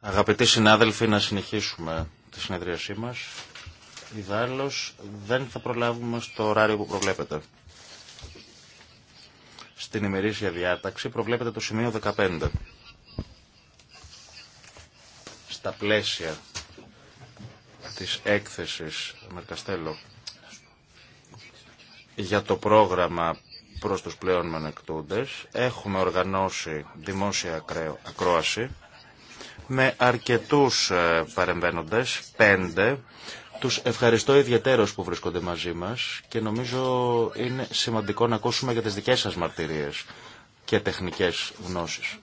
Αγαπητοί συνάδελφοι, να συνεχίσουμε τη συνεδρίασή μας. Ιδάλω δεν θα προλάβουμε στο ωράριο που προβλέπετε. Στην ημερήσια διάταξη προβλέπεται το σημείο 15. Στα πλαίσια της έκθεσης Μερκαστέλο για το πρόγραμμα προς τους πλέον μενεκτούντες. Έχουμε οργανώσει δημόσια ακρόαση με αρκετούς ε, παρεμβαίνοντες, πέντε. Τους ευχαριστώ ιδιαίτερως που βρίσκονται μαζί μας και νομίζω είναι σημαντικό να ακούσουμε για τις δικές σας μαρτυρίες και τεχνικές γνώσεις.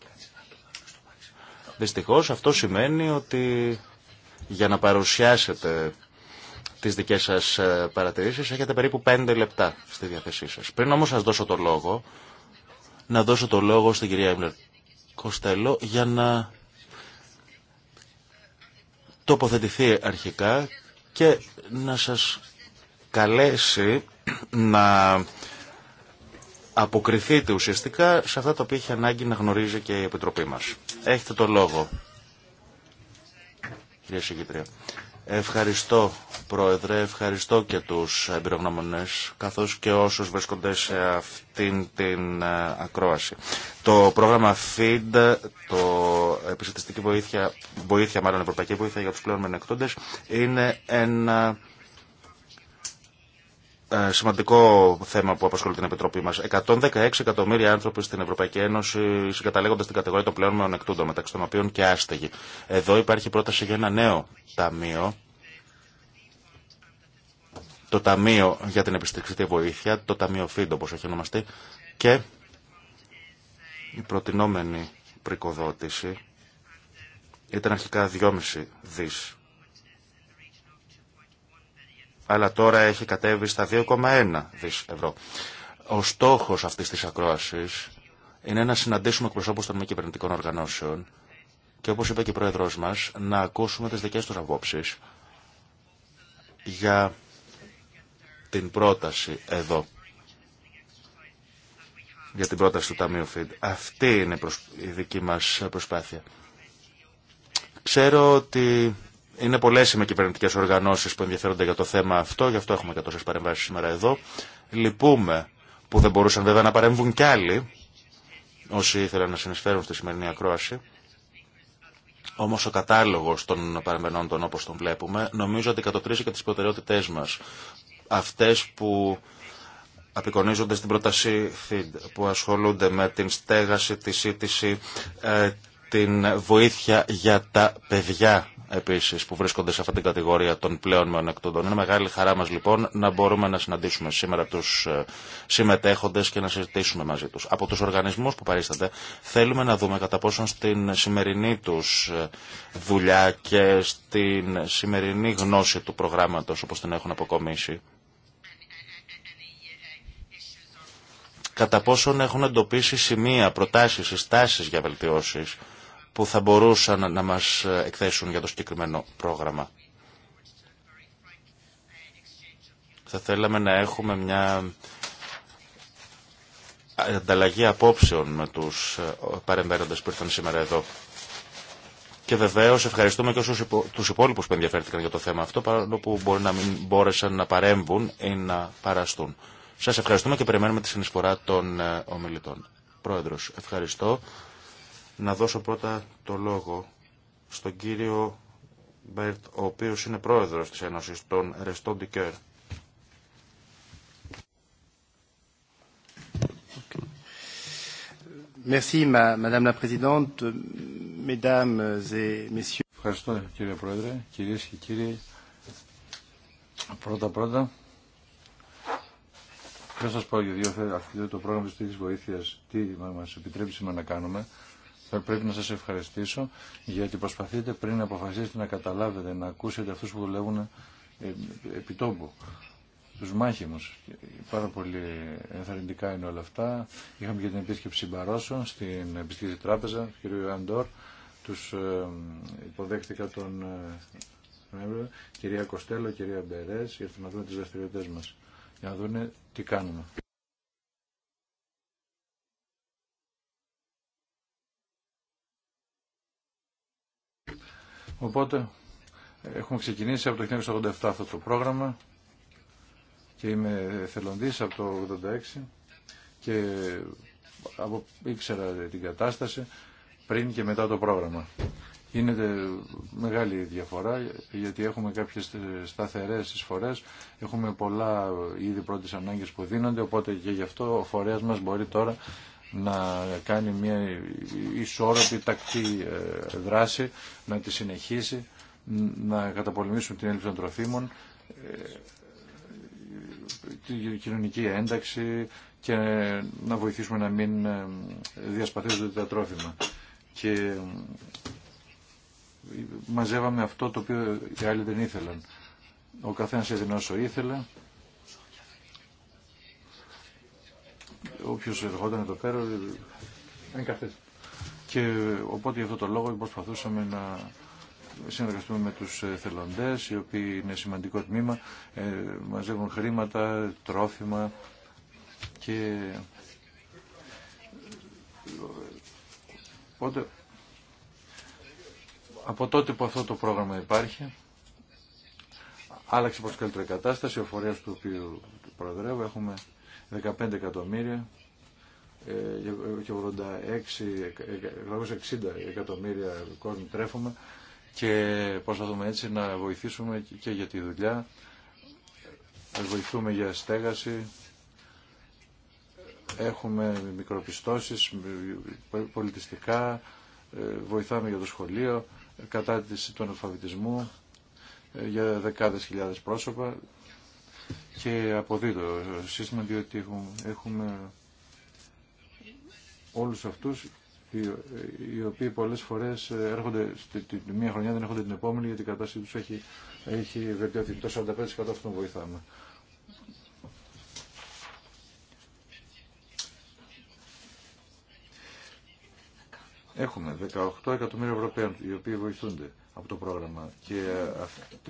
Δυστυχώς αυτό σημαίνει ότι για να παρουσιάσετε τι δικέ σα ε, παρατηρήσει. Έχετε περίπου 5 λεπτά στη διάθεσή σα. Πριν όμως σα δώσω το λόγο, να δώσω το λόγο στην κυρία Έμπλερ Κοστέλο για να τοποθετηθεί αρχικά και να σας καλέσει να αποκριθείτε ουσιαστικά σε αυτά τα οποία έχει ανάγκη να γνωρίζει και η Επιτροπή μας. Έχετε το λόγο, κυρία Συγκήτρια. Ευχαριστώ Πρόεδρε, ευχαριστώ και τους εμπειρογνώμονες καθώς και όσους βρίσκονται σε αυτήν την ε, ακρόαση. Το πρόγραμμα FEED, το επιστημιστική βοήθεια, βοήθεια μάλλον ευρωπαϊκή βοήθεια για τους πλέον μενεκτώντες, είναι ένα ε, σημαντικό θέμα που απασχολεί την Επιτροπή μα. 116 εκατομμύρια άνθρωποι στην Ευρωπαϊκή Ένωση συγκαταλέγονται την κατηγορία των πλέον μεονεκτούντων, μεταξύ των οποίων και άστεγοι. Εδώ υπάρχει πρόταση για ένα νέο ταμείο. Το Ταμείο για την και Βοήθεια, το Ταμείο Φίντο, όπω έχει ονομαστεί, και η προτινόμενη πρικοδότηση ήταν αρχικά 2,5 δις αλλά τώρα έχει κατέβει στα 2,1 δις ευρώ. Ο στόχος αυτής της ακρόασης είναι να συναντήσουμε εκπροσώπους των μη κυβερνητικών οργανώσεων και όπως είπε και ο Πρόεδρός μας, να ακούσουμε τις δικές τους απόψεις για την πρόταση εδώ για την πρόταση του Ταμείου ΦΙΔ. Αυτή είναι η δική μας προσπάθεια. Ξέρω ότι είναι πολλέ οι με κυβερνητικέ οργανώσει που ενδιαφέρονται για το θέμα αυτό, γι' αυτό έχουμε και τόσε παρεμβάσει σήμερα εδώ. Λυπούμε που δεν μπορούσαν βέβαια να παρέμβουν κι άλλοι, όσοι ήθελαν να συνεισφέρουν στη σημερινή ακρόαση. όμω ο κατάλογο των παρεμβαινόντων όπω τον βλέπουμε νομίζω ότι κατοπτρίζει και τι προτεραιότητε μα, αυτέ που απεικονίζονται στην πρόταση FID, που ασχολούνται με την στέγαση, τη σύντηση, ε, την βοήθεια για τα παιδιά επίσης που βρίσκονται σε αυτή την κατηγορία των πλέον μειονεκτούντων. Είναι μεγάλη χαρά μας λοιπόν να μπορούμε να συναντήσουμε σήμερα τους ε, συμμετέχοντες και να συζητήσουμε μαζί τους. Από τους οργανισμούς που παρίστανται θέλουμε να δούμε κατά πόσον στην σημερινή τους ε, δουλειά και στην σημερινή γνώση του προγράμματος όπως την έχουν αποκομίσει κατά πόσον έχουν εντοπίσει σημεία, προτάσεις, συστάσεις για βελτιώσεις που θα μπορούσαν να μας εκθέσουν για το συγκεκριμένο πρόγραμμα. Θα θέλαμε να έχουμε μια ανταλλαγή απόψεων με τους ε, παρεμβαίνοντες που ήρθαν σήμερα εδώ. Και βεβαίως ευχαριστούμε και όσους υπο... τους υπόλοιπους που ενδιαφέρθηκαν για το θέμα αυτό, παρόλο που μπορεί να μην μπόρεσαν να παρέμβουν ή να παραστούν. Σας ευχαριστούμε και περιμένουμε τη συνεισφορά των ε, ομιλητών. Πρόεδρος, ευχαριστώ να δώσω πρώτα το λόγο στον κύριο Μπέρτ, ο οποίος είναι πρόεδρος της Ένωσης των Ρεστών Ντικέρ. Ευχαριστώ κύριε Πρόεδρε, κυρίες και κύριοι. Πρώτα πρώτα, θα σας πω για δύο, αυτό το πρόγραμμα της βοήθειας, τι μας επιτρέψουμε να κάνουμε θα πρέπει να σας ευχαριστήσω γιατί προσπαθείτε πριν αποφασίσετε να καταλάβετε, να ακούσετε αυτούς που δουλεύουν ε, επί τόπου. Τους μάχημους. Πάρα πολύ ενθαρρυντικά είναι όλα αυτά. Είχαμε και την επίσκεψη Μπαρόσο στην Επιστήμη Τράπεζα, κ. Αντόρ. Τους ε, υποδέχτηκα ε, τον Νοέμβριο. Κυρία Κοστέλο, κυρία Μπερές, για να δούμε τις δραστηριότητες μας. Για να δουν τι κάνουμε. Οπότε έχουμε ξεκινήσει από το 1987 αυτό το πρόγραμμα και είμαι θελοντής από το 1986 και από, ήξερα την κατάσταση πριν και μετά το πρόγραμμα. Γίνεται μεγάλη διαφορά γιατί έχουμε κάποιες σταθερές εισφορές, έχουμε πολλά είδη πρώτης ανάγκες που δίνονται, οπότε και γι' αυτό ο φορέας μας μπορεί τώρα να κάνει μια ισόρροπη τακτή ε, δράση, να τη συνεχίσει, να καταπολεμήσουμε την έλλειψη των τροφίμων, ε, την κοινωνική ένταξη και να βοηθήσουμε να μην ε, διασπαθίζονται τα τρόφιμα. Και μαζεύαμε αυτό το οποίο οι άλλοι δεν ήθελαν. Ο καθένας έδινε όσο ήθελε Όποιο ερχόταν εδώ πέρα και οπότε για αυτό το λόγο προσπαθούσαμε να συνεργαστούμε με τους ε, θελοντές οι οποίοι είναι σημαντικό τμήμα ε, μαζεύουν χρήματα, τρόφιμα και οπότε από τότε που αυτό το πρόγραμμα υπάρχει άλλαξε πως καλύτερη κατάσταση ο φορέας του οποίου προεδρεύω έχουμε 15 εκατομμύρια ε, και 86, ε, εκατομμύρια κόσμο τρέφουμε και προσπαθούμε έτσι να βοηθήσουμε και για τη δουλειά, βοηθούμε για στέγαση, έχουμε μικροπιστώσεις ε, πολιτιστικά, βοηθάμε για το σχολείο, κατά του αναφαβητισμού για δεκάδες χιλιάδες πρόσωπα και αποδίδω σύστημα διότι έχουμε, έχουμε όλους αυτούς οι οποίοι πολλές φορές έρχονται τη μία χρονιά, δεν έρχονται την επόμενη γιατί η κατάσταση τους έχει, έχει βελτιωθεί. Το 45% αυτόν βοηθάμε. Έχουμε 18 εκατομμύρια Ευρωπαίων οι οποίοι βοηθούνται από το πρόγραμμα και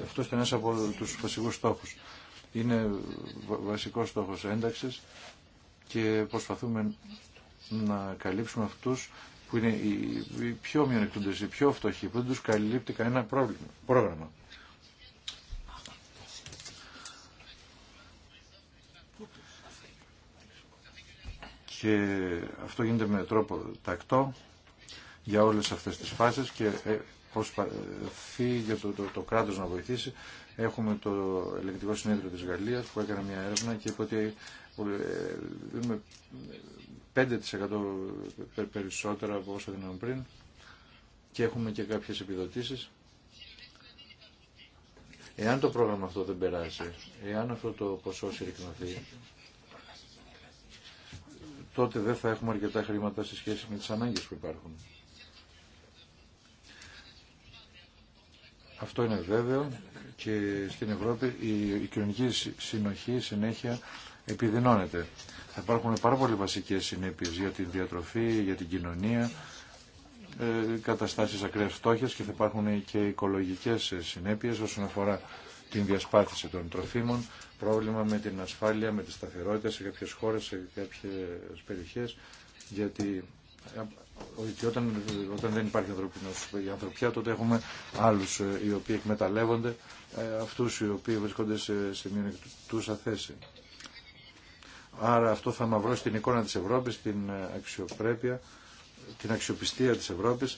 αυτό είναι ένα από τους βασικούς στόχους είναι βασικός στόχος ένταξης και προσπαθούμε να καλύψουμε αυτούς που είναι οι, πιο μειονεκτούντες, οι πιο φτωχοί, που δεν τους καλύπτει κανένα πρόβλημα, πρόγραμμα. Και αυτό γίνεται με τρόπο τακτό για όλες αυτές τις φάσεις και ε, προσπαθεί ε, για το, το, το κράτος να βοηθήσει Έχουμε το ελεγκτικό συνέδριο της Γαλλίας που έκανε μια έρευνα και είπε ότι ε, δίνουμε 5% ε, περισσότερα από όσο δίναμε πριν και έχουμε και κάποιες επιδοτήσεις. Εάν το πρόγραμμα αυτό δεν περάσει, εάν αυτό το ποσό συρρυκνωθεί, τότε δεν θα έχουμε αρκετά χρήματα σε σχέση με τις ανάγκες που υπάρχουν. Αυτό είναι βέβαιο και στην Ευρώπη η, κοινωνική συνοχή συνέχεια επιδεινώνεται. Θα υπάρχουν πάρα πολύ βασικές συνέπειες για την διατροφή, για την κοινωνία, ε, καταστάσεις ακραίες φτώχειας και θα υπάρχουν και οικολογικές συνέπειες όσον αφορά την διασπάθηση των τροφίμων, πρόβλημα με την ασφάλεια, με τη σταθερότητα σε κάποιες χώρες, σε κάποιες περιοχές, γιατί ότι όταν, όταν δεν υπάρχει ανθρωπινός, η ανθρωπιά τότε έχουμε άλλους ε, οι οποίοι εκμεταλλεύονται ε, αυτούς οι οποίοι βρίσκονται σε, σε μειονεκτούσα θέση. Άρα αυτό θα μαυρώσει την εικόνα της Ευρώπης, την ε, αξιοπρέπεια, την αξιοπιστία της Ευρώπης.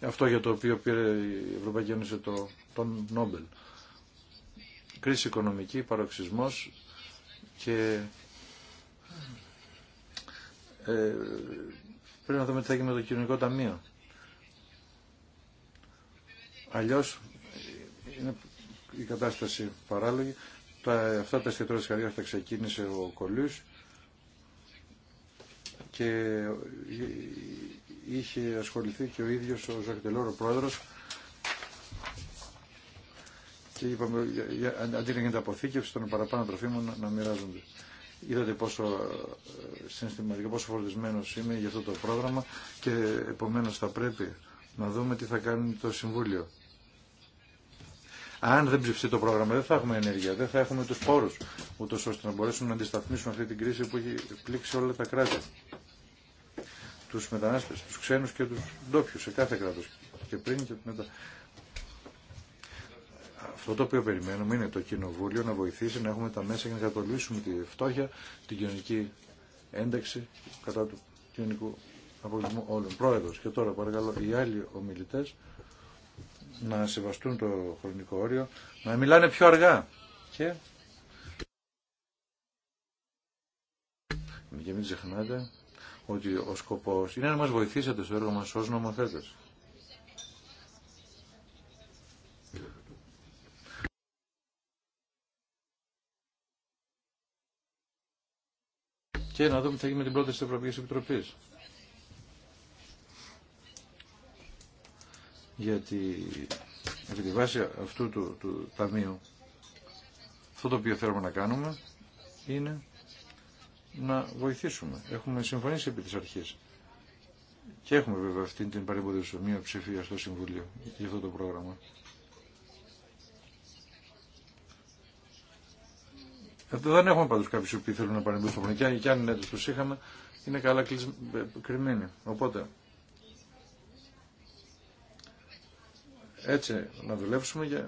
Αυτό για το οποίο πήρε η Ευρωπαϊκή Ένωση το, τον Νόμπελ. Κρίση οικονομική, παροξισμός και Πρέπει να δούμε τι θα γίνει με το κοινωνικό ταμείο. Αλλιώ είναι η κατάσταση παράλογη. Τα, αυτά τα εστιατόρια της καρδιάς τα ξεκίνησε ο Κολλού και είχε ασχοληθεί και ο ίδιος ο ζακτελόρο πρόεδρος και είπαμε, αντί να γίνεται αποθήκευση των παραπάνω τροφίμων να μοιράζονται. Είδατε πόσο ε, συναισθηματικό, πόσο φορτισμένος είμαι για αυτό το πρόγραμμα και επομένως θα πρέπει να δούμε τι θα κάνει το Συμβούλιο. Αν δεν ψηφιστεί το πρόγραμμα, δεν θα έχουμε ενέργεια, δεν θα έχουμε τους πόρους, ούτω ώστε να μπορέσουμε να αντισταθμίσουμε αυτή την κρίση που έχει πλήξει όλα τα κράτη. Τους μετανάστες, τους ξένους και τους ντόπιου σε κάθε κράτος. Και πριν και μετά. Αυτό το οποίο περιμένουμε είναι το Κοινοβούλιο να βοηθήσει να έχουμε τα μέσα για να κατολίσουμε τη φτώχεια, την κοινωνική ένταξη κατά του κοινωνικού αποκλεισμού όλων. Πρόεδρο, και τώρα παρακαλώ οι άλλοι ομιλητές να σεβαστούν το χρονικό όριο, να μιλάνε πιο αργά και... Και μην ξεχνάτε ότι ο σκοπός είναι να μας βοηθήσετε στο έργο μα ω νομοθέτε. και να δούμε τι θα γίνει με την πρόταση της Ευρωπαϊκής Επιτροπής. Γιατί επί τη βάση αυτού του, ταμείου αυτό το οποίο θέλουμε να κάνουμε είναι να βοηθήσουμε. Έχουμε συμφωνήσει επί της αρχής. Και έχουμε βέβαια αυτή την παρεμποδισμία ψηφία στο Συμβούλιο για αυτό το πρόγραμμα. Εδώ δεν έχουμε πάντω κάποιου που θέλουν να πανεμπούν στο και αν που είχαμε είναι καλά ε, κρυμμένοι. Οπότε έτσι να δουλέψουμε και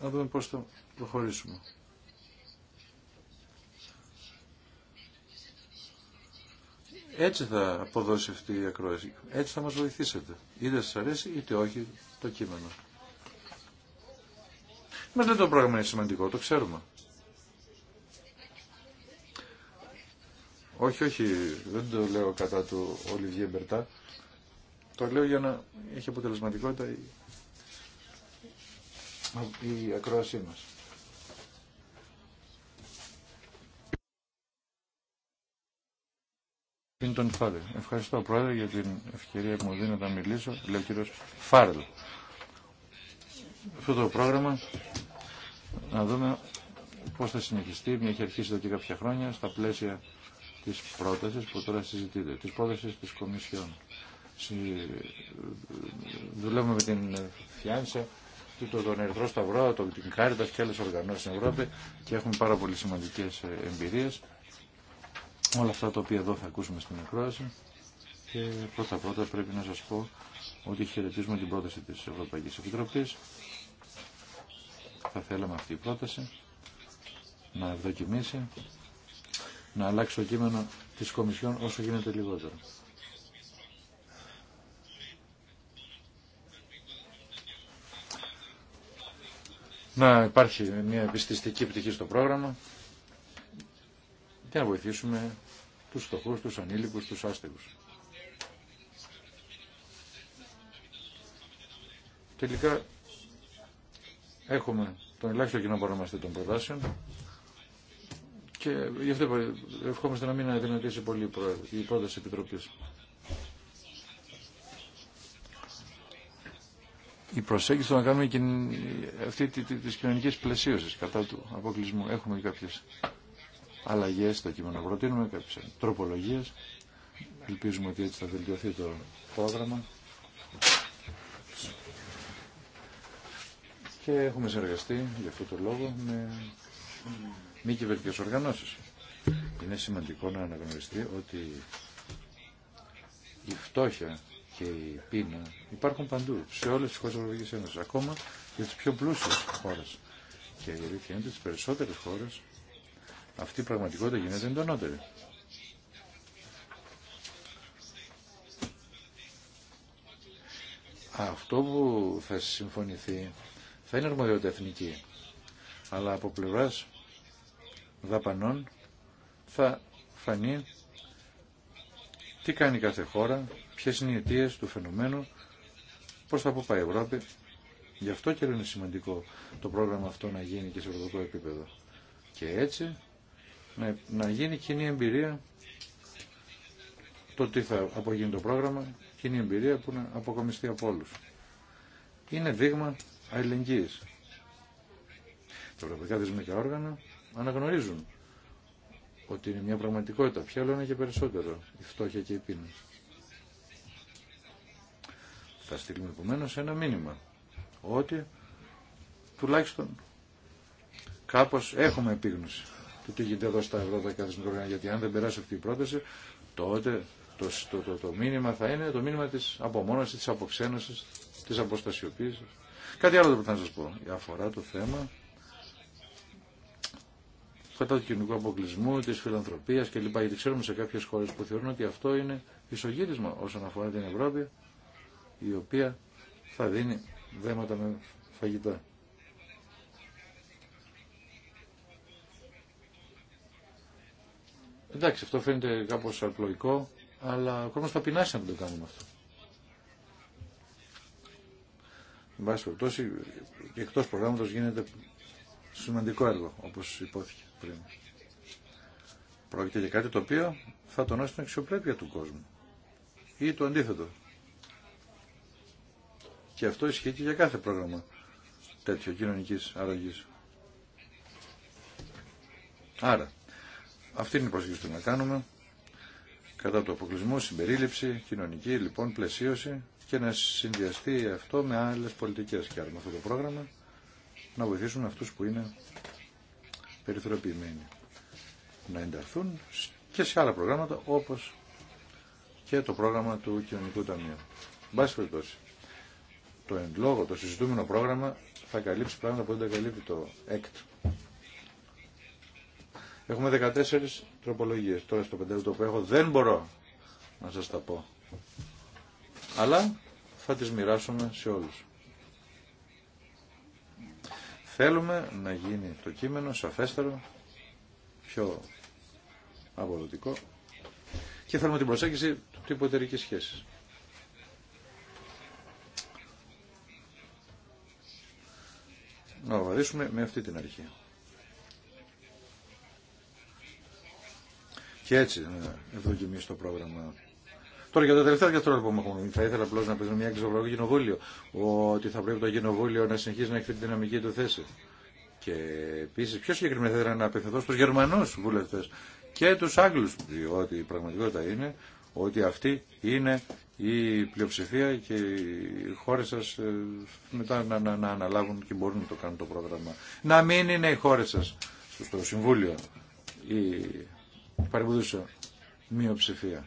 να δούμε πώς θα προχωρήσουμε. Έτσι θα αποδώσει αυτή η ακρόαση. Έτσι θα μας βοηθήσετε. Είτε σας αρέσει είτε όχι το κείμενο. Μας δεν το πράγμα είναι σημαντικό, το ξέρουμε. Όχι, όχι, δεν το λέω κατά του Ολιβιέ Μπερτά. Το λέω για να έχει αποτελεσματικότητα η, η ακρόασή μας. Ευχαριστώ Πρόεδρε για την ευκαιρία που μου δίνετε να μιλήσω. Λέω κύριος Φάρελ. Αυτό το πρόγραμμα να δούμε πώς θα συνεχιστεί. Μια έχει αρχίσει εδώ και κάποια χρόνια στα πλαίσια Τη πρόταση που τώρα συζητείτε, Τη πρόταση τη Κομισιόν. Δουλεύουμε με την Φιάνσα, τον Ερυθρό Σταυρό, τον, την Κάριτας και άλλε οργανώσεις στην Ευρώπη και έχουμε πάρα πολύ σημαντικέ ε, εμπειρίε. Όλα αυτά τα οποία εδώ θα ακούσουμε στην εκρόαση. Και πρώτα πρώτα πρέπει να σα πω ότι χαιρετίζουμε την πρόταση τη Ευρωπαϊκή Επιτροπής. Θα θέλαμε αυτή η πρόταση να δοκιμήσει να αλλάξει το κείμενο της Κομισιόν όσο γίνεται λιγότερο. Να υπάρχει μια επιστηστική πτυχή στο πρόγραμμα και να βοηθήσουμε τους φτωχούς, τους ανήλικους, τους άστεγους. Τελικά έχουμε τον ελάχιστο κοινό παρομαστή των προτάσεων και γι' αυτό ευχόμαστε να μην αδυνατήσει πολύ η πρόταση Επιτροπής. Η προσέγγιση να κάνουμε αυτή τη κοινωνική πλαισίωση κατά του αποκλεισμού. Έχουμε κάποιε αλλαγέ στο κείμενο. Προτείνουμε κάποιε τροπολογίε. Ελπίζουμε ότι έτσι θα βελτιωθεί το πρόγραμμα. Και έχουμε συνεργαστεί για αυτό το λόγο με μη κυβερνητικέ οργανώσει. Είναι σημαντικό να αναγνωριστεί ότι η φτώχεια και η πείνα υπάρχουν παντού, σε όλε τι χώρε τη Ευρωπαϊκή Ένωση, ακόμα για τι πιο πλούσιε χώρε. Και η αλήθεια είναι ότι στι περισσότερε χώρε αυτή η πραγματικότητα γίνεται εντονότερη. Αυτό που θα συμφωνηθεί θα είναι αρμοδιότητα εθνική. Αλλά από πλευράς δαπανών θα φανεί τι κάνει κάθε χώρα, ποιες είναι οι αιτίε του φαινομένου, πώς θα πάει η Ευρώπη. Γι' αυτό και είναι σημαντικό το πρόγραμμα αυτό να γίνει και σε ευρωπαϊκό επίπεδο. Και έτσι να, να γίνει κοινή εμπειρία το τι θα απογίνει το πρόγραμμα, κοινή εμπειρία που να αποκομιστεί από όλους. Είναι δείγμα αλληλεγγύης. Τα ευρωπαϊκά δεσμικά όργανα αναγνωρίζουν ότι είναι μια πραγματικότητα. Ποια άλλο είναι και περισσότερο η φτώχεια και η πείνα. Θα στείλουμε επομένω ένα μήνυμα ότι τουλάχιστον κάπως έχουμε επίγνωση του τι γίνεται εδώ στα ευρώ τα γιατί αν δεν περάσει αυτή η πρόταση τότε το, το, το, το, μήνυμα θα είναι το μήνυμα της απομόνωσης, της αποξένωσης, τη αποστασιοποίηση. Κάτι άλλο θα σα πω αφορά το θέμα κατά του κοινωνικού αποκλεισμού, της φιλανθρωπίας κλπ. Γιατί ξέρουμε σε κάποιες χώρες που θεωρούν ότι αυτό είναι ισογύρισμα όσον αφορά την Ευρώπη, η οποία θα δίνει δέματα με φαγητά. Εντάξει, αυτό φαίνεται κάπως απλοϊκό, αλλά ο κόσμο θα πεινάσει να το κάνουμε αυτό. Εν πάση περιπτώσει, εκτό προγράμματο γίνεται σημαντικό έργο, όπω υπόθηκε πριν. Πρόκειται για κάτι το οποίο θα τονώσει την αξιοπρέπεια του κόσμου. Ή το αντίθετο. Και αυτό ισχύει και για κάθε πρόγραμμα τέτοιο κοινωνικής αλλαγη Άρα, αυτή είναι η προσοχή που να κάνουμε. Κατά το αποκλεισμό, συμπερίληψη, κοινωνική λοιπόν πλαισίωση και να συνδυαστεί αυτό με άλλες πολιτικές. Και άρα με αυτό το πρόγραμμα να βοηθήσουν αυτούς που είναι περιθωριοποιημένοι να ενταχθούν και σε άλλα προγράμματα όπως και το πρόγραμμα του Κοινωνικού Ταμείου. πάση περιπτώσει, το εν λόγω, το συζητούμενο πρόγραμμα θα καλύψει πράγματα που δεν τα καλύπτει το ΕΚΤ. Έχουμε 14 τροπολογίες. Τώρα στο πεντέλεπτο που έχω δεν μπορώ να σας τα πω. Αλλά θα τις μοιράσουμε σε όλους. Θέλουμε να γίνει το κείμενο σαφέστερο, πιο αποδοτικό και θέλουμε την προσέγγιση του τύπου εταιρικής σχέσης. Να βαδίσουμε με αυτή την αρχή. Και έτσι να ευδοκιμήσει το πρόγραμμα Τώρα για τα τελευταία διαφορά που έχουμε, θα ήθελα απλώ να παίρνω μια το κοινοβούλιο ότι θα πρέπει το κοινοβούλιο να συνεχίσει να έχει την δυναμική του θέση. Και επίση πιο συγκεκριμένα θα ήθελα να απευθυνθώ στου Γερμανού βουλευτέ και του Άγγλου, διότι η πραγματικότητα είναι ότι αυτή είναι η πλειοψηφία και οι χώρε σα ε, μετά να, να, να αναλάβουν και μπορούν να το κάνουν το πρόγραμμα. Να μην είναι οι χώρε σα στο, Συμβούλιο η παρεμπούδουσα μειοψηφία.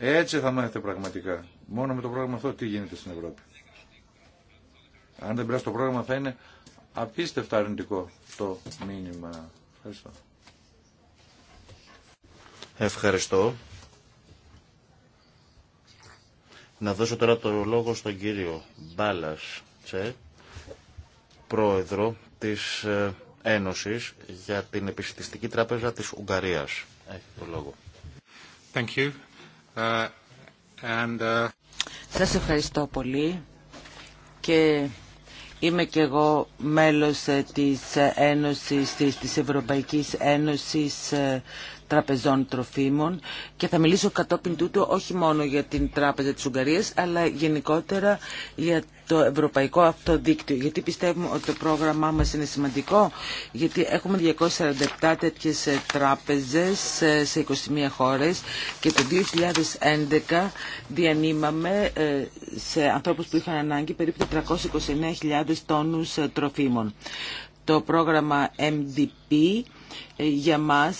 Έτσι θα μάθετε πραγματικά. Μόνο με το πρόγραμμα αυτό τι γίνεται στην Ευρώπη. Αν δεν περάσει το πρόγραμμα θα είναι απίστευτα αρνητικό το μήνυμα. Ευχαριστώ. Ευχαριστώ. Να δώσω τώρα το λόγο στον κύριο Μπάλας Τσε, πρόεδρο της ε, Ένωσης για την Επιστημιστική Τράπεζα της Ουγγαρίας. Έχει το λόγο. Thank you. Uh, uh, Σας ευχαριστώ πολύ και είμαι και εγώ μέλος ε, της ε, Ένωσης, της Ευρωπαϊκής Ένωσης ε, τραπεζών τροφίμων και θα μιλήσω κατόπιν τούτου όχι μόνο για την Τράπεζα της Ουγγαρίας αλλά γενικότερα για το ευρωπαϊκό αυτό δίκτυο. Γιατί πιστεύουμε ότι το πρόγραμμά μας είναι σημαντικό, γιατί έχουμε 247 τέτοιες ε, τράπεζες ε, σε 21 χώρες και το 2011 διανύμαμε ε, σε ανθρώπους που είχαν ανάγκη περίπου 429.000 τόνους τροφίμων. Το πρόγραμμα MDP για μας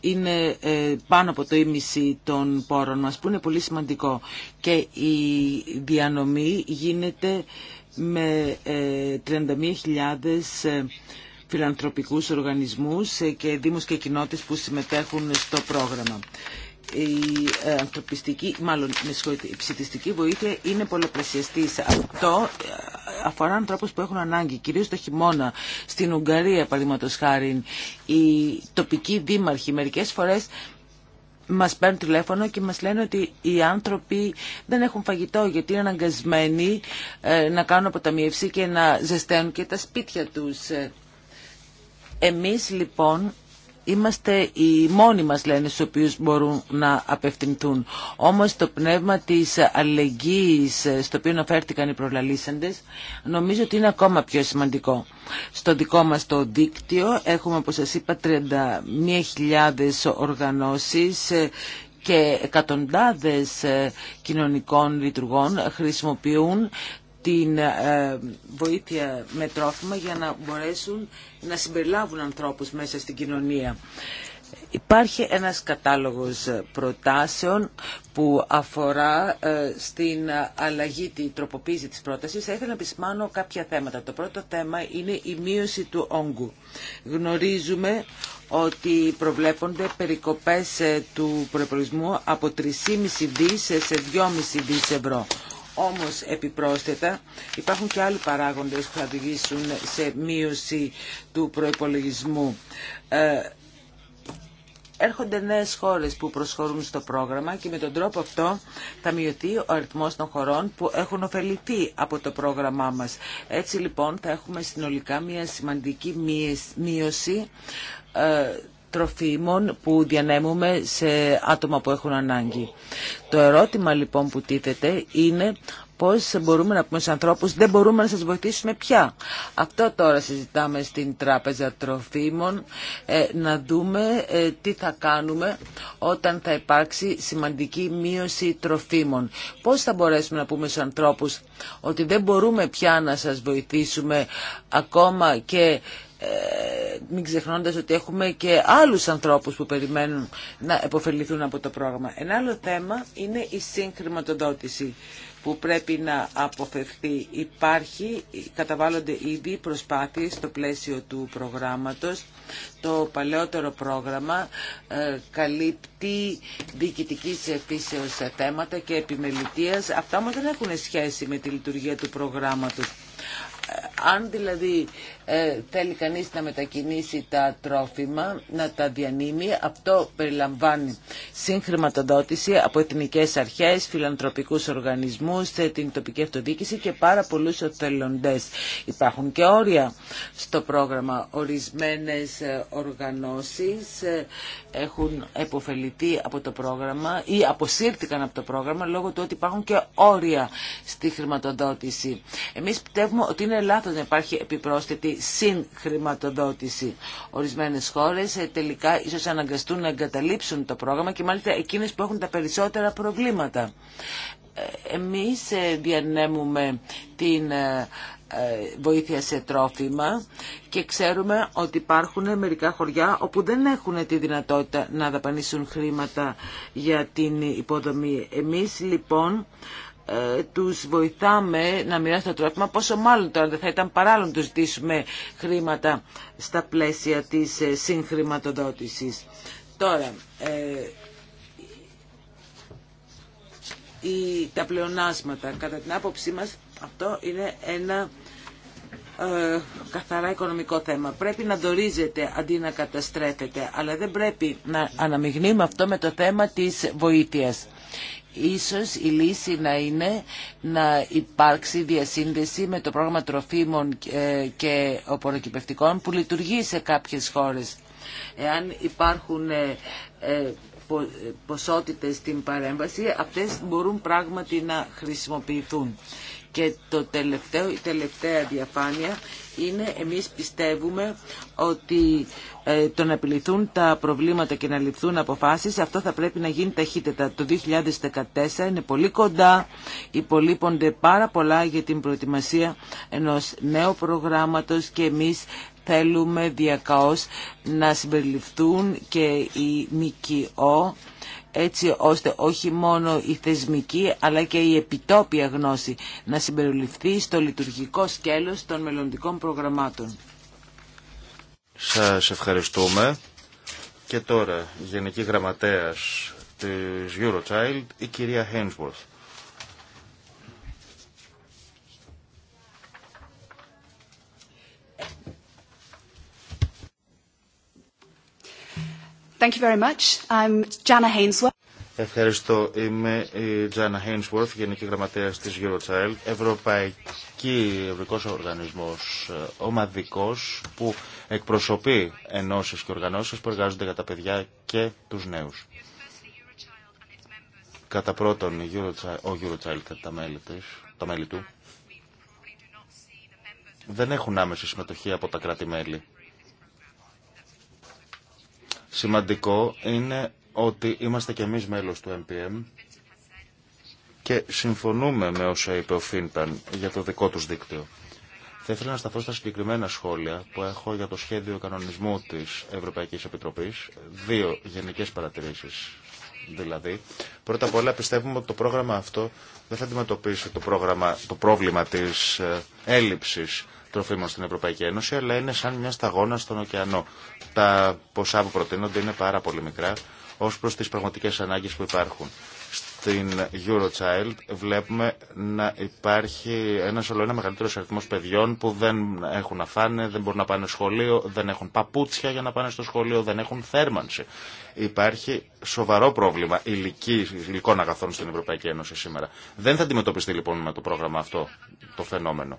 είναι ε, πάνω από το ίμιση των πόρων μας που είναι πολύ σημαντικό και η διανομή γίνεται με 31.000 ε, ε, φιλανθρωπικούς οργανισμούς και δήμους και κοινότητες που συμμετέχουν στο πρόγραμμα. Η ανθρωπιστική, μάλλον με η ψητιστική βοήθεια είναι πολλαπλασιαστή. Αυτό αφορά ανθρώπου που έχουν ανάγκη, κυρίως το χειμώνα. Στην Ουγγαρία, παραδείγματο χάρη, οι τοπικοί δήμαρχοι μερικές φορές μας παίρνουν τηλέφωνο και μας λένε ότι οι άνθρωποι δεν έχουν φαγητό γιατί είναι αναγκασμένοι ε, να κάνουν αποταμιεύση και να ζεσταίνουν και τα σπίτια τους. Ε, εμείς λοιπόν είμαστε οι μόνοι μας λένε στους οποίους μπορούν να απευθυνθούν. Όμως το πνεύμα της αλληλεγγύης στο οποίο αναφέρθηκαν οι προλαλήσαντες νομίζω ότι είναι ακόμα πιο σημαντικό. Στο δικό μας το δίκτυο έχουμε όπως σας είπα 31.000 οργανώσεις και εκατοντάδες κοινωνικών λειτουργών χρησιμοποιούν την ε, βοήθεια με τρόφιμα για να μπορέσουν να συμπεριλάβουν ανθρώπους μέσα στην κοινωνία. Υπάρχει ένας κατάλογος προτάσεων που αφορά ε, στην αλλαγή, την τροποποίηση της πρότασης. Θα ήθελα να επισημάνω κάποια θέματα. Το πρώτο θέμα είναι η μείωση του όγκου. Γνωρίζουμε ότι προβλέπονται περικοπές ε, του προπολογισμού από 3,5 δις σε 2,5 δις ευρώ. Όμως επιπρόσθετα υπάρχουν και άλλοι παράγοντες που θα οδηγήσουν σε μείωση του προϋπολογισμού. Ε, έρχονται νέες χώρες που προσχωρούν στο πρόγραμμα και με τον τρόπο αυτό θα μειωθεί ο αριθμός των χωρών που έχουν ωφεληθεί από το πρόγραμμά μας. Έτσι λοιπόν θα έχουμε συνολικά μια σημαντική μείωση ε, τροφίμων που διανέμουμε σε άτομα που έχουν ανάγκη. Το ερώτημα λοιπόν που τίθεται είναι πώς μπορούμε να πούμε στους ανθρώπους δεν μπορούμε να σας βοηθήσουμε πια. Αυτό τώρα συζητάμε στην Τράπεζα Τροφίμων, ε, να δούμε ε, τι θα κάνουμε όταν θα υπάρξει σημαντική μείωση τροφίμων. Πώς θα μπορέσουμε να πούμε στους ανθρώπους ότι δεν μπορούμε πια να σας βοηθήσουμε ακόμα και ε, μην ξεχνώντας ότι έχουμε και άλλους ανθρώπους που περιμένουν να επωφεληθούν από το πρόγραμμα. Ένα άλλο θέμα είναι η συγχρηματοδότηση που πρέπει να αποφευθεί. Υπάρχει, καταβάλλονται ήδη προσπάθειες στο πλαίσιο του προγράμματος. Το παλαιότερο πρόγραμμα ε, καλύπτει διοικητικής επίσεως θέματα και επιμελητίας. Αυτά όμως δεν έχουν σχέση με τη λειτουργία του προγράμματος. Ε, αν δηλαδή ε, θέλει κανείς να μετακινήσει τα τρόφιμα, να τα διανύμει. Αυτό περιλαμβάνει συγχρηματοδότηση από εθνικές αρχές, φιλανθρωπικούς οργανισμούς, την τοπική αυτοδίκηση και πάρα πολλούς οθελοντές. Υπάρχουν και όρια στο πρόγραμμα. Ορισμένες ε, οργανώσεις ε, έχουν επωφεληθεί από το πρόγραμμα ή αποσύρθηκαν από το πρόγραμμα λόγω του ότι υπάρχουν και όρια στη χρηματοδότηση. Εμείς πιστεύουμε ότι είναι λάθος να υπάρχει επιπρόσθετη συγχρηματοδότηση. Ορισμένες χώρες ε, τελικά ίσως αναγκαστούν να εγκαταλείψουν το πρόγραμμα και μάλιστα εκείνες που έχουν τα περισσότερα προβλήματα. Ε, εμείς ε, διανέμουμε την βοήθεια σε τρόφιμα και ξέρουμε ότι υπάρχουν μερικά χωριά όπου δεν έχουν τη δυνατότητα να δαπανίσουν χρήματα για την υποδομή. Εμείς λοιπόν ε, τους βοηθάμε να μοιράσουν τα τρόφιμα, πόσο μάλλον τώρα δεν θα ήταν παράλληλο να τους ζητήσουμε χρήματα στα πλαίσια της ε, συγχρηματοδότησης. Τώρα, ε, η, τα πλεονάσματα, κατά την άποψή μας, αυτό είναι ένα καθαρά οικονομικό θέμα. Πρέπει να δορίζεται αντί να καταστρέφεται, αλλά δεν πρέπει να αναμειγνύουμε αυτό με το θέμα της βοήθειας. Ίσως η λύση να είναι να υπάρξει διασύνδεση με το πρόγραμμα τροφίμων και οποροκυπευτικών που λειτουργεί σε κάποιες χώρες. Εάν υπάρχουν ε, ε, ε, ποσότητες στην παρέμβαση, αυτές μπορούν πράγματι να χρησιμοποιηθούν. Και το τελευταίο, η τελευταία διαφάνεια είναι εμείς πιστεύουμε ότι ε, το να επιληθούν τα προβλήματα και να ληφθούν αποφάσεις αυτό θα πρέπει να γίνει ταχύτερα. Το 2014 είναι πολύ κοντά, υπολείπονται πάρα πολλά για την προετοιμασία ενός νέου προγράμματος και εμείς θέλουμε διακαώς να συμπεριληφθούν και οι ΜΚΟ έτσι ώστε όχι μόνο η θεσμική αλλά και η επιτόπια γνώση να συμπεριληφθεί στο λειτουργικό σκέλος των μελλοντικών προγραμμάτων. Σας ευχαριστούμε. Και τώρα, Γενική Γραμματέας της Eurochild, η κυρία Hainsworth. Ευχαριστώ. Είμαι η Τζάνα Hainsworth, Γενική Γραμματέας της Eurochild, Ευρωπαϊκή Ευρωπαϊκό Οργανισμός, ε, ομαδικός που εκπροσωπεί ενώσεις και οργανώσεις που εργάζονται για τα παιδιά και τους νέους. Κατά πρώτον, ο Eurochild και τα μέλη, τα μέλη του δεν έχουν άμεση συμμετοχή από τα κράτη-μέλη Σημαντικό είναι ότι είμαστε και εμείς μέλος του MPM και συμφωνούμε με όσα είπε ο Φίνταν για το δικό τους δίκτυο. Θα ήθελα να σταθώ στα συγκεκριμένα σχόλια που έχω για το σχέδιο κανονισμού της Ευρωπαϊκής Επιτροπής. Δύο γενικές παρατηρήσεις δηλαδή. Πρώτα απ' όλα πιστεύουμε ότι το πρόγραμμα αυτό δεν θα αντιμετωπίσει το, πρόγραμμα, το πρόβλημα της ε, έλλειψης τροφίμων στην Ευρωπαϊκή Ένωση, αλλά είναι σαν μια σταγόνα στον ωκεανό. Τα ποσά που προτείνονται είναι πάρα πολύ μικρά ω προ τι πραγματικέ ανάγκε που υπάρχουν. Στην Eurochild βλέπουμε να υπάρχει ένα όλο ένα μεγαλύτερο αριθμό παιδιών που δεν έχουν να φάνε, δεν μπορούν να πάνε σχολείο, δεν έχουν παπούτσια για να πάνε στο σχολείο, δεν έχουν θέρμανση. Υπάρχει σοβαρό πρόβλημα υλική, υλικών αγαθών στην Ευρωπαϊκή Ένωση σήμερα. Δεν θα αντιμετωπιστεί λοιπόν με το πρόγραμμα αυτό το φαινόμενο.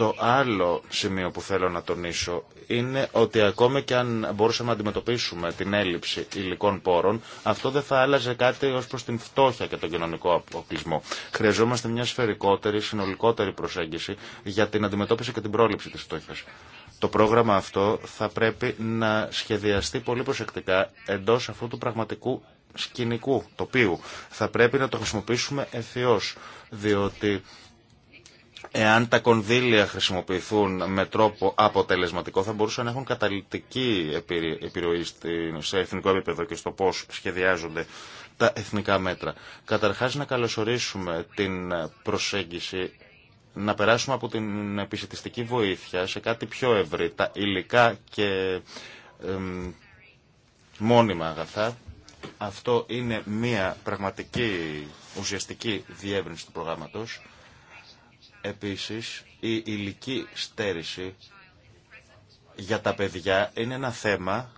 Το άλλο σημείο που θέλω να τονίσω είναι ότι ακόμη και αν μπορούσαμε να αντιμετωπίσουμε την έλλειψη υλικών πόρων, αυτό δεν θα άλλαζε κάτι ως προς την φτώχεια και τον κοινωνικό αποκλεισμό. Χρειαζόμαστε μια σφαιρικότερη, συνολικότερη προσέγγιση για την αντιμετώπιση και την πρόληψη της φτώχειας. Το πρόγραμμα αυτό θα πρέπει να σχεδιαστεί πολύ προσεκτικά εντός αυτού του πραγματικού σκηνικού, τοπίου. Θα πρέπει να το χρησιμοποιήσουμε ευθεώς, διότι Εάν τα κονδύλια χρησιμοποιηθούν με τρόπο αποτελεσματικό, θα μπορούσαν να έχουν καταλητική επιρροή σε εθνικό επίπεδο και στο πώς σχεδιάζονται τα εθνικά μέτρα. Καταρχάς, να καλωσορίσουμε την προσέγγιση να περάσουμε από την επισητιστική βοήθεια σε κάτι πιο ευρύ, τα υλικά και μόνιμα αγαθά. Αυτό είναι μια πραγματική ουσιαστική διεύρυνση του προγράμματος Επίσης, η ηλική στέρηση για τα παιδιά είναι ένα θέμα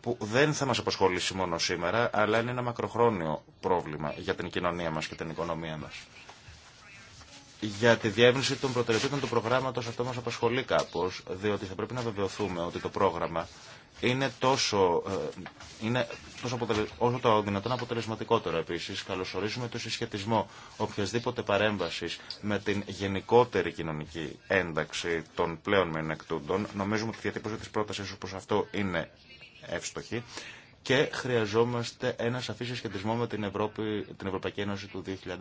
που δεν θα μας απασχολήσει μόνο σήμερα, αλλά είναι ένα μακροχρόνιο πρόβλημα για την κοινωνία μας και την οικονομία μας. Για τη διεύρυνση των προτεραιοτήτων του προγράμματος αυτό μας απασχολεί κάπως, διότι θα πρέπει να βεβαιωθούμε ότι το πρόγραμμα είναι τόσο, ε, είναι τόσο, αποτελε... όσο το δυνατόν αποτελεσματικότερο επίση. Καλωσορίζουμε το συσχετισμό οποιασδήποτε παρέμβαση με την γενικότερη κοινωνική ένταξη των πλέον ενεκτούντων. Νομίζουμε ότι η διατύπωση τη πρόταση όπω αυτό είναι εύστοχη και χρειαζόμαστε ένα σαφή συσχετισμό με την, Ευρώπη, την Ευρωπαϊκή Ένωση του 2020.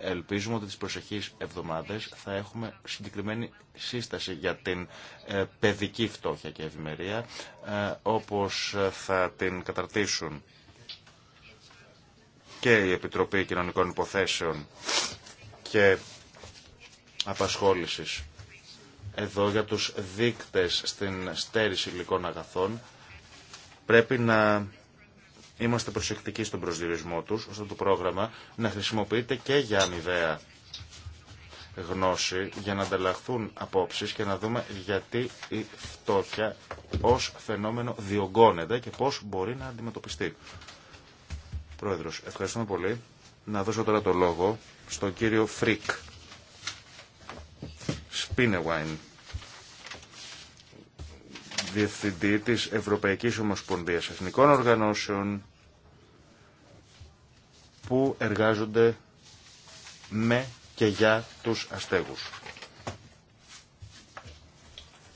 Ελπίζουμε ότι τις προσεχείς εβδομάδες θα έχουμε συγκεκριμένη σύσταση για την ε, παιδική φτώχεια και ευημερία, ε, όπως θα την καταρτήσουν και η Επιτροπή Κοινωνικών Υποθέσεων και Απασχόλησης. Εδώ για τους δείκτες στην στέρηση υλικών αγαθών πρέπει να Είμαστε προσεκτικοί στον προσδιορισμό τους, ώστε το πρόγραμμα να χρησιμοποιείται και για αμοιβαία γνώση για να ανταλλαχθούν απόψεις και να δούμε γιατί η φτώχεια ως φαινόμενο διωγγώνεται και πώς μπορεί να αντιμετωπιστεί. Πρόεδρος, ευχαριστούμε πολύ. Να δώσω τώρα το λόγο στον κύριο Φρικ. Σπίνεουάιν. Διευθυντή της Ευρωπαϊκής Ομοσπονδίας Εθνικών Οργανώσεων που εργάζονται με και για τους αστέγους.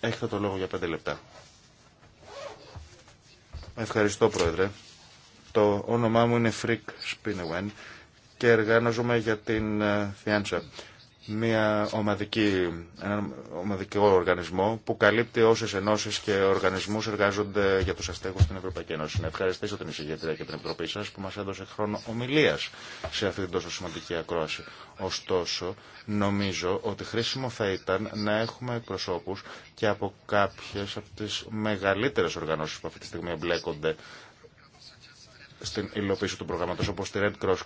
Έχετε το λόγο για πέντε λεπτά. Ευχαριστώ Πρόεδρε. Το όνομά μου είναι Φρικ Σπίνεουεν και εργάζομαι για την Φιάντσα. Ε, uh, μια ομαδική, ένα ομαδικό οργανισμό που καλύπτει όσε ενώσει και οργανισμού εργάζονται για του αστέγου στην Ευρωπαϊκή Ένωση. Να ευχαριστήσω την εισηγήτρια και την Επιτροπή σα που μα έδωσε χρόνο ομιλία σε αυτή την τόσο σημαντική ακρόαση. Ωστόσο, νομίζω ότι χρήσιμο θα ήταν να έχουμε εκπροσώπου και από κάποιε από τι μεγαλύτερε οργανώσει που αυτή τη στιγμή εμπλέκονται στην υλοποίηση του προγράμματο, όπω τη Red Cross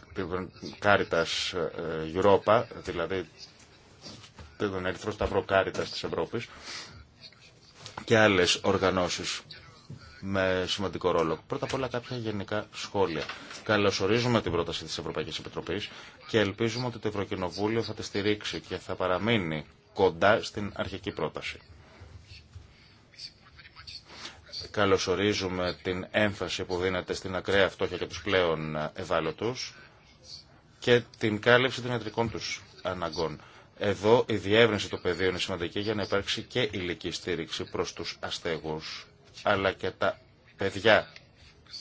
Caritas ε, Europa, δηλαδή τον Ερυθρό Σταυρό Κάριτα της Ευρώπης και άλλες οργανώσεις με σημαντικό ρόλο. Πρώτα απ' όλα κάποια γενικά σχόλια. Καλωσορίζουμε την πρόταση της Ευρωπαϊκής Επιτροπής και ελπίζουμε ότι το Ευρωκοινοβούλιο θα τη στηρίξει και θα παραμείνει κοντά στην αρχική πρόταση. Καλωσορίζουμε την έμφαση που δίνεται στην ακραία φτώχεια και τους πλέον ευάλωτους και την κάλυψη των ιατρικών τους αναγκών. Εδώ η διεύρυνση του πεδίου είναι σημαντική για να υπάρξει και ηλική στήριξη προς τους αστέγους, αλλά και τα παιδιά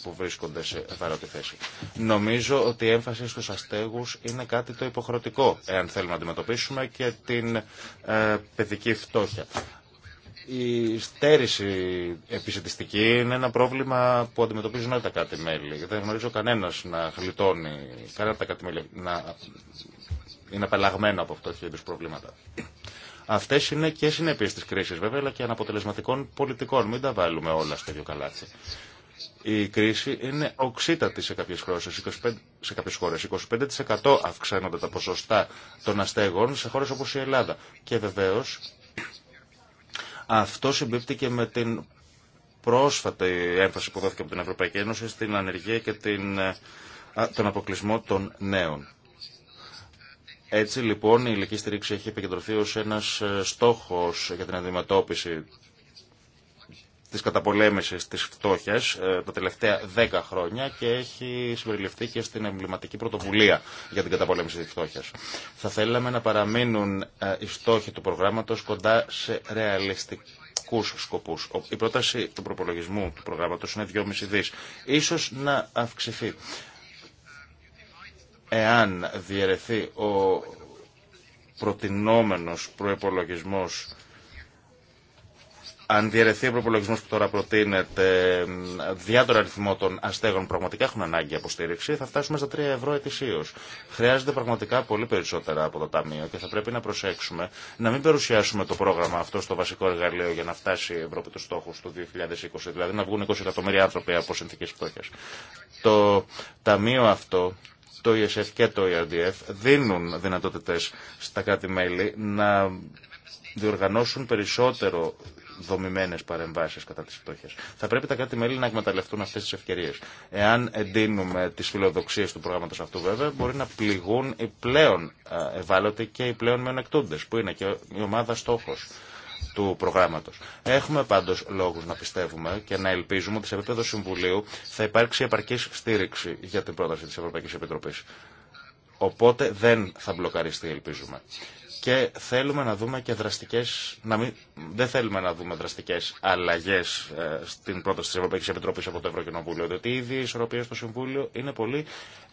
που βρίσκονται σε ευάλωτη θέση. Νομίζω ότι η έμφαση στους αστέγους είναι κάτι το υποχρεωτικό, εάν θέλουμε να αντιμετωπίσουμε και την ε, παιδική φτώχεια. Η στέρηση επισητιστική είναι ένα πρόβλημα που αντιμετωπίζουν όλα τα κάτι μέλη. Δεν γνωρίζω κανένα να γλιτώνει, κανένα τα κάτι μέλη να είναι απελαγμένο από αυτό είδου προβλήματα. Αυτέ είναι και συνέπειε τη κρίση βέβαια, αλλά και αναποτελεσματικών πολιτικών. Μην τα βάλουμε όλα στο ίδιο καλάτσι. Η κρίση είναι οξύτατη σε κάποιε χώρε. Σε κάποιες χώρες. 25% αυξάνονται τα ποσοστά των αστέγων σε χώρε όπω η Ελλάδα. Και βεβαίω αυτό συμπίπτει και με την πρόσφατη έμφαση που δόθηκε από την Ευρωπαϊκή Ένωση στην ανεργία και την, ε, τον αποκλεισμό των νέων. Έτσι λοιπόν η ηλική στήριξη έχει επικεντρωθεί ως ένας ε, στόχος για την αντιμετώπιση της καταπολέμησης της φτώχειας ε, τα τελευταία 10 χρόνια και έχει συμπεριληφθεί και στην εμβληματική πρωτοβουλία για την καταπολέμηση της φτώχειας. Θα θέλαμε να παραμείνουν ε, οι στόχοι του προγράμματος κοντά σε ρεαλιστικά σκοπούς. Η πρόταση του προπολογισμού του προγράμματος είναι 2,5 δις. Ίσως να αυξηθεί εάν διαιρεθεί ο προτινόμενος προϋπολογισμός αν διαιρεθεί ο προπολογισμό που τώρα προτείνεται διά τον αριθμό των αστέγων που πραγματικά έχουν ανάγκη από στήριξη, θα φτάσουμε στα 3 ευρώ ετησίω. Χρειάζεται πραγματικά πολύ περισσότερα από το Ταμείο και θα πρέπει να προσέξουμε να μην παρουσιάσουμε το πρόγραμμα αυτό στο βασικό εργαλείο για να φτάσει η Ευρώπη του στόχου του 2020, δηλαδή να βγουν 20 εκατομμύρια άνθρωποι από συνθήκε φτώχεια. Το Ταμείο αυτό το ESF και το ERDF δίνουν δυνατότητες στα κράτη-μέλη να διοργανώσουν περισσότερο δομημένε παρεμβάσει κατά τι φτώχεια. Θα πρέπει τα κράτη-μέλη να εκμεταλλευτούν αυτέ τι ευκαιρίε. Εάν εντείνουμε τι φιλοδοξίε του προγράμματο αυτού, βέβαια, μπορεί να πληγούν οι πλέον ε, ευάλωτοι και οι πλέον μειονεκτούντε, που είναι και η ομάδα στόχο του προγράμματος. Έχουμε πάντως λόγους να πιστεύουμε και να ελπίζουμε ότι σε επίπεδο Συμβουλίου θα υπάρξει επαρκής στήριξη για την πρόταση της Ευρωπαϊκής Επιτροπής. Οπότε δεν θα μπλοκαριστεί, ελπίζουμε και θέλουμε να δούμε και δραστικές, να μην, δεν θέλουμε να δούμε δραστικές αλλαγές ε, στην πρόταση της Ευρωπαϊκής Επιτροπής από το Ευρωκοινοβούλιο, διότι ήδη η ισορροπία στο Συμβούλιο είναι πολύ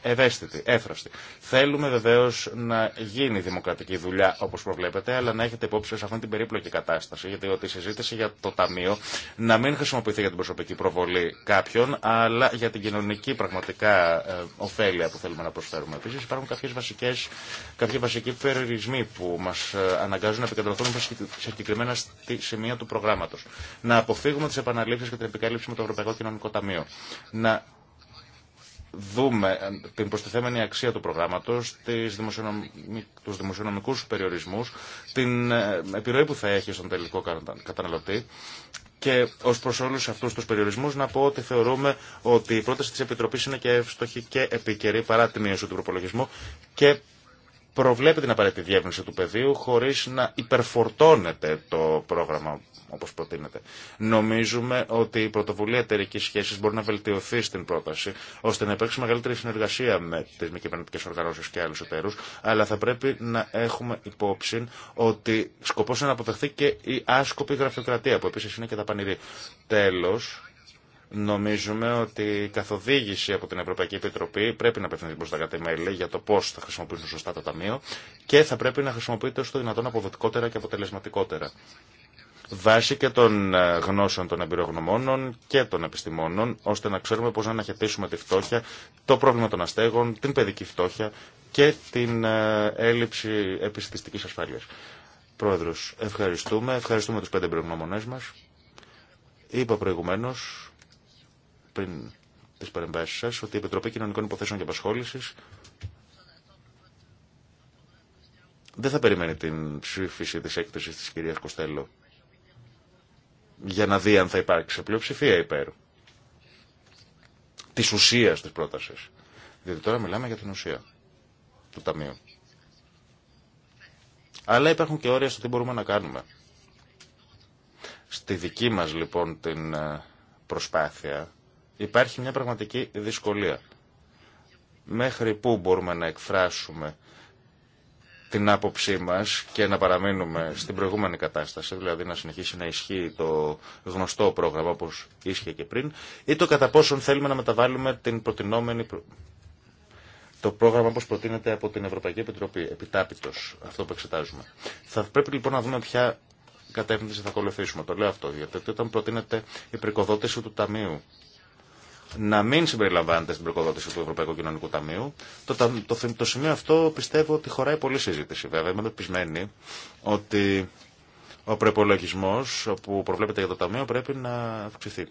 ευαίσθητη, έφραστη. Θέλουμε βεβαίως να γίνει δημοκρατική δουλειά όπως προβλέπετε, αλλά να έχετε υπόψη σε αυτή την περίπλοκη κατάσταση, γιατί ότι η συζήτηση για το Ταμείο να μην χρησιμοποιηθεί για την προσωπική προβολή κάποιων, αλλά για την κοινωνική πραγματικά ε, ωφέλεια που θέλουμε να προσφέρουμε. Επίση, υπάρχουν κάποιες βασικές, κάποιοι βασικοί περιορισμοί που που μας ε, αναγκάζουν να επικεντρωθούμε συγκεκριμένα στη σημεία του προγράμματο. Να αποφύγουμε τι επαναλήψεις και την επικάλυψη με το Ευρωπαϊκό Κοινωνικό Ταμείο. Να δούμε ε, την προστιθέμενη αξία του προγράμματο, του δημοσιονομικού περιορισμού, την ε, επιρροή που θα έχει στον τελικό καταναλωτή και ω προ όλου αυτού του περιορισμού να πω ότι θεωρούμε ότι η πρόταση τη Επιτροπή είναι και εύστοχη και επικαιρή παρά τη μείωση του προπολογισμού και προβλέπει την απαραίτητη διεύρυνση του πεδίου χωρί να υπερφορτώνεται το πρόγραμμα όπω προτείνεται. Νομίζουμε ότι η πρωτοβουλία εταιρική σχέση μπορεί να βελτιωθεί στην πρόταση, ώστε να υπάρξει μεγαλύτερη συνεργασία με τι μη κυβερνητικέ οργανώσει και άλλου εταίρου, αλλά θα πρέπει να έχουμε υπόψη ότι σκοπό είναι να αποτεχθεί και η άσκοπη γραφειοκρατία, που επίση είναι και τα πανηρή. Τέλο. Νομίζουμε ότι η καθοδήγηση από την Ευρωπαϊκή Επιτροπή πρέπει να απευθυνθεί προ τα κατεμέλη για το πώ θα χρησιμοποιήσουν σωστά το Ταμείο και θα πρέπει να χρησιμοποιείται όσο το δυνατόν αποδοτικότερα και αποτελεσματικότερα. Βάσει και των ε, γνώσεων των εμπειρογνωμόνων και των επιστημόνων, ώστε να ξέρουμε πώ να αναχαιτήσουμε τη φτώχεια, το πρόβλημα των αστέγων, την παιδική φτώχεια και την ε, έλλειψη επιστημιστική ασφάλεια. Πρόεδρο, ευχαριστούμε. Ευχαριστούμε του πέντε εμπειρογνώμονέ μα. Είπα προηγουμένω πριν τι παρεμβάσει σα, ότι η Επιτροπή Κοινωνικών Υποθέσεων και Απασχόληση δεν θα περιμένει την ψήφιση της έκθεσης της κυρία Κοστέλο για να δει αν θα υπάρξει πλειοψηφία υπέρ της ουσία της πρότασης. Διότι τώρα μιλάμε για την ουσία του Ταμείου. Αλλά υπάρχουν και όρια στο τι μπορούμε να κάνουμε. Στη δική μας λοιπόν την ε, προσπάθεια Υπάρχει μια πραγματική δυσκολία. Μέχρι πού μπορούμε να εκφράσουμε την άποψή μας και να παραμείνουμε στην προηγούμενη κατάσταση, δηλαδή να συνεχίσει να ισχύει το γνωστό πρόγραμμα όπως ίσχυε και πριν, ή το κατά πόσον θέλουμε να μεταβάλουμε την προτινόμενη... το πρόγραμμα όπως προτείνεται από την Ευρωπαϊκή Επιτροπή, επιτάπητος, αυτό που εξετάζουμε. Θα πρέπει λοιπόν να δούμε ποια κατεύθυνση θα ακολουθήσουμε. Το λέω αυτό, γιατί όταν προτείνεται η πρικοδότηση του Ταμείου να μην συμπεριλαμβάνεται στην προκοδότηση του Ευρωπαϊκού Κοινωνικού Ταμείου. Το, σημείο αυτό πιστεύω ότι χωράει πολλή συζήτηση. Βέβαια, είμαι πεπισμένη ότι ο προπολογισμό που προβλέπεται για το Ταμείο πρέπει να αυξηθεί.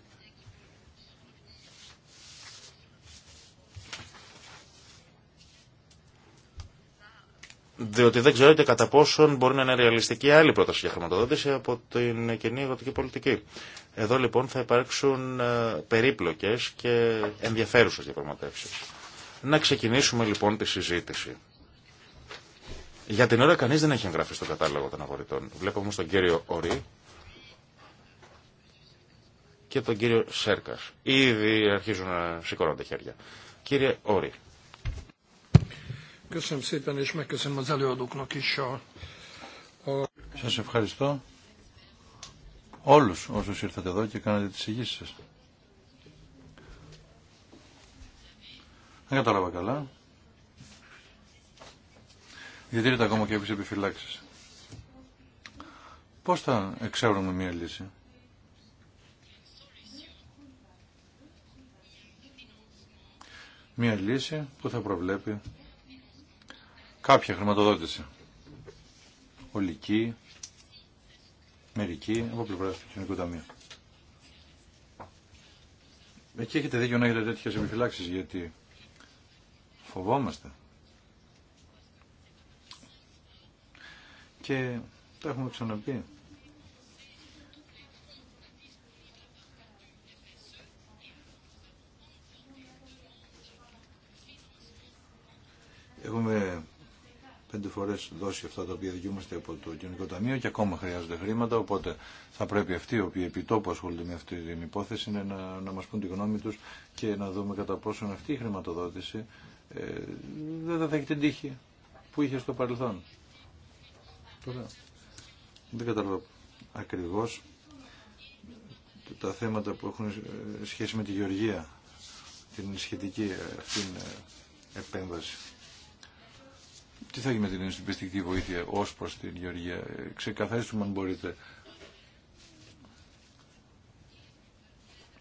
Διότι δεν ξέρετε κατά πόσον μπορεί να είναι ρεαλιστική άλλη πρόταση για χρηματοδότηση από την κοινή εγωτική πολιτική. Εδώ λοιπόν θα υπάρξουν ε, περίπλοκες και ενδιαφέρουσες διαπραγματεύσεις. Να ξεκινήσουμε λοιπόν τη συζήτηση. Για την ώρα κανείς δεν έχει εγγραφεί στο κατάλογο των αγορητών. Βλέπω όμως τον κύριο Ορί και τον κύριο Σέρκας. Ήδη αρχίζουν να σηκώνονται χέρια. Κύριε Όρη. Σας ευχαριστώ όλους όσους ήρθατε εδώ και κάνατε τις εγγύσεις σας. Δεν κατάλαβα καλά. Διατηρείται ακόμα και έπεισε επιφυλάξεις. Πώς θα εξεύρουμε μια λύση. Μια λύση που θα προβλέπει κάποια χρηματοδότηση. Ολική, μερικοί από πλευρά του Κοινωνικού Ταμείου. Εκεί έχετε δίκιο να έχετε τέτοιε επιφυλάξει γιατί φοβόμαστε. Και το έχουμε ξαναπεί. φορέ δώσει αυτά τα οποία δικαιούμαστε από το Κοινωνικό Ταμείο και ακόμα χρειάζονται χρήματα, οπότε θα πρέπει αυτοί οι οποίοι επιτόπου ασχολούνται με αυτή την υπόθεση είναι να, να μας πούν τη γνώμη του και να δούμε κατά πόσον αυτή η χρηματοδότηση ε, δεν θα έχει την τύχη που είχε στο παρελθόν. Τώρα, δεν καταλαβαίνω ακριβώς τα θέματα που έχουν ε, σχέση με τη Γεωργία, την σχετική ε, αυτήν ε, επέμβαση τι θα γίνει με την ενσυπηστική βοήθεια ω προ την Γεωργία. Ε, ξεκαθαρίσουμε αν μπορείτε.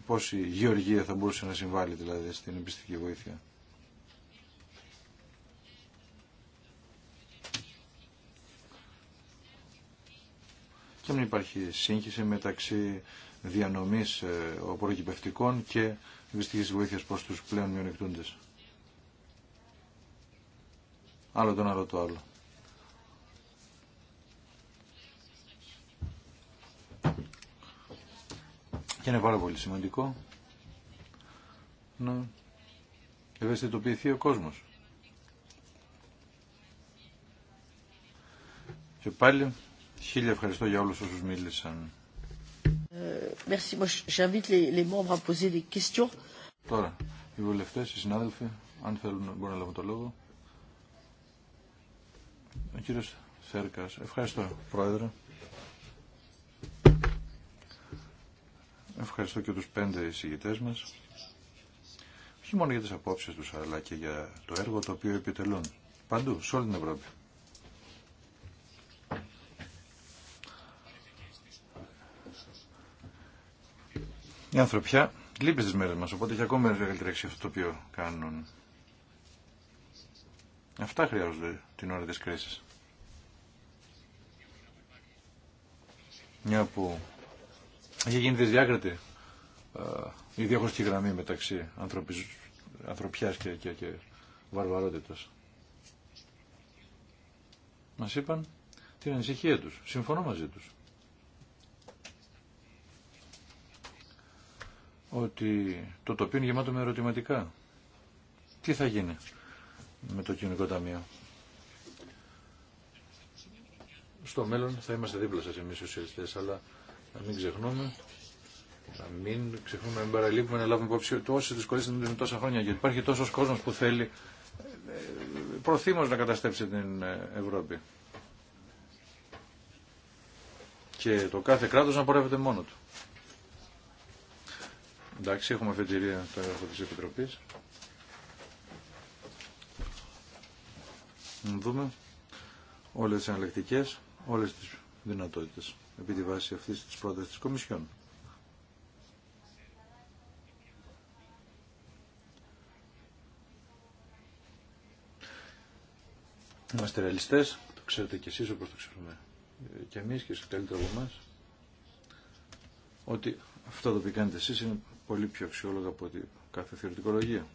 Πώς η Γεωργία θα μπορούσε να συμβάλλει δηλαδή στην εμπιστική βοήθεια. Και αν υπάρχει σύγχυση μεταξύ διανομής ε, προκυπευτικών και εμπιστικής βοήθειας προς τους πλέον μειονεκτούντες άλλο το ένα, άλλο το άλλο. Και είναι πάρα πολύ σημαντικό να ευαισθητοποιηθεί ο κόσμος. Και πάλι χίλια ευχαριστώ για όλους όσους μίλησαν. Ε, Τώρα, οι βουλευτές, οι συνάδελφοι, αν θέλουν μπορούν να λάβουν το λόγο. Ο κύριος Σέρκας. Ευχαριστώ, Πρόεδρε. Ευχαριστώ και τους πέντε εισηγητές μας. Όχι μόνο για τις απόψεις τους, αλλά και για το έργο το οποίο επιτελούν. Παντού, σε όλη την Ευρώπη. Η ανθρωπιά λείπει στις μέρες μας, οπότε έχει ακόμα μεγαλύτερη αυτό το οποίο κάνουν. Αυτά χρειάζονται την ώρα της κρίσης. Μια που έχει γίνει δυσδιάκριτη ε, η διαχωριστική γραμμή μεταξύ ανθρωπιζ... ανθρωπιάς και, και, και βαρβαρότητας. Μας είπαν την ανησυχία τους. Συμφωνώ μαζί τους. Ότι το τοπίο είναι γεμάτο με ερωτηματικά. Τι θα γίνει με το Κοινωνικό Ταμείο. Στο μέλλον θα είμαστε δίπλα σας εμείς σοσιαλιστές, αλλά να μην ξεχνούμε, να μην ξεχνούμε, να μην παραλείπουμε, να λάβουμε υπόψη ότι όσες δυσκολίες είναι τόσα χρόνια, γιατί υπάρχει τόσος κόσμος που θέλει ε, ε, προθύμως να καταστρέψει την ε, Ευρώπη. Και το κάθε κράτος να πορεύεται μόνο του. Εντάξει, έχουμε αφετηρία τώρα από τη Επιτροπή. να δούμε όλες τις αναλεκτικές, όλες τις δυνατότητες επί τη βάση αυτής της πρότασης της Κομισιόν. Είμαστε ρεαλιστές, το ξέρετε κι εσείς όπως το ξέρουμε και εμείς και στο καλύτερο από εμάς, ότι αυτό το οποίο κάνετε εσείς είναι πολύ πιο αξιόλογο από ότι κάθε θεωρητικολογία.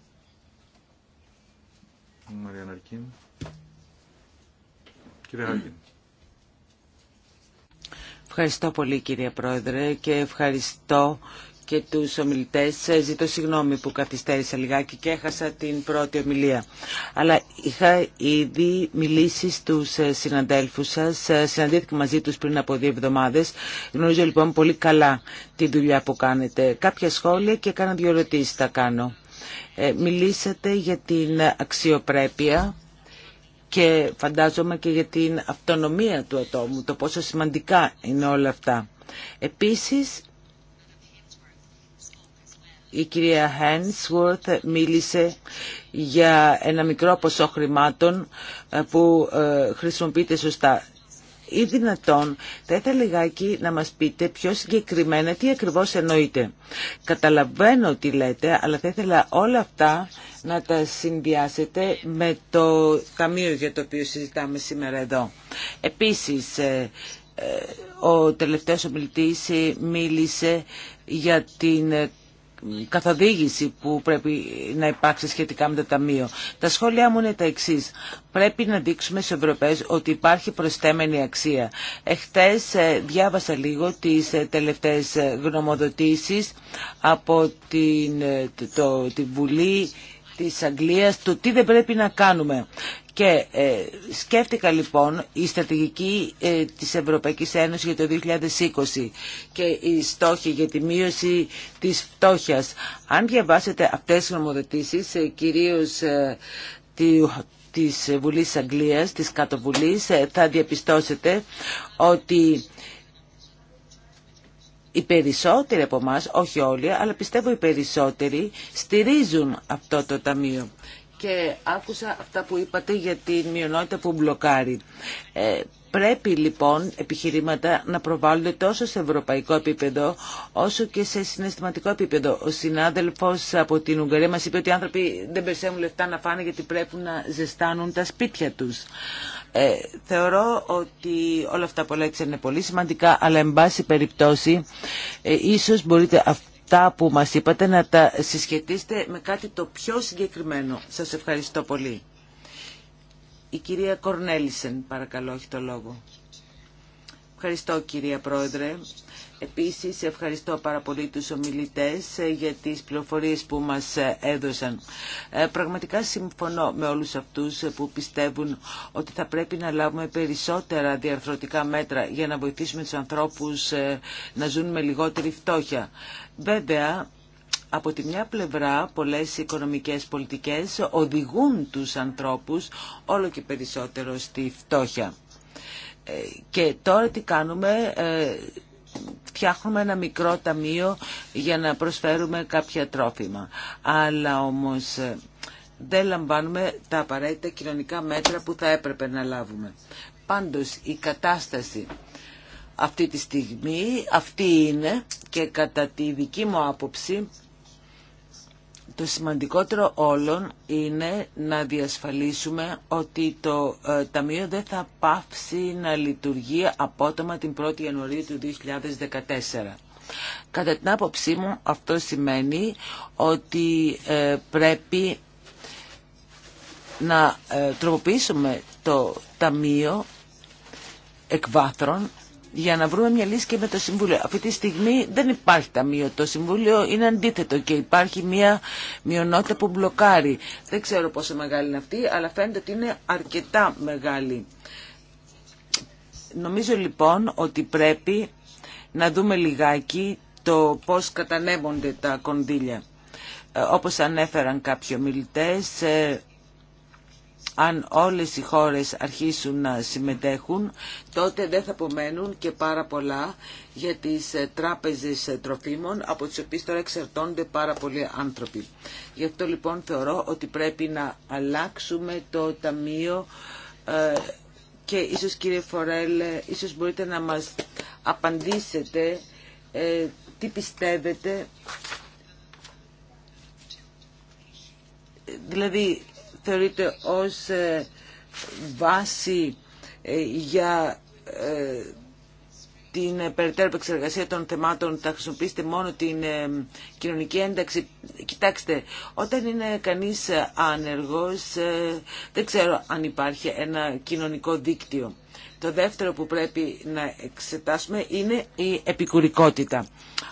Ευχαριστώ πολύ κύριε Πρόεδρε και ευχαριστώ και τους ομιλητές. Ε, ζητώ συγγνώμη που καθυστέρησα λιγάκι και έχασα την πρώτη ομιλία. Αλλά είχα ήδη μιλήσει στους ε, συναντέλφους σας. Ε, συναντήθηκα μαζί τους πριν από δύο εβδομάδες. Γνωρίζω λοιπόν πολύ καλά τη δουλειά που κάνετε. Κάποια σχόλια και κάνα δύο ερωτήσει θα κάνω. μιλήσατε για την αξιοπρέπεια και φαντάζομαι και για την αυτονομία του ατόμου, το πόσο σημαντικά είναι όλα αυτά. Επίσης, η κυρία Hensworth μίλησε για ένα μικρό ποσό χρημάτων ε, που ε, χρησιμοποιείται σωστά. Ή δυνατόν, θα ήθελα λιγάκι να μας πείτε πιο συγκεκριμένα τι ακριβώς εννοείτε. Καταλαβαίνω τι λέτε, αλλά θα ήθελα όλα αυτά να τα συνδυάσετε με το ταμείο για το οποίο συζητάμε σήμερα εδώ. Επίσης, ε, ε, ο τελευταίος ομιλητής ε, μίλησε για την καθοδήγηση που πρέπει να υπάρξει σχετικά με το Ταμείο. Τα σχόλιά μου είναι τα εξή. Πρέπει να δείξουμε στους Ευρωπαίους ότι υπάρχει προστέμενη αξία. Εχθέ διάβασα λίγο τι τελευταίες γνωμοδοτήσεις από την, τη Βουλή της Αγγλίας το τι δεν πρέπει να κάνουμε. Και ε, σκέφτηκα λοιπόν η στρατηγική ε, της Ευρωπαϊκής Ένωσης για το 2020 και η στόχοι για τη μείωση της φτώχειας. Αν διαβάσετε αυτές τις νομοθετήσεις, ε, κυρίως ε, τη, της Βουλής Αγγλίας, της Κατοβουλής, ε, θα διαπιστώσετε ότι οι περισσότεροι από εμά, όχι όλοι, αλλά πιστεύω οι περισσότεροι, στηρίζουν αυτό το ταμείο. Και άκουσα αυτά που είπατε για την μειονότητα που μπλοκάρει. Ε, Πρέπει λοιπόν επιχειρήματα να προβάλλονται τόσο σε ευρωπαϊκό επίπεδο όσο και σε συναισθηματικό επίπεδο. Ο συνάδελφος από την Ουγγαρία μας είπε ότι οι άνθρωποι δεν περισσεύουν λεφτά να φάνε γιατί πρέπει να ζεστάνουν τα σπίτια τους. Ε, θεωρώ ότι όλα αυτά που λέξανε είναι πολύ σημαντικά, αλλά εν πάση περιπτώσει ε, ίσως μπορείτε αυτά που μας είπατε να τα συσχετίσετε με κάτι το πιο συγκεκριμένο. Σας ευχαριστώ πολύ. Η κυρία Κορνέλισεν, παρακαλώ, έχει το λόγο. Ευχαριστώ, κυρία Πρόεδρε. Επίσης, ευχαριστώ πάρα πολύ τους ομιλητές ε, για τις πληροφορίες που μας ε, έδωσαν. Ε, πραγματικά συμφωνώ με όλους αυτούς που πιστεύουν ότι θα πρέπει να λάβουμε περισσότερα διαρθρωτικά μέτρα για να βοηθήσουμε τους ανθρώπους να ζουν με λιγότερη φτώχεια. Βέβαια, από τη μια πλευρά πολλές οικονομικές πολιτικές οδηγούν τους ανθρώπους όλο και περισσότερο στη φτώχεια. Ε, και τώρα τι κάνουμε, ε, φτιάχνουμε ένα μικρό ταμείο για να προσφέρουμε κάποια τρόφιμα. Αλλά όμως ε, δεν λαμβάνουμε τα απαραίτητα κοινωνικά μέτρα που θα έπρεπε να λάβουμε. Πάντως η κατάσταση αυτή τη στιγμή αυτή είναι και κατά τη δική μου άποψη το σημαντικότερο όλων είναι να διασφαλίσουμε ότι το ε, Ταμείο δεν θα πάψει να λειτουργεί απότομα την 1η Ιανουαρίου του 2014. Κατά την άποψή μου αυτό σημαίνει ότι ε, πρέπει να ε, τροποποιήσουμε το Ταμείο εκβάθρων για να βρούμε μια λύση και με το Συμβούλιο. Αυτή τη στιγμή δεν υπάρχει ταμείο. Το Συμβούλιο είναι αντίθετο και υπάρχει μια μειονότητα που μπλοκάρει. Δεν ξέρω πόσο μεγάλη είναι αυτή, αλλά φαίνεται ότι είναι αρκετά μεγάλη. Νομίζω λοιπόν ότι πρέπει να δούμε λιγάκι το πώς κατανέμονται τα κονδύλια. Ε, όπως ανέφεραν κάποιοι ομιλητές, ε, αν όλες οι χώρες αρχίσουν να συμμετέχουν, τότε δεν θα απομένουν και πάρα πολλά για τις ε, τράπεζες ε, τροφίμων, από τις οποίες τώρα εξαρτώνται πάρα πολλοί άνθρωποι. Γι' αυτό λοιπόν θεωρώ ότι πρέπει να αλλάξουμε το Ταμείο ε, και ίσως κύριε Φορέλ, ίσως μπορείτε να μας απαντήσετε τι πιστεύετε. Δηλαδή, θεωρείται ως ε, βάση ε, για ε, την περαιτέρω επεξεργασία των θεμάτων θα χρησιμοποιήσετε μόνο την κοινωνική ένταξη. Κοιτάξτε, όταν είναι κανείς άνεργος δεν ξέρω αν υπάρχει ένα κοινωνικό δίκτυο. Το δεύτερο που πρέπει να εξετάσουμε είναι η επικουρικότητα.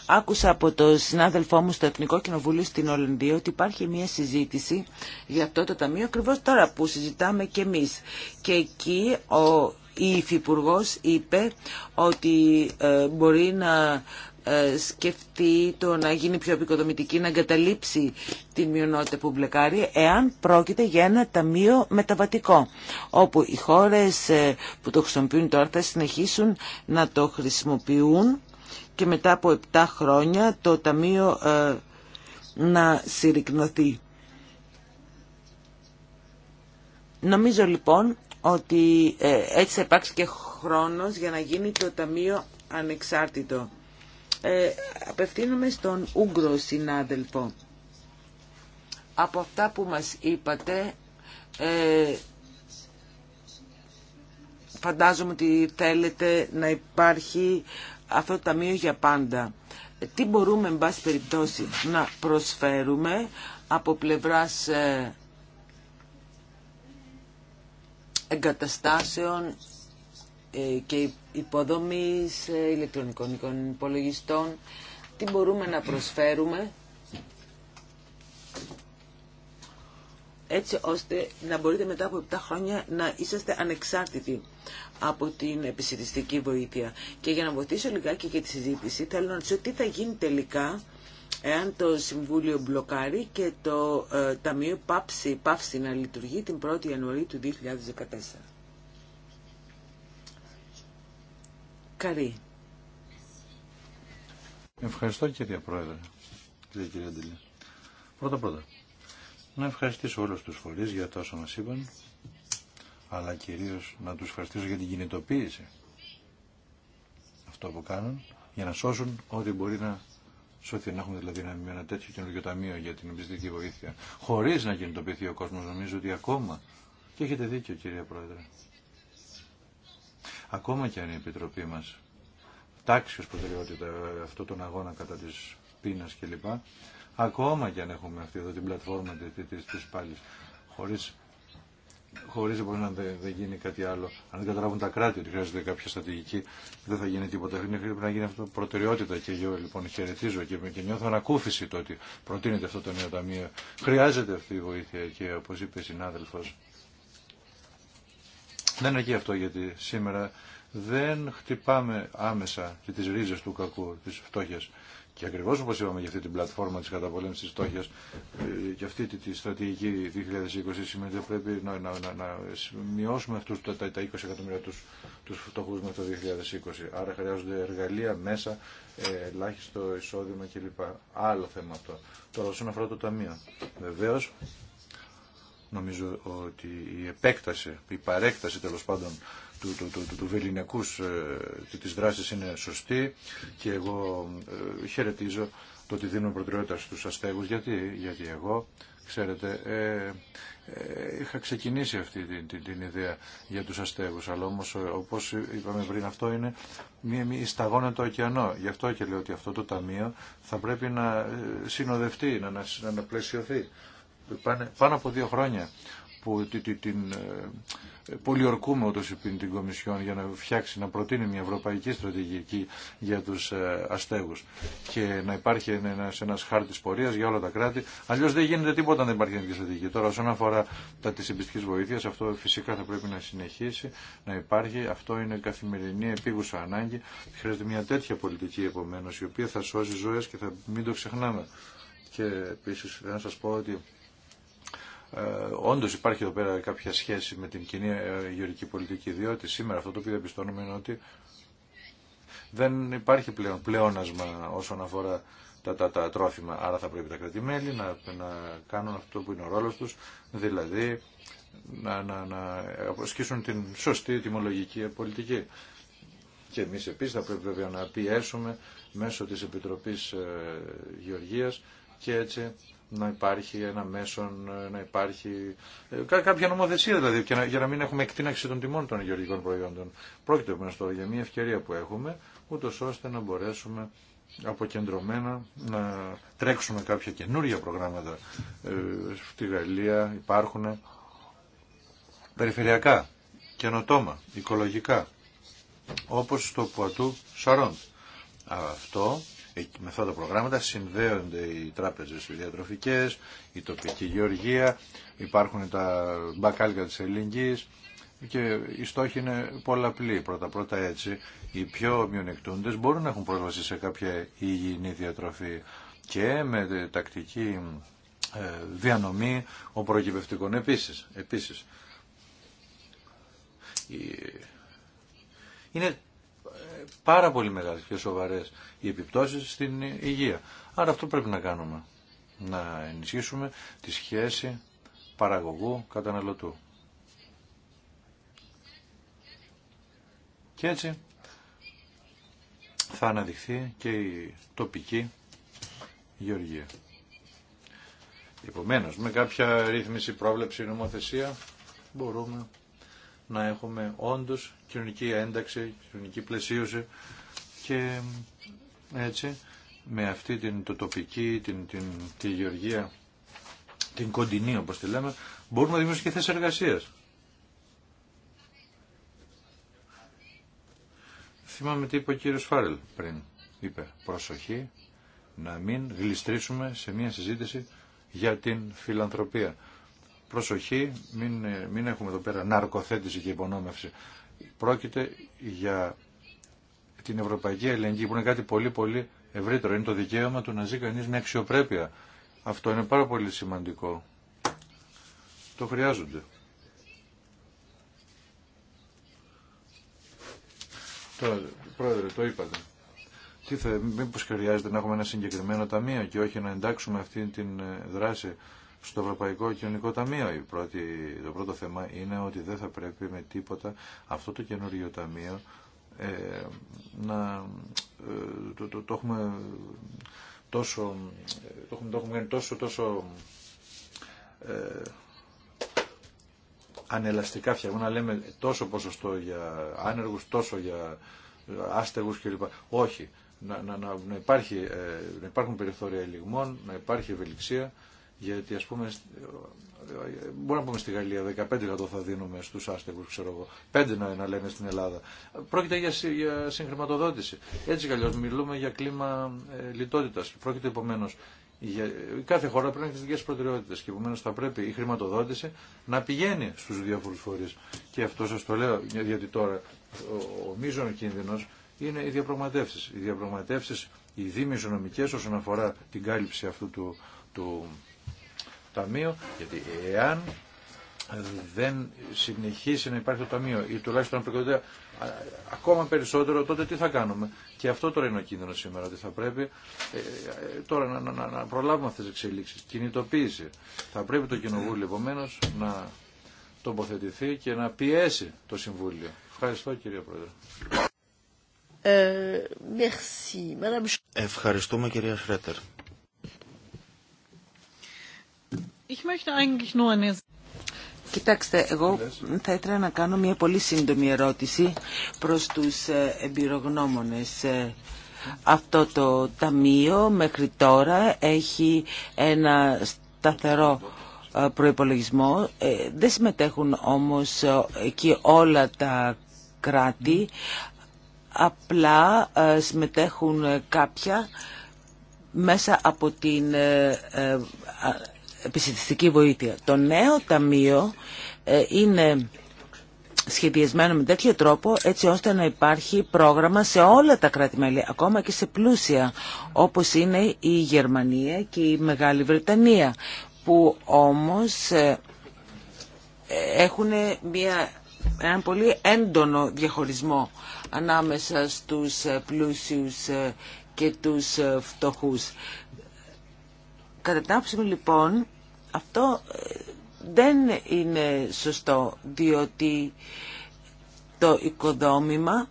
Άκουσα από τον συνάδελφό μου στο Εθνικό Κοινοβούλιο στην Ολλανδία ότι υπάρχει μια συζήτηση για αυτό το ταμείο ακριβώ τώρα που συζητάμε και εμείς. Και εκεί ο η Υφυπουργό είπε ότι ε, μπορεί να ε, σκεφτεί το να γίνει πιο επικοδομητική, να εγκαταλείψει την μειονότητα που μπλεκάρει, εάν πρόκειται για ένα ταμείο μεταβατικό, όπου οι χώρες ε, που το χρησιμοποιούν τώρα θα συνεχίσουν να το χρησιμοποιούν και μετά από 7 χρόνια το ταμείο ε, να συρρυκνωθεί. Νομίζω λοιπόν ότι έτσι θα υπάρξει και χρόνος για να γίνει το ταμείο ανεξάρτητο. Ε, απευθύνομαι στον Ούγκρο συνάδελφο. Από αυτά που μας είπατε, ε, φαντάζομαι ότι θέλετε να υπάρχει αυτό το ταμείο για πάντα. Ε, τι μπορούμε, εν πάση περιπτώσει, να προσφέρουμε από πλευράς ε, εγκαταστάσεων ε, και υποδομής ε, ηλεκτρονικών υπολογιστών, τι μπορούμε να προσφέρουμε έτσι ώστε να μπορείτε μετά από 7 χρόνια να είσαστε ανεξάρτητοι από την επισητιστική βοήθεια. Και για να βοηθήσω λιγάκι και τη συζήτηση, θέλω να ρωτήσω τι θα γίνει τελικά εάν το Συμβούλιο μπλοκάρει και το ε, Ταμείο πάψει, πάψει να λειτουργεί την 1η Ιανουαρίου του 2014. Καρή. Ευχαριστώ κυρία Πρόεδρε. Κυρία κυρία Κυρία Πρώτα πρώτα. Να ευχαριστήσω όλους τους φορείς για τόσο να μας είπαν, αλλά κυρίως να τους ευχαριστήσω για την κινητοποίηση. Αυτό που κάνουν για να σώσουν ό,τι μπορεί να σώθει. Να έχουμε δηλαδή ένα τέτοιο καινούργιο ταμείο για την εμπιστική βοήθεια. Χωρίς να κινητοποιηθεί ο κόσμος, νομίζω ότι ακόμα. Και έχετε δίκιο κύριε Πρόεδρε. Ακόμα και αν η Επιτροπή μας τάξει ως προτεραιότητα αυτόν τον αγώνα κατά της πείνας κλπ. Ακόμα και αν έχουμε αυτή εδώ την πλατφόρμα της, της πάλης, χωρίς Χωρί λοιπόν να δεν γίνει κάτι άλλο. Αν δεν καταλάβουν τα κράτη ότι χρειάζεται κάποια στρατηγική, δεν θα γίνει τίποτα. Πρέπει να γίνει αυτό προτεραιότητα. Και εγώ λοιπόν χαιρετίζω και, και νιώθω ανακούφιση το ότι προτείνεται αυτό το νέο ταμείο. Χρειάζεται αυτή η βοήθεια και όπως είπε η συνάδελφο, δεν ναι, αρκεί αυτό γιατί σήμερα δεν χτυπάμε άμεσα και τις ρίζες του κακού, της φτώχειας. Και ακριβώς όπως είπαμε για αυτή την πλατφόρμα της καταπολέμησης της φτώχειας ε, και αυτή τη στρατηγική 2020 σημαίνει ότι πρέπει να, να, να, μειώσουμε αυτούς τα, 20 εκατομμύρια τους, τους φτωχούς με το 2020. Άρα χρειάζονται εργαλεία, μέσα, ε, ελάχιστο εισόδημα κλπ. Άλλο θέμα αυτό. Τώρα όσον αφορά το Ταμείο. Βεβαίως Νομίζω ότι η επέκταση, η παρέκταση τέλος πάντων του, του, του, του, του ε, της δράσης είναι σωστή και εγώ ε, χαιρετίζω το ότι δίνουν προτεραιότητα στους αστέγους. Γιατί, γιατί εγώ, ξέρετε, ε, ε είχα ξεκινήσει αυτή την, την, ιδέα για τους αστέγους, αλλά όμως ε, όπως είπαμε πριν αυτό είναι μία μια σταγόνα το ωκεανό. Γι' αυτό και λέω ότι αυτό το ταμείο θα πρέπει να συνοδευτεί, να, να, να πάνε, πάνω από δύο χρόνια που την, την ε, πολιορκούμε επί την Κομισιόν για να φτιάξει, να προτείνει μια ευρωπαϊκή στρατηγική για τους ε, αστέγους και να υπάρχει ένας, ένας χάρτης πορείας για όλα τα κράτη. Αλλιώς δεν γίνεται τίποτα αν δεν υπάρχει μια στρατηγική. Τώρα όσον αφορά τα της εμπιστικής βοήθειας, αυτό φυσικά θα πρέπει να συνεχίσει να υπάρχει. Αυτό είναι καθημερινή επίγουσα ανάγκη. Χρειάζεται μια τέτοια πολιτική επομένως η οποία θα σώσει ζωές και θα μην το ξεχνάμε. Και επίσης να σας πω ότι ε, όντω υπάρχει εδώ πέρα κάποια σχέση με την κοινή ε, γεωργική πολιτική, διότι σήμερα αυτό το οποίο διαπιστώνουμε είναι ότι δεν υπάρχει πλέον πλεόνασμα όσον αφορά τα, τα, τα τρόφιμα. Άρα θα πρέπει τα κρατημέλη να, να κάνουν αυτό που είναι ο ρόλος τους, δηλαδή να, να, να ασκήσουν την σωστή τιμολογική πολιτική. Και εμεί επίση θα πρέπει να πιέσουμε μέσω της Επιτροπής ε, γεωργία και έτσι να υπάρχει ένα μέσον, ε, να υπάρχει ε, κάποια νομοθεσία δηλαδή για να μην έχουμε εκτείναξη των τιμών των γεωργικών προϊόντων. Πρόκειται όμως τώρα για μια ευκαιρία που έχουμε ούτως ώστε να μπορέσουμε αποκεντρωμένα να τρέξουμε κάποια καινούργια προγράμματα. Ε, στη Γαλλία υπάρχουν περιφερειακά, καινοτόμα, οικολογικά, όπως το Πουατού Σαρόντ. Αυτό με αυτά τα προγράμματα συνδέονται οι τράπεζες οι διατροφικές, η τοπική γεωργία, υπάρχουν τα μπακάλια της ελληνικής και οι στόχοι είναι πολλαπλοί. Πρώτα-πρώτα έτσι οι πιο μειονεκτούντες μπορούν να έχουν πρόσβαση σε κάποια υγιεινή διατροφή και με τακτική ε, διανομή ο επίσης. επίσης. Είναι πάρα πολύ μεγάλες και σοβαρές οι επιπτώσεις στην υγεία. Άρα αυτό πρέπει να κάνουμε. Να ενισχύσουμε τη σχέση παραγωγού καταναλωτού. Και έτσι θα αναδειχθεί και η τοπική γεωργία. Επομένως, με κάποια ρύθμιση, πρόβλεψη, νομοθεσία μπορούμε να έχουμε όντως κοινωνική ένταξη, κοινωνική πλαισίωση και έτσι με αυτή την το τοπική, την, την, τη γεωργία, την κοντινή όπως τη λέμε, μπορούμε να δημιουργήσουμε και θέσεις εργασίας. Θυμάμαι τι είπε ο κύριος Φάρελ πριν. Είπε προσοχή να μην γλιστρήσουμε σε μια συζήτηση για την φιλανθρωπία προσοχή, μην, ε, μην έχουμε εδώ πέρα ναρκοθέτηση και υπονόμευση. Πρόκειται για την ευρωπαϊκή ελληνική που είναι κάτι πολύ πολύ ευρύτερο. Είναι το δικαίωμα του να ζει κανείς με αξιοπρέπεια. Αυτό είναι πάρα πολύ σημαντικό. Το χρειάζονται. Τώρα, πρόεδρε, το είπατε. Τι θα, μήπως χρειάζεται να έχουμε ένα συγκεκριμένο ταμείο και όχι να εντάξουμε αυτή την ε, δράση στο Ευρωπαϊκό Κοινωνικό Ταμείο. το πρώτο θέμα είναι ότι δεν θα πρέπει με τίποτα αυτό το καινούργιο ταμείο ε, να ε, το, έχουμε τόσο το έχουμε, το έχουμε κάνει τόσο τόσο ε, ανελαστικά φτιαγμένα να λέμε τόσο ποσοστό για άνεργους τόσο για άστεγους κλπ. Όχι. Να, υπάρχει, να υπάρχουν περιθώρια ελιγμών, να υπάρχει ευελιξία γιατί ας πούμε, μπορούμε να πούμε στη Γαλλία 15% θα δίνουμε στους άστεγους, ξέρω εγώ, 5% να, να λένε στην Ελλάδα. Πρόκειται για, για συγχρηματοδότηση. Έτσι κι μιλούμε για κλίμα ε, λιτότητας. Πρόκειται επομένω. Για, κάθε χώρα πρέπει να έχει τι δικέ προτεραιότητε και επομένω θα πρέπει η χρηματοδότηση να πηγαίνει στου διάφορου φορεί. Και αυτό σα το λέω, γιατί τώρα ο, ο μείζον κίνδυνο είναι οι διαπραγματεύσει. Οι διαπραγματεύσει, οι δημιουργικέ όσον αφορά την κάλυψη αυτού του, του ταμείο, γιατί εάν δεν συνεχίσει να υπάρχει το ταμείο ή τουλάχιστον να ακόμα περισσότερο, τότε τι θα κάνουμε. Και αυτό τώρα είναι ο κίνδυνο σήμερα, ότι θα πρέπει ε, ε, τώρα να, να, να προλάβουμε αυτέ τι εξελίξει. Κινητοποίηση. Θα πρέπει το Κοινοβούλιο επομένω να τοποθετηθεί και να πιέσει το Συμβούλιο. Ευχαριστώ κύριε Πρόεδρε. Ε, Ευχαριστούμε κυρία Σρέτερ. Κοιτάξτε, εγώ θα ήθελα να κάνω μια πολύ σύντομη ερώτηση προς τους ε, εμπειρογνώμονες. Ε, αυτό το ταμείο μέχρι τώρα έχει ένα σταθερό ε, προϋπολογισμό. Δεν συμμετέχουν όμως εκεί όλα τα κράτη, απλά συμμετέχουν κάποια μέσα από την επισητιστική βοήθεια. Το νέο ταμείο ε, είναι σχεδιασμένο με τέτοιο τρόπο έτσι ώστε να υπάρχει πρόγραμμα σε όλα τα κράτη-μέλη, ακόμα και σε πλούσια, όπως είναι η Γερμανία και η Μεγάλη Βρετανία, που όμως ε, έχουν μια, έναν πολύ έντονο διαχωρισμό ανάμεσα στους ε, πλούσιους και τους φτωχούς. Κατά την μου λοιπόν αυτό ε, δεν είναι σωστό διότι το οικοδόμημα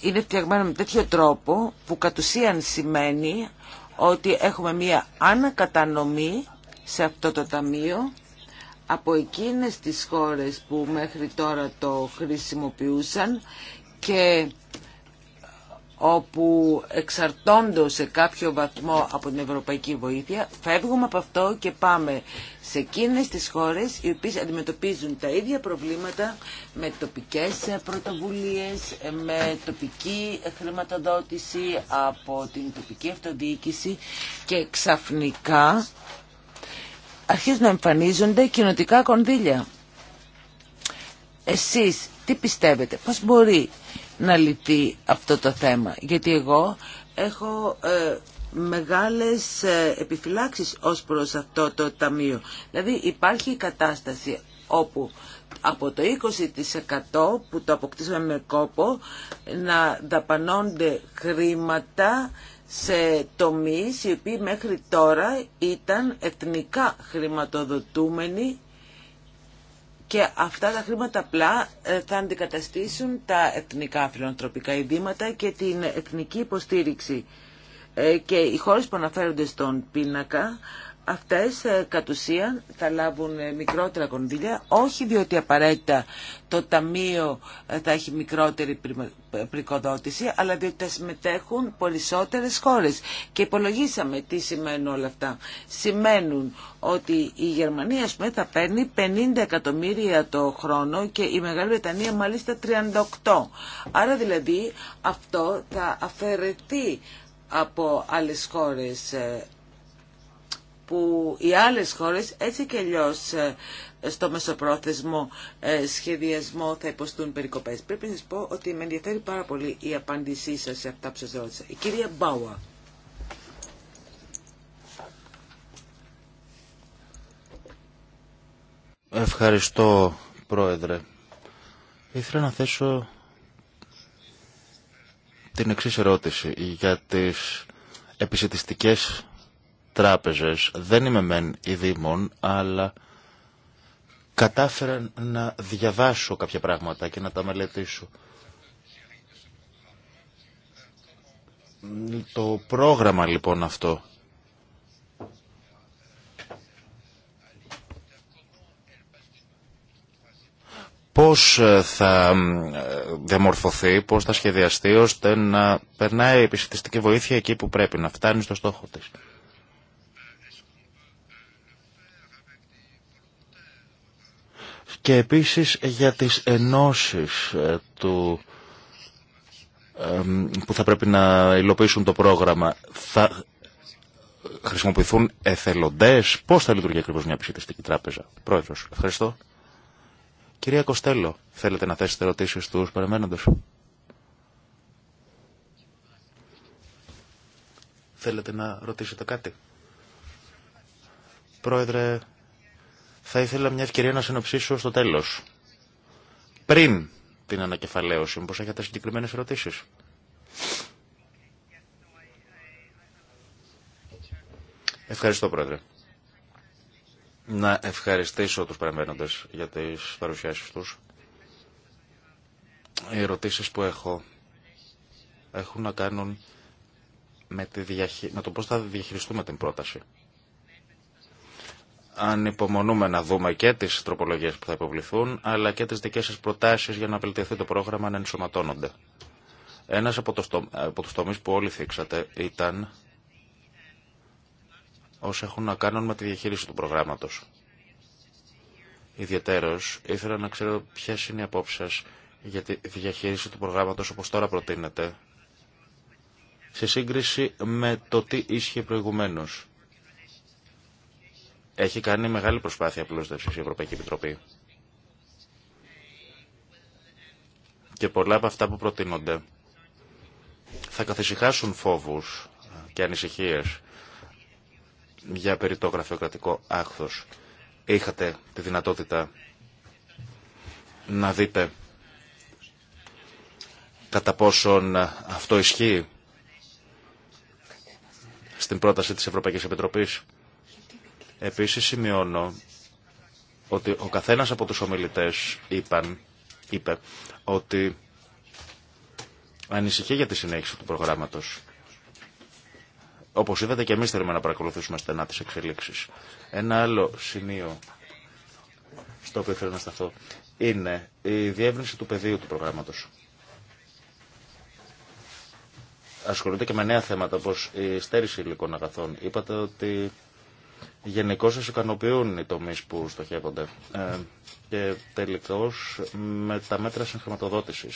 είναι φτιαγμένο με τέτοιο τρόπο που κατ' ουσίαν σημαίνει ότι έχουμε μία ανακατανομή σε αυτό το ταμείο από εκείνες τις χώρες που μέχρι τώρα το χρησιμοποιούσαν και όπου εξαρτώνται σε κάποιο βαθμό από την ευρωπαϊκή βοήθεια, φεύγουμε από αυτό και πάμε σε εκείνες τις χώρες οι οποίες αντιμετωπίζουν τα ίδια προβλήματα με τοπικές πρωτοβουλίες, με τοπική χρηματοδότηση από την τοπική αυτοδιοίκηση και ξαφνικά αρχίζουν να εμφανίζονται κοινοτικά κονδύλια. Εσείς τι πιστεύετε, πώς μπορεί να λυθεί αυτό το θέμα. Γιατί εγώ έχω ε, μεγάλες ε, επιφυλάξεις ως προς αυτό το ταμείο. Δηλαδή υπάρχει η κατάσταση όπου από το 20% που το αποκτήσαμε με κόπο να δαπανώνται χρήματα σε τομείς οι οποίοι μέχρι τώρα ήταν εθνικά χρηματοδοτούμενοι και αυτά τα χρήματα απλά ε, θα αντικαταστήσουν τα εθνικά φιλανθρωπικά ειδήματα και την εθνική υποστήριξη. Ε, και οι χώρες που αναφέρονται στον πίνακα αυτές ε, κατ' ουσίαν θα λάβουν ε, μικρότερα κονδύλια, όχι διότι απαραίτητα το Ταμείο ε, θα έχει μικρότερη πρικοδότηση, αλλά διότι θα συμμετέχουν περισσότερες χώρες. Και υπολογίσαμε τι σημαίνουν όλα αυτά. Σημαίνουν ότι η Γερμανία θα παίρνει 50 εκατομμύρια το χρόνο και η Μεγάλη Βρετανία μάλιστα 38. Άρα δηλαδή αυτό θα αφαιρεθεί από άλλες χώρες που οι άλλες χώρες έτσι και αλλιώ ε, στο μεσοπρόθεσμο ε, σχεδιασμό θα υποστούν περικοπές. Πρέπει να σας πω ότι με ενδιαφέρει πάρα πολύ η απάντησή σας σε αυτά που σας ρώτησα. Η κυρία Μπάουα. Ευχαριστώ, Πρόεδρε. Ήθελα να θέσω την εξής ερώτηση για τις επισητιστικές τράπεζες. Δεν είμαι μεν Δήμων, αλλά κατάφερα να διαβάσω κάποια πράγματα και να τα μελετήσω. Το πρόγραμμα λοιπόν αυτό πώς ε, θα ε, διαμορφωθεί, πώς θα σχεδιαστεί ώστε να περνάει η επιστημιστική βοήθεια εκεί που πρέπει, να φτάνει στο στόχο της. και επίσης για τις ενώσεις ε, του που θα πρέπει να υλοποιήσουν το πρόγραμμα θα χρησιμοποιηθούν εθελοντές πώς θα λειτουργεί ακριβώς μια επισκεπτική τράπεζα Πρόεδρος, ευχαριστώ Κυρία Κοστέλο, θέλετε να θέσετε ερωτήσεις στους παρεμένοντες Θέλετε να ρωτήσετε κάτι Πρόεδρε, θα ήθελα μια ευκαιρία να συνοψίσω στο τέλος. Πριν την ανακεφαλαίωση, μήπως έχετε συγκεκριμένες ερωτήσεις. Ευχαριστώ, Πρόεδρε. Να ευχαριστήσω τους παρεμβαίνοντες για τις παρουσιάσεις τους. Οι ερωτήσεις που έχω έχουν να κάνουν με, τη διαχει... με το πώς θα διαχειριστούμε την πρόταση ανυπομονούμε να δούμε και τις τροπολογίες που θα υποβληθούν, αλλά και τις δικές σας προτάσεις για να βελτιωθεί το πρόγραμμα να ενσωματώνονται. Ένας από, το στο... τους τομείς που όλοι θίξατε ήταν όσοι έχουν να κάνουν με τη διαχείριση του προγράμματος. Ιδιαιτέρως, ήθελα να ξέρω ποιε είναι οι απόψεις σας για τη διαχείριση του προγράμματος όπως τώρα προτείνεται, σε σύγκριση με το τι ίσχυε προηγουμένως έχει κάνει μεγάλη προσπάθεια απλούστευσης η Ευρωπαϊκή Επιτροπή. Και πολλά από αυτά που προτείνονται θα καθησυχάσουν φόβους και ανησυχίες για περί το γραφειοκρατικό άχθος. Είχατε τη δυνατότητα να δείτε κατά πόσον αυτό ισχύει στην πρόταση της Ευρωπαϊκής Επιτροπής. Επίσης σημειώνω ότι ο καθένας από τους ομιλητές είπαν, είπε ότι ανησυχεί για τη συνέχιση του προγράμματος. Όπως είδατε και εμείς θέλουμε να παρακολουθήσουμε στενά τις εξελίξεις. Ένα άλλο σημείο στο οποίο θέλω να σταθώ είναι η διεύρυνση του πεδίου του προγράμματος. Ασχολούνται και με νέα θέματα όπως η στέρηση υλικών αγαθών. Είπατε ότι Γενικώ σα ικανοποιούν οι τομεί που στοχεύονται. Ε, και τελικώ με τα μέτρα συγχρηματοδότηση.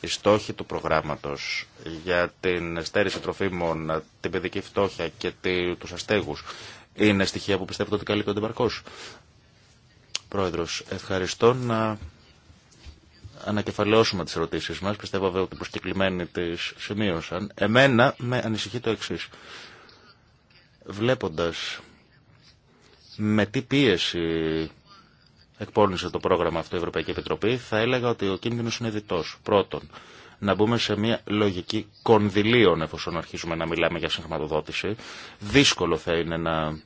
Οι στόχοι του προγράμματος για την στέρηση τροφίμων, την παιδική φτώχεια και του αστέγους είναι στοιχεία που πιστεύετε ότι καλύπτονται παρκώ. Πρόεδρος, ευχαριστώ να ανακεφαλαιώσουμε τις ερωτήσει μας. Πιστεύω βέβαια ότι προσκεκλημένοι τι σημείωσαν. Εμένα με ανησυχεί το εξή βλέποντας με τι πίεση εκπώνησε το πρόγραμμα αυτό η Ευρωπαϊκή Επιτροπή, θα έλεγα ότι ο κίνδυνος είναι διτός. Πρώτον, να μπούμε σε μια λογική κονδυλίων εφόσον αρχίζουμε να μιλάμε για συγχρηματοδότηση. Δύσκολο θα είναι να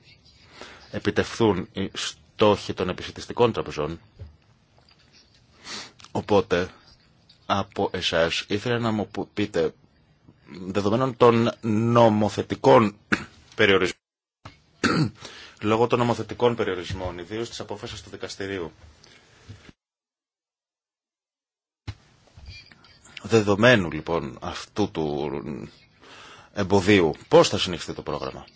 επιτευθούν οι στόχοι των επισητιστικών τραπεζών. Οπότε, από εσάς ήθελα να μου πείτε, δεδομένων των νομοθετικών περιορισμών λόγω των νομοθετικών περιορισμών, ιδίω τη απόφαση του δικαστηρίου. Δεδομένου λοιπόν αυτού του εμποδίου, Πώ θα συνεχιστεί το πρόγραμμα.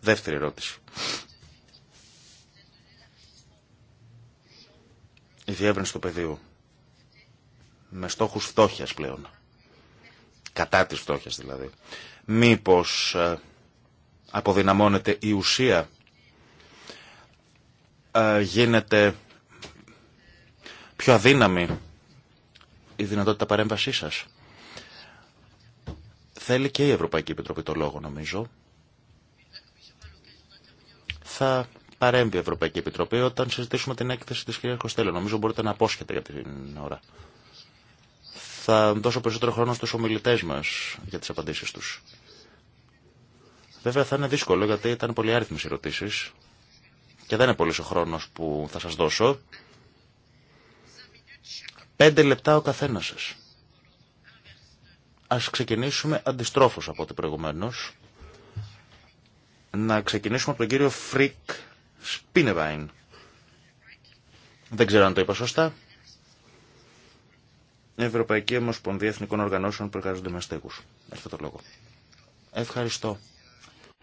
Δεύτερη ερώτηση. Η διεύρυνση του πεδίου με στόχους φτώχειας πλέον. Κατά της φτώχειας δηλαδή. Μήπως ε, αποδυναμώνεται η ουσία, ε, γίνεται πιο αδύναμη η δυνατότητα παρέμβασή σας. Θέλει και η Ευρωπαϊκή Επιτροπή το λόγο νομίζω. Θα παρέμβει η Ευρωπαϊκή Επιτροπή όταν συζητήσουμε την έκθεση της κυρίας Κοστέλλου. Νομίζω μπορείτε να απόσχετε για την ώρα. Θα δώσω περισσότερο χρόνο στους ομιλητές μας για τις απαντήσεις τους. Βέβαια θα είναι δύσκολο γιατί ήταν πολύ άριθμες ερωτήσεις και δεν είναι πολύ ο χρόνος που θα σας δώσω. Πέντε λεπτά ο καθένας σας. Ας ξεκινήσουμε αντιστρόφως από ό,τι προηγουμένως. Να ξεκινήσουμε από τον κύριο Φρικ Σπίνεβαϊν. Δεν ξέρω αν το είπα σωστά. Ευρωπαϊκή Ομοσπονδία Εθνικών Οργανώσεων που εργάζονται με αστέγους. Έχετε το λόγο. Ευχαριστώ.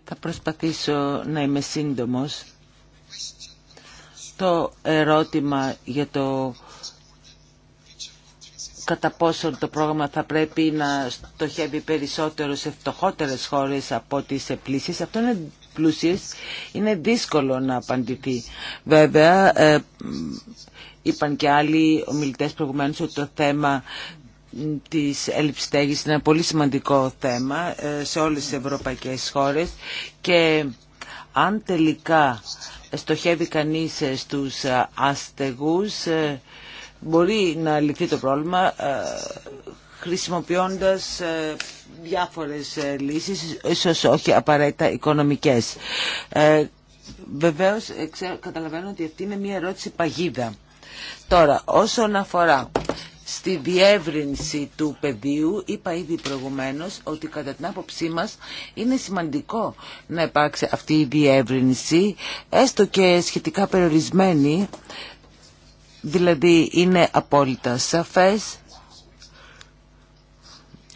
Θα προσπαθήσω να είμαι σύντομος. Το ερώτημα για το κατά πόσο το πρόγραμμα θα πρέπει να στοχεύει περισσότερο σε φτωχότερες χώρες από τις πλήσεις. Αυτό είναι πλούσιες, είναι δύσκολο να απαντηθεί. Βέβαια, ε, είπαν και άλλοι ομιλητές προηγουμένως ότι το θέμα της έλλειψης στέγης είναι ένα πολύ σημαντικό θέμα ε, σε όλες τις ευρωπαϊκές χώρες και αν τελικά στοχεύει κανείς ε, στους αστεγούς ε, μπορεί να λυθεί το πρόβλημα χρησιμοποιώντας διάφορες λύσεις, ίσως όχι απαραίτητα οικονομικές. Βεβαίως, καταλαβαίνω ότι αυτή είναι μια ερώτηση παγίδα. Τώρα, όσον αφορά στη διεύρυνση του πεδίου. Είπα ήδη προηγουμένως ότι κατά την άποψή μας είναι σημαντικό να υπάρξει αυτή η διεύρυνση, έστω και σχετικά περιορισμένη, δηλαδή είναι απόλυτα σαφές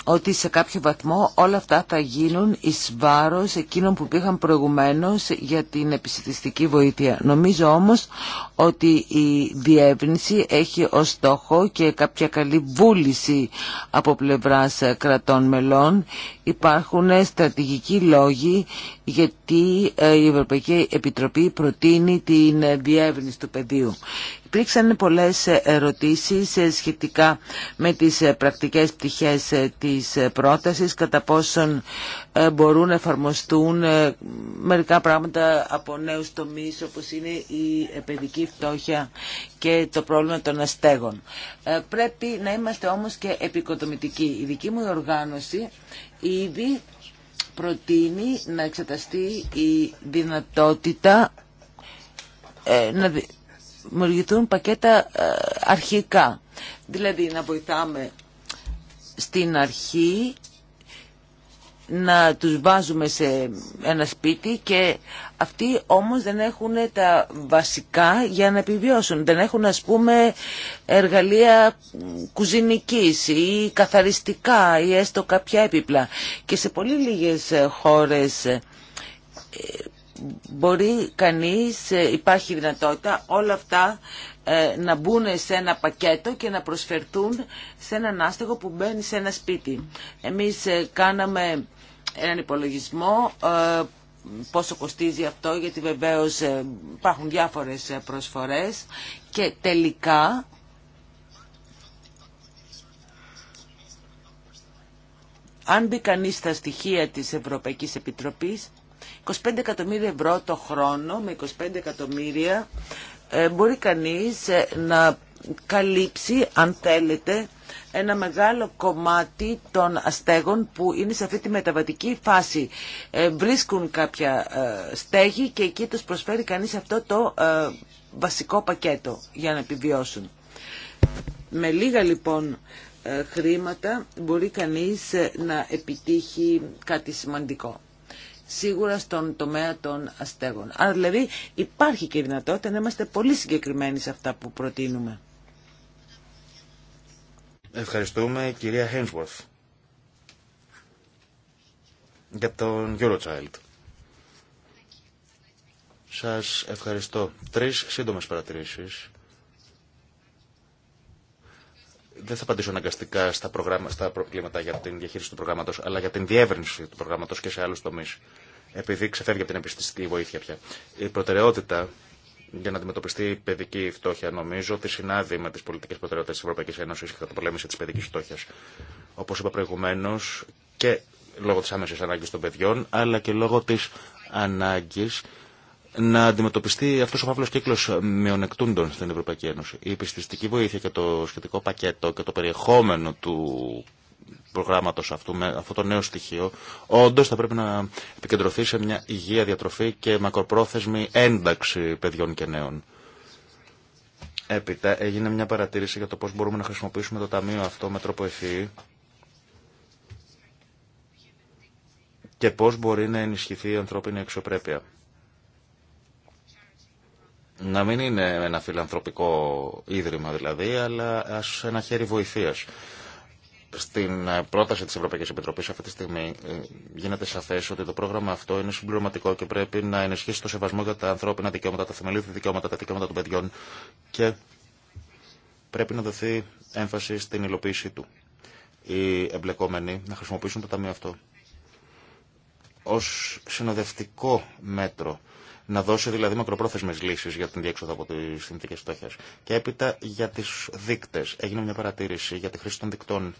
ότι σε κάποιο βαθμό όλα αυτά θα γίνουν εις βάρος εκείνων που πήγαν προηγουμένως για την επιστημιστική βοήθεια. Νομίζω όμως ότι η διεύρυνση έχει ως στόχο και κάποια καλή βούληση από πλευράς κρατών μελών. Υπάρχουν στρατηγικοί λόγοι γιατί ε, η Ευρωπαϊκή Επιτροπή προτείνει την ε, διεύρυνση του πεδίου. Υπήρξαν πολλές ε, ερωτήσεις σχετικά με τις πρακτικές πτυχές της πρότασης, κατά πόσον μπορούν να εφαρμοστούν μερικά πράγματα από νέους τομείς όπως είναι η παιδική φτώχεια και το πρόβλημα των αστέγων. Πρέπει να είμαστε όμως και επικοδομητικοί. Η δική μου οργάνωση ήδη προτείνει να εξεταστεί η δυνατότητα ε, να δημιουργηθούν πακέτα ε, αρχικά. Δηλαδή να βοηθάμε στην αρχή να τους βάζουμε σε ένα σπίτι και αυτοί όμως δεν έχουν τα βασικά για να επιβιώσουν. Δεν έχουν ας πούμε εργαλεία κουζινικής ή καθαριστικά ή έστω κάποια έπιπλα. Και σε πολύ λίγες χώρες ε, μπορεί κανείς, ε, υπάρχει δυνατότητα όλα αυτά ε, να μπουν σε ένα πακέτο και να προσφερθούν σε έναν άστεγο που μπαίνει σε ένα σπίτι. Εμείς κάναμε έναν υπολογισμό ε, πόσο κοστίζει αυτό γιατί βεβαίως ε, υπάρχουν διάφορες ε, προσφορές και τελικά αν μπει κανεί στα στοιχεία της Ευρωπαϊκής Επιτροπής 25 εκατομμύρια ευρώ το χρόνο με 25 εκατομμύρια μπορεί κανείς να καλύψει αν θέλετε ένα μεγάλο κομμάτι των αστέγων που είναι σε αυτή τη μεταβατική φάση. Ε, βρίσκουν κάποια ε, στέγη και εκεί τους προσφέρει κανείς αυτό το ε, βασικό πακέτο για να επιβιώσουν. Με λίγα λοιπόν χρήματα μπορεί κανείς να επιτύχει κάτι σημαντικό σίγουρα στον τομέα των αστέγων. Άρα δηλαδή υπάρχει και δυνατότητα να είμαστε πολύ συγκεκριμένοι σε αυτά που προτείνουμε. Ευχαριστούμε κυρία Χένσουαρθ, για τον Eurochild. Σας ευχαριστώ. Τρεις σύντομες παρατηρήσεις. Δεν θα απαντήσω αναγκαστικά στα, προγράμματα, στα προβλήματα για την διαχείριση του προγράμματος, αλλά για την διεύρυνση του προγράμματος και σε άλλους τομείς. Επειδή ξεφεύγει από την επιστημική βοήθεια πια. Η προτεραιότητα για να αντιμετωπιστεί η παιδική φτώχεια. Νομίζω ότι συνάδει με τι πολιτικέ προτεραιότητε τη Ευρωπαϊκή Ένωση και κατά πολέμηση τη παιδική φτώχεια. Όπω είπα προηγουμένω, και λόγω τη άμεση ανάγκη των παιδιών, αλλά και λόγω τη ανάγκη να αντιμετωπιστεί αυτό ο φαύλο κύκλο μειονεκτούντων στην Ευρωπαϊκή Ένωση. Η πιστιστική βοήθεια και το σχετικό πακέτο και το περιεχόμενο του προγράμματος αυτού, με αυτό το νέο στοιχείο, όντω θα πρέπει να επικεντρωθεί σε μια υγεία διατροφή και μακροπρόθεσμη ένταξη παιδιών και νέων. Έπειτα έγινε μια παρατήρηση για το πώς μπορούμε να χρησιμοποιήσουμε το ταμείο αυτό με τρόπο ευφυή και πώς μπορεί να ενισχυθεί η ανθρώπινη αξιοπρέπεια. Να μην είναι ένα φιλανθρωπικό ίδρυμα δηλαδή, αλλά ένα χέρι βοηθείας. Στην πρόταση της Ευρωπαϊκής Επιτροπής αυτή τη στιγμή ε, γίνεται σαφές ότι το πρόγραμμα αυτό είναι συμπληρωματικό και πρέπει να ενισχύσει το σεβασμό για τα ανθρώπινα δικαιώματα, τα θεμελιώδη δικαιώματα, τα δικαιώματα των παιδιών και πρέπει να δοθεί έμφαση στην υλοποίησή του. Οι εμπλεκόμενοι να χρησιμοποιήσουν το ταμείο αυτό ως συνοδευτικό μέτρο να δώσει δηλαδή μακροπρόθεσμε λύσει για την διέξοδο από τι συνθήκε φτώχεια. Και έπειτα για τι δείκτε. Έγινε μια παρατήρηση για τη χρήση των δικτών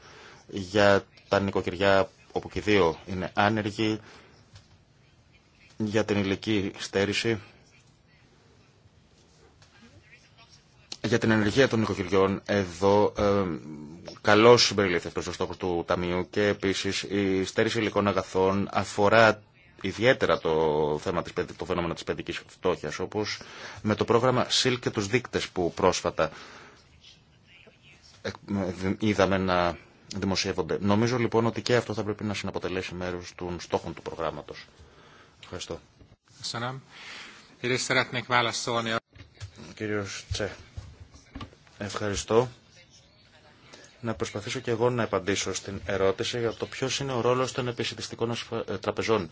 για τα νοικοκυριά όπου και δύο είναι άνεργοι, για την ηλική στέρηση, για την ενεργεία των νοικοκυριών εδώ ε, καλώ συμπεριλήφθη αυτό ο στόχο του Ταμείου και επίση η στέρηση υλικών αγαθών αφορά ιδιαίτερα το, θέμα της, το φαινόμενο της παιδικής φτώχειας όπως με το πρόγραμμα ΣΥΛ και τους δείκτες που πρόσφατα ε, είδαμε να δημοσιεύονται. Νομίζω λοιπόν ότι και αυτό θα πρέπει να συναποτελέσει μέρος των στόχων του προγράμματος. Ευχαριστώ. Κύριος Τσε, ευχαριστώ. Να προσπαθήσω και εγώ να απαντήσω στην ερώτηση για το ποιο είναι ο ρόλος των επισητιστικών ε, τραπεζών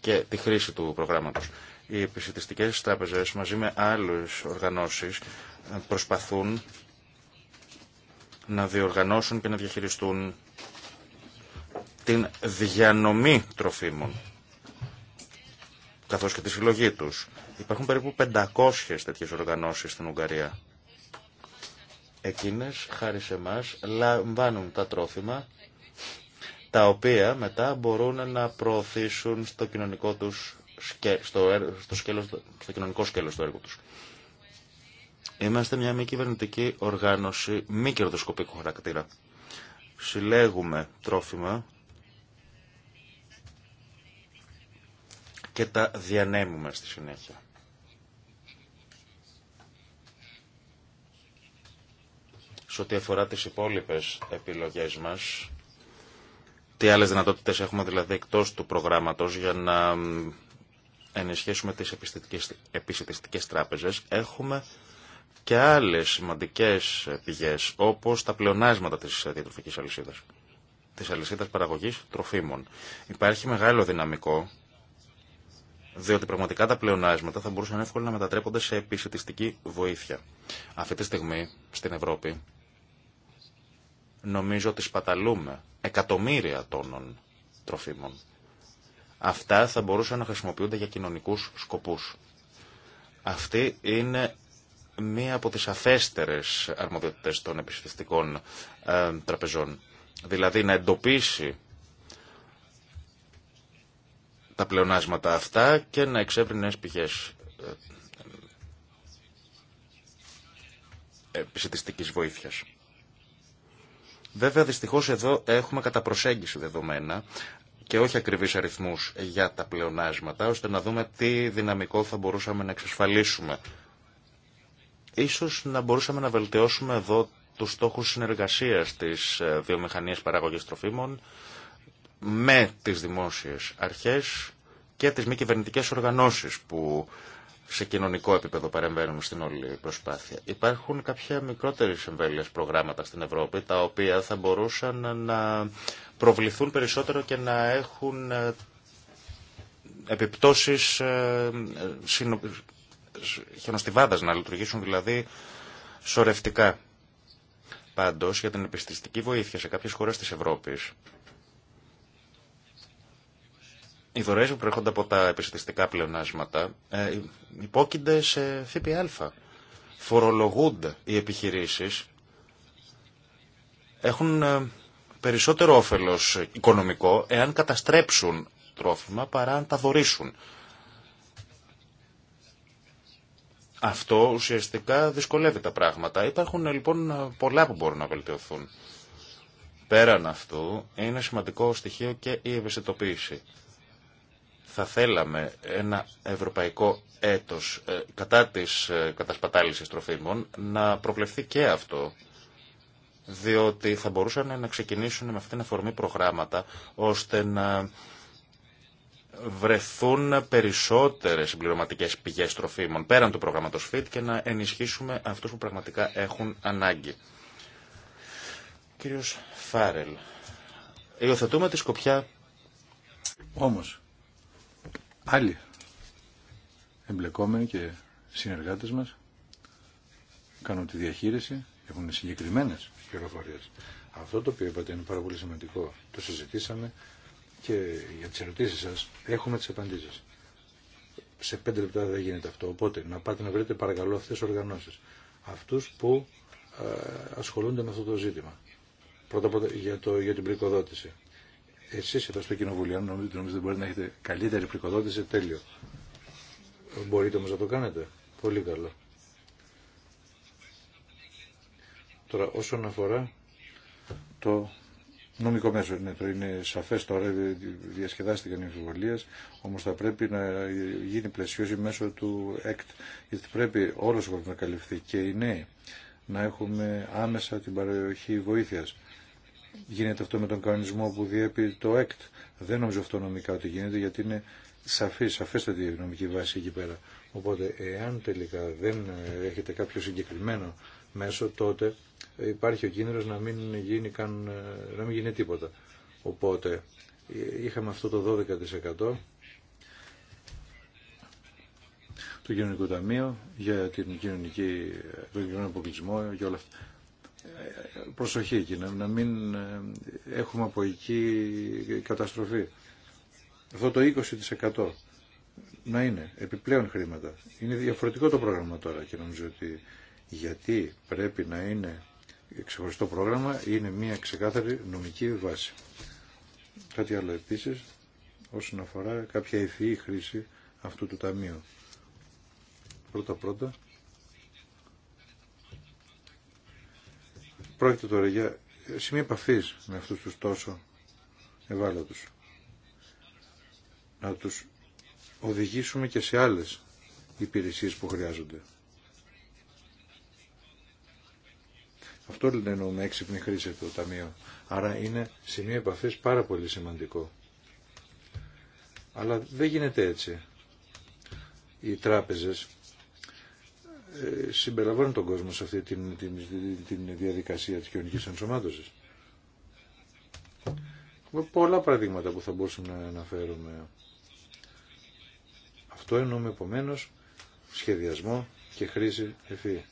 και τη χρήση του προγράμματο. Οι επισητιστικέ τραπεζέ, μαζί με άλλε οργανώσει, ε, προσπαθούν να διοργανώσουν και να διαχειριστούν την διανομή τροφίμων καθώς και τη συλλογή τους. Υπάρχουν περίπου 500 τέτοιες οργανώσεις στην Ουγγαρία. Εκείνες, χάρη σε εμάς, λαμβάνουν τα τρόφιμα τα οποία μετά μπορούν να προωθήσουν στο κοινωνικό τους στο, σκέλος, στο κοινωνικό σκέλος του έργου τους. Είμαστε μια μη κυβερνητική οργάνωση μη κερδοσκοπικού χαρακτήρα. Συλλέγουμε τρόφιμα και τα διανέμουμε στη συνέχεια. Σε ό,τι αφορά τις υπόλοιπες επιλογές μας, τι άλλες δυνατότητες έχουμε δηλαδή εκτός του προγράμματος για να ενισχύσουμε τις επιστητικές τράπεζες, έχουμε και άλλες σημαντικές πηγές όπως τα πλεονάσματα της διατροφικής αλυσίδας, της αλυσίδας παραγωγής τροφίμων. Υπάρχει μεγάλο δυναμικό διότι πραγματικά τα πλεονάσματα θα μπορούσαν εύκολα να μετατρέπονται σε επισητιστική βοήθεια. Αυτή τη στιγμή στην Ευρώπη νομίζω ότι σπαταλούμε εκατομμύρια τόνων τροφίμων. Αυτά θα μπορούσαν να χρησιμοποιούνται για κοινωνικούς σκοπούς. Αυτή είναι μία από τις αφέστερες αρμοδιότητες των επιστημιστικών ε, τραπεζών. Δηλαδή να εντοπίσει τα πλεονάσματα αυτά και να εξεύρει νέες πηγές ε, επιστημιστικής βοήθειας. Βέβαια, δυστυχώς εδώ έχουμε κατά προσέγγιση δεδομένα και όχι ακριβείς αριθμούς για τα πλεονάσματα, ώστε να δούμε τι δυναμικό θα μπορούσαμε να εξασφαλίσουμε Ίσως να μπορούσαμε να βελτιώσουμε εδώ τους στόχους συνεργασίας της ε, βιομηχανίας παραγωγής τροφίμων με τις δημόσιες αρχές και τις μη κυβερνητικέ οργανώσεις που σε κοινωνικό επίπεδο παρεμβαίνουν στην όλη προσπάθεια. Υπάρχουν κάποια μικρότερη εμβέλειες προγράμματα στην Ευρώπη, τα οποία θα μπορούσαν να προβληθούν περισσότερο και να έχουν ε, επιπτώσεις ε, χιονοστιβάδας, να λειτουργήσουν δηλαδή σορευτικά. Πάντως, για την επιστηστική βοήθεια σε κάποιες χώρες της Ευρώπης, οι δωρεές που προέρχονται από τα επιστηστικά πλεονάσματα ε, υπόκεινται σε ΦΠΑ. Φορολογούνται οι επιχειρήσεις, έχουν ε, περισσότερο όφελος οικονομικό εάν καταστρέψουν τρόφιμα παρά αν τα δωρήσουν. Αυτό ουσιαστικά δυσκολεύει τα πράγματα. Υπάρχουν λοιπόν πολλά που μπορούν να βελτιωθούν. Πέραν αυτού, είναι σημαντικό στοιχείο και η ευαισθητοποίηση. Θα θέλαμε ένα ευρωπαϊκό έτος ε, κατά της ε, κατασπατάλησης τροφίμων να προβλεφθεί και αυτό διότι θα μπορούσαν να ξεκινήσουν με αυτήν την αφορμή προγράμματα ώστε να βρεθούν περισσότερες συμπληρωματικές πηγές τροφίμων πέραν του προγράμματος FIT και να ενισχύσουμε αυτούς που πραγματικά έχουν ανάγκη. Κύριος Φάρελ, υιοθετούμε τη σκοπιά... Όμως, άλλοι εμπλεκόμενοι και συνεργάτες μας κάνουν τη διαχείριση, έχουν συγκεκριμένες πληροφορίε. Αυτό το οποίο είπατε είναι πάρα πολύ σημαντικό. Το συζητήσαμε και για τις ερωτήσεις σας έχουμε τις απαντήσεις. Σε πέντε λεπτά δεν γίνεται αυτό. Οπότε να πάτε να βρείτε παρακαλώ αυτές τις οργανώσεις. Αυτούς που ε, ασχολούνται με αυτό το ζήτημα. Πρώτα απ' για, για την πρικοδότηση. Εσείς εδώ στο Κοινοβουλίο, νομίζετε ότι μπορείτε να έχετε καλύτερη πρικοδότηση, τέλειο. Μπορείτε όμως να το κάνετε. Πολύ καλό. Τώρα όσον αφορά το Νομικό μέσο, ναι, το είναι σαφές τώρα, διασκεδάστηκαν οι αμφιβολίες, όμως θα πρέπει να γίνει πλαισιώση μέσω του ΕΚΤ, γιατί πρέπει όλος ο κόσμος να καλυφθεί και οι νέοι να έχουμε άμεσα την παροχή βοήθειας. Γίνεται αυτό με τον κανονισμό που διέπει το ΕΚΤ. Δεν νομίζω αυτό νομικά ότι γίνεται, γιατί είναι σαφή, σαφέστατη η νομική βάση εκεί πέρα. Οπότε, εάν τελικά δεν έχετε κάποιο συγκεκριμένο μέσο, τότε υπάρχει ο κίνδυνος να μην γίνει, καν, να μην τίποτα. Οπότε είχαμε αυτό το 12% του κοινωνικού ταμείου για την κοινωνική, τον κοινωνικό αποκλεισμό και όλα αυτά. Προσοχή εκεί, να μην ε, έχουμε από εκεί καταστροφή. Αυτό το 20% να είναι επιπλέον χρήματα. Είναι διαφορετικό το πρόγραμμα τώρα και νομίζω ότι γιατί πρέπει να είναι ξεχωριστό πρόγραμμα, είναι μια ξεκάθαρη νομική βάση. Κάτι άλλο επίσης όσον αφορά κάποια ευφυή χρήση αυτού του ταμείου. Πρώτα-πρώτα, πρόκειται τώρα για σημεία επαφή με αυτούς τους τόσο ευάλωτους. Να τους οδηγήσουμε και σε άλλες υπηρεσίες που χρειάζονται. Αυτό λένε εννοούμε έξυπνη χρήση του Ταμείου. Άρα είναι σημείο επαφή πάρα πολύ σημαντικό. Αλλά δεν γίνεται έτσι. Οι τράπεζες ε, συμπεριλαμβάνουν τον κόσμο σε αυτή την, την, την διαδικασία της κοινωνικής ενσωμάτωσης. Πολλά παραδείγματα που θα μπορούσαμε να αναφέρουμε. Αυτό εννοούμε επομένω σχεδιασμό και χρήση ευφύ.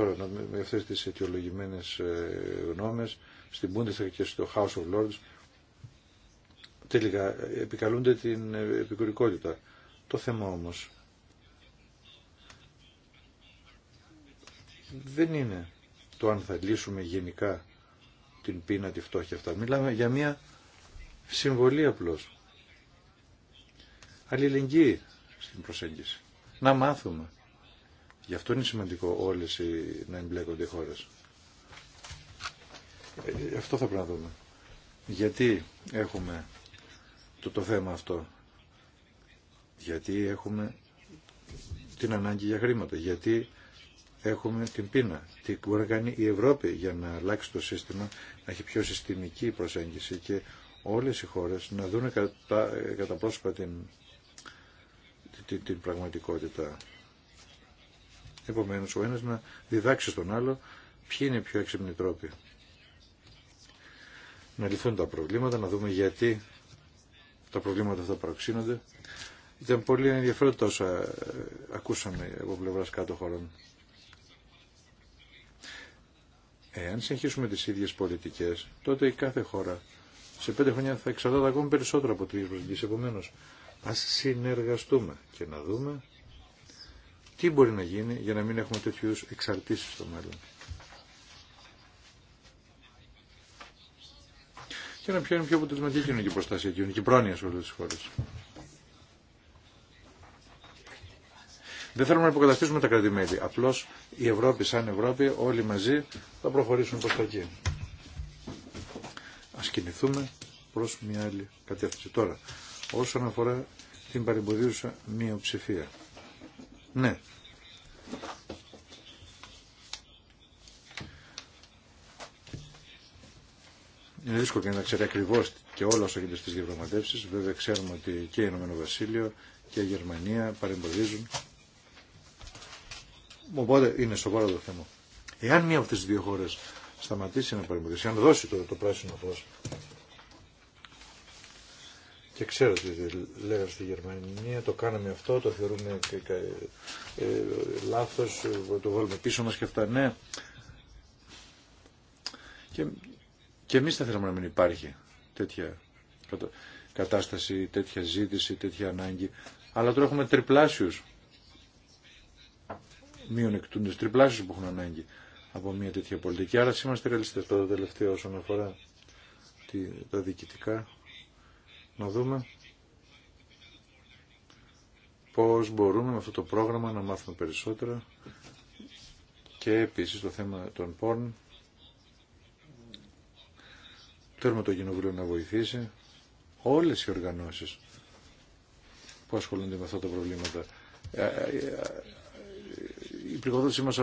Τώρα, με αυτές τι αιτιολογημένες ε, γνώμες, στην Bundestag και στο House of Lords, τελικά ε, επικαλούνται την ε, επικουρικότητα. Το θέμα όμως δεν είναι το αν θα λύσουμε γενικά την πείνα, τη φτώχεια αυτά. Μιλάμε για μια συμβολή απλώς. Αλληλεγγύη στην προσέγγιση. Να μάθουμε Γι' αυτό είναι σημαντικό όλες οι, να εμπλέκονται οι χώρες. Ε, αυτό θα πρέπει να δούμε. Γιατί έχουμε το, το θέμα αυτό. Γιατί έχουμε την ανάγκη για χρήματα. Γιατί έχουμε την πείνα. Τι μπορεί να κάνει η Ευρώπη για να αλλάξει το σύστημα, να έχει πιο συστημική προσέγγιση και όλες οι χώρες να δουν κατά, κατά πρόσωπα την, την, την πραγματικότητα. Επομένω, ο ένα να διδάξει στον άλλο ποιοι είναι οι πιο έξυπνοι τρόποι. Να λυθούν τα προβλήματα, να δούμε γιατί τα προβλήματα αυτά προξύνονται. Ήταν πολύ ενδιαφέροντα όσα ε, ακούσαμε από πλευρά κάτω χωρών. Εάν συνεχίσουμε τις ίδιε πολιτικές, τότε η κάθε χώρα σε πέντε χρόνια θα εξαρτάται ακόμη περισσότερο από τις προσδοκίες. επομένω. Α συνεργαστούμε και να δούμε τι μπορεί να γίνει για να μην έχουμε τέτοιου εξαρτήσεις στο μέλλον. Και να πιάνει πιο αποτελεσματική κοινωνική προστασία, κοινωνική πρόνοια σε όλες τις χώρες. Δεν θέλουμε να υποκαταστήσουμε τα κρατημέλη. Απλώς η Ευρώπη σαν Ευρώπη όλοι μαζί θα προχωρήσουν προς τα εκεί. Ας κινηθούμε προς μια άλλη κατεύθυνση. Τώρα, όσον αφορά την παρεμποδίουσα μειοψηφία. Ναι. Είναι δύσκολο και να ξέρει ακριβώ και όλα όσα γίνεται στι διαπραγματεύσει. Βέβαια, ξέρουμε ότι και η Ηνωμένο Βασίλειο και η Γερμανία παρεμποδίζουν. Οπότε είναι σοβαρό το θέμα. Εάν μία από τι δύο χώρε σταματήσει να παρεμποδίσει, αν δώσει το, το πράσινο φω, και ξέρω ότι λέγαμε στη Γερμανία, το κάναμε αυτό, το θεωρούμε ε, λάθος, ε, το βάλουμε πίσω μας και αυτά, ναι. Και, και εμείς θα θέλαμε να μην υπάρχει τέτοια κατάσταση, τέτοια ζήτηση, τέτοια ανάγκη. Αλλά τώρα έχουμε τριπλάσιους μειονεκτούντες, τριπλάσιους που έχουν ανάγκη από μια τέτοια πολιτική. Άρα είμαστε ρεαλιστές Το τελευταίο όσον αφορά τα διοικητικά να δούμε πώς μπορούμε με αυτό το πρόγραμμα να μάθουμε περισσότερα και επίσης το θέμα των πόρν θέλουμε το Κοινοβούλιο να βοηθήσει όλες οι οργανώσεις που ασχολούνται με αυτά τα προβλήματα ε, ε, ε, η πληγοδότησή μας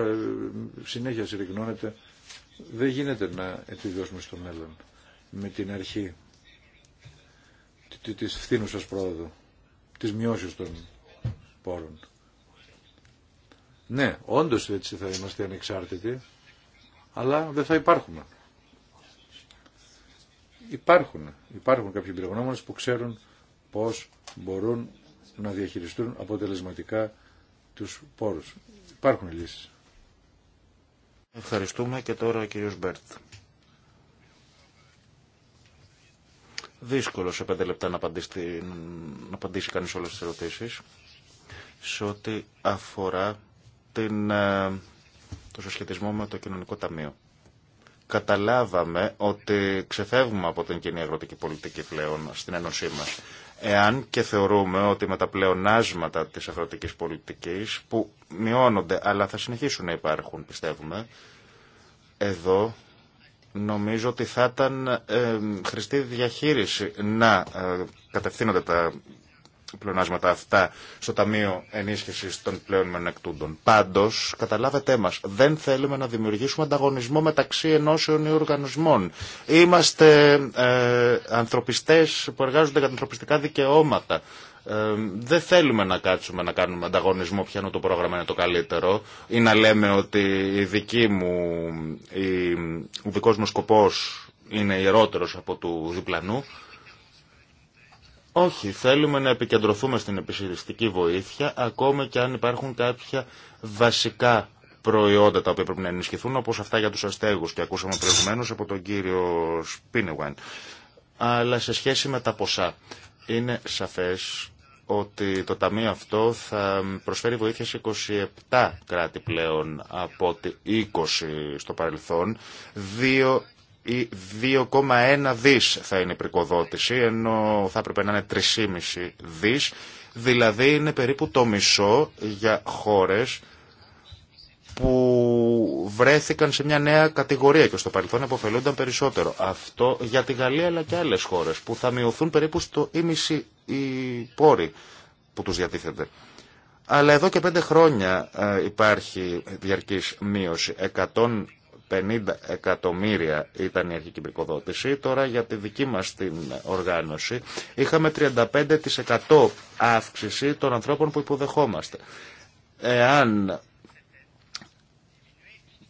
συνέχεια συρρυκνώνεται δεν γίνεται να επιβιώσουμε στο μέλλον με την αρχή της φθήνουσας πρόοδου, της μειώσεως των πόρων. Ναι, όντως έτσι θα είμαστε ανεξάρτητοι, αλλά δεν θα υπάρχουμε. Υπάρχουν, υπάρχουν κάποιοι πυρογνώμονες που ξέρουν πώς μπορούν να διαχειριστούν αποτελεσματικά τους πόρους. Υπάρχουν λύσεις. Ευχαριστούμε και τώρα ο κύριος Μπέρτ. Δύσκολο σε πέντε λεπτά να απαντήσει, να απαντήσει κανείς όλες τις ερωτήσεις σε ό,τι αφορά την, ε, το συσχετισμό με το κοινωνικό ταμείο. Καταλάβαμε ότι ξεφεύγουμε από την κοινή αγροτική πολιτική πλέον στην Ένωσή μας. Εάν και θεωρούμε ότι με τα πλεονάσματα της αγροτικής πολιτικής που μειώνονται αλλά θα συνεχίσουν να υπάρχουν πιστεύουμε, εδώ Νομίζω ότι θα ήταν ε, χρηστή διαχείριση να ε, κατευθύνονται τα πλεονάσματα αυτά στο Ταμείο Ενίσχυσης των Πλέον Μενεκτούντων. Πάντως, καταλάβετε μας, δεν θέλουμε να δημιουργήσουμε ανταγωνισμό μεταξύ ενώσεων ή οργανισμών. Είμαστε ε, ανθρωπιστές που εργάζονται για ανθρωπιστικά δικαιώματα. Ε, δεν θέλουμε να κάτσουμε να κάνουμε ανταγωνισμό ποιανού το πρόγραμμα είναι το καλύτερο ή να λέμε ότι η δική μου, ο δικός μου σκοπός είναι ιερότερος από του διπλανού. Όχι, θέλουμε να επικεντρωθούμε στην επιχειριστική βοήθεια, ακόμα και αν υπάρχουν κάποια βασικά προϊόντα τα οποία πρέπει να ενισχυθούν, όπως αυτά για τους αστέγους και ακούσαμε προηγουμένως από τον κύριο Σπίνεγουαν. Αλλά σε σχέση με τα ποσά, είναι σαφές ότι το ταμείο αυτό θα προσφέρει βοήθεια σε 27 κράτη πλέον από ό,τι 20 στο παρελθόν. Δύο ή 2,1 δις θα είναι η πρικοδότηση, ενώ θα έπρεπε να είναι 3,5 δις, δηλαδή είναι περίπου το μισό για χώρες που βρέθηκαν σε μια νέα κατηγορία και στο παρελθόν αποφελούνταν περισσότερο. Αυτό για τη Γαλλία αλλά και άλλες χώρες που θα μειωθούν περίπου στο ίμιση οι πόροι που τους διατίθεται. Αλλά εδώ και πέντε χρόνια ε, υπάρχει διαρκής μείωση. 50 εκατομμύρια ήταν η αρχική πρικοδότηση. Τώρα για τη δική μας την οργάνωση είχαμε 35% αύξηση των ανθρώπων που υποδεχόμαστε. Εάν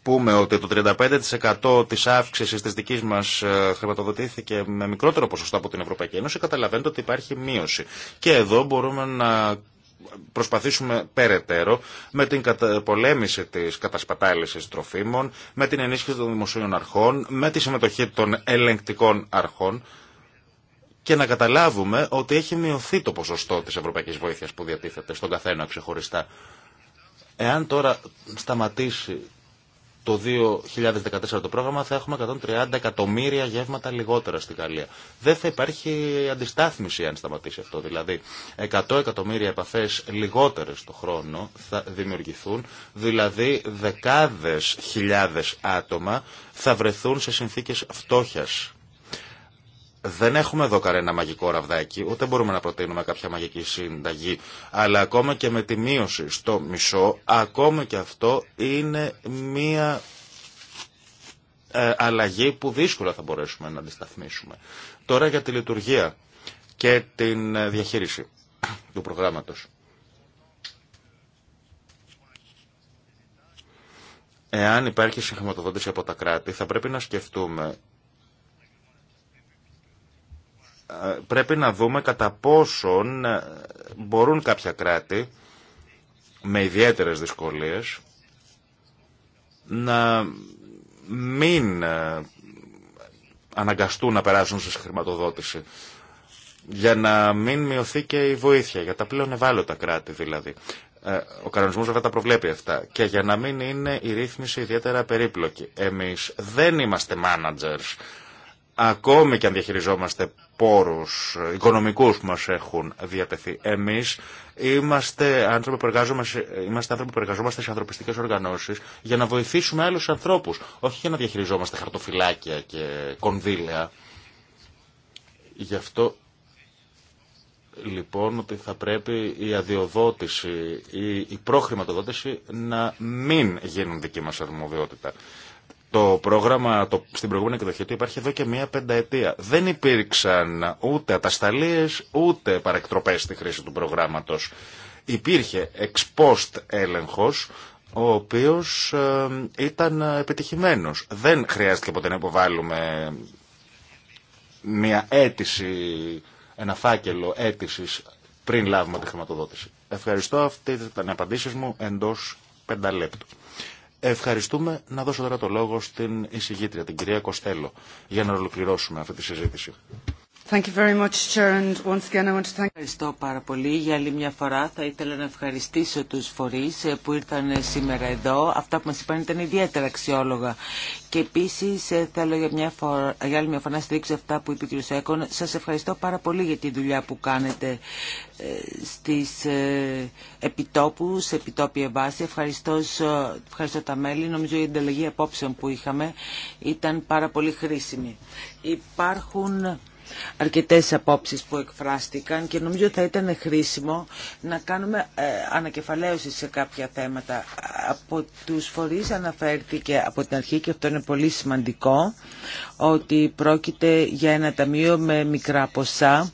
πούμε ότι το 35% της αύξησης της δικής μας ε, χρηματοδοτήθηκε με μικρότερο ποσοστό από την Ευρωπαϊκή Ένωση, καταλαβαίνετε ότι υπάρχει μείωση. Και εδώ μπορούμε να προσπαθήσουμε περαιτέρω με την πολέμηση της κατασπατάλησης τροφίμων, με την ενίσχυση των δημοσίων αρχών, με τη συμμετοχή των ελεγκτικών αρχών και να καταλάβουμε ότι έχει μειωθεί το ποσοστό της ευρωπαϊκής βοήθειας που διατίθεται στον καθένα ξεχωριστά. Εάν τώρα σταματήσει το 2014 το πρόγραμμα θα έχουμε 130 εκατομμύρια γεύματα λιγότερα στη Γαλλία. Δεν θα υπάρχει αντιστάθμιση αν σταματήσει αυτό. Δηλαδή 100 εκατομμύρια επαφές λιγότερες το χρόνο θα δημιουργηθούν, δηλαδή δεκάδες χιλιάδες άτομα θα βρεθούν σε συνθήκες φτώχειας δεν έχουμε εδώ κανένα μαγικό ραβδάκι, ούτε μπορούμε να προτείνουμε κάποια μαγική συνταγή. Αλλά ακόμα και με τη μείωση στο μισό, ακόμα και αυτό είναι μία ε, αλλαγή που δύσκολα θα μπορέσουμε να αντισταθμίσουμε. Τώρα για τη λειτουργία και την ε, διαχείριση του προγράμματος. Εάν υπάρχει συγχρηματοδότηση από τα κράτη, θα πρέπει να σκεφτούμε πρέπει να δούμε κατά πόσον ε, μπορούν κάποια κράτη με ιδιαίτερες δυσκολίες να μην ε, αναγκαστούν να περάσουν σε χρηματοδότηση για να μην μειωθεί και η βοήθεια, για τα πλέον ευάλωτα κράτη δηλαδή. Ε, ο κανονισμό βέβαια τα προβλέπει αυτά. Και για να μην είναι η ρύθμιση ιδιαίτερα περίπλοκη. Εμεί δεν είμαστε managers ακόμη και αν διαχειριζόμαστε πόρους οικονομικούς που μας έχουν διατεθεί εμείς, είμαστε άνθρωποι που εργαζόμαστε, είμαστε άνθρωποι που εργαζόμαστε σε ανθρωπιστικές οργανώσεις για να βοηθήσουμε άλλους ανθρώπους, όχι για να διαχειριζόμαστε χαρτοφυλάκια και κονδύλια. Γι' αυτό λοιπόν ότι θα πρέπει η αδειοδότηση, η, η προχρηματοδότηση να μην γίνουν δική μας αρμοδιότητα. Το πρόγραμμα το, στην προηγούμενη εκδοχή του υπάρχει εδώ και μία πενταετία. Δεν υπήρξαν ούτε ατασταλίες ούτε παρεκτροπές στη χρήση του προγράμματος. Υπήρχε ex post έλεγχος ο οποίος ε, ήταν επιτυχημένος. Δεν χρειάστηκε ποτέ να υποβάλουμε μία αίτηση, ένα φάκελο αίτησης πριν λάβουμε τη χρηματοδότηση. Ευχαριστώ. Αυτή ήταν οι απαντήση μου εντός πενταλέπτου. Ευχαριστούμε. Να δώσω τώρα το λόγο στην εισηγήτρια, την κυρία Κοστέλο, για να ολοκληρώσουμε αυτή τη συζήτηση. Ευχαριστώ πάρα πολύ. Για άλλη μια φορά θα ήθελα να ευχαριστήσω τους φορείς ε, που ήρθαν ε, σήμερα εδώ. Αυτά που μας είπαν ήταν ιδιαίτερα αξιόλογα. Και επίσης ε, θέλω για, μια φορά, για άλλη μια φορά να στηρίξω αυτά που είπε ο κ. Σέκων. Σας ευχαριστώ πάρα πολύ για τη δουλειά που κάνετε στις επιτόπου, σε επιτόπια βάση. Ευχαριστώ, ευχαριστώ τα μέλη. Νομίζω η ανταλλαγή απόψεων που είχαμε ήταν πάρα πολύ χρήσιμη. Υπάρχουν αρκετές απόψεις που εκφράστηκαν και νομίζω θα ήταν χρήσιμο να κάνουμε ε, ανακεφαλαίωση σε κάποια θέματα. Από τους φορείς αναφέρθηκε από την αρχή και αυτό είναι πολύ σημαντικό ότι πρόκειται για ένα ταμείο με μικρά ποσά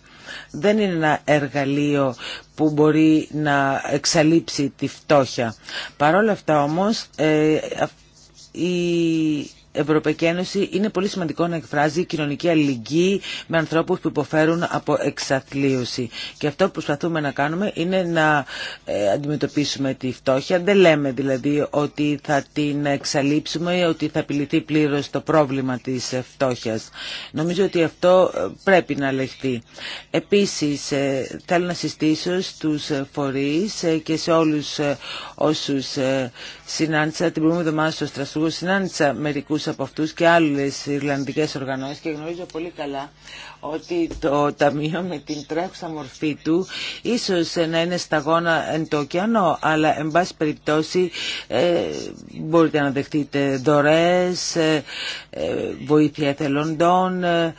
δεν είναι ένα εργαλείο που μπορεί να εξαλείψει τη φτώχεια. Παρόλα αυτά όμως ε, Ευρωπαϊκή Ένωση είναι πολύ σημαντικό να εκφράζει κοινωνική αλληλεγγύη με ανθρώπους που υποφέρουν από εξαθλίωση. Και αυτό που προσπαθούμε να κάνουμε είναι να ε, αντιμετωπίσουμε τη φτώχεια. Δεν λέμε δηλαδή ότι θα την εξαλείψουμε ή ότι θα επιληθεί πλήρως το πρόβλημα της φτώχειας. Νομίζω ότι αυτό ε, πρέπει να λεχθεί. Επίσης, ε, θέλω να συστήσω στους φορείς και σε όλους όσους συνάντησα την προηγούμενη εβδομάδα στο Στρασβούργο, συνάντησα μερικούς από αυτού και άλλε ιρλανδικέ οργανώσει και γνωρίζω πολύ καλά ότι το Ταμείο με την τρέχουσα μορφή του ίσω να είναι σταγόνα εν το ωκεανό, αλλά εν πάση περιπτώσει ε, μπορείτε να δεχτείτε δωρέ, ε, ε, βοήθεια εθελοντών, ε,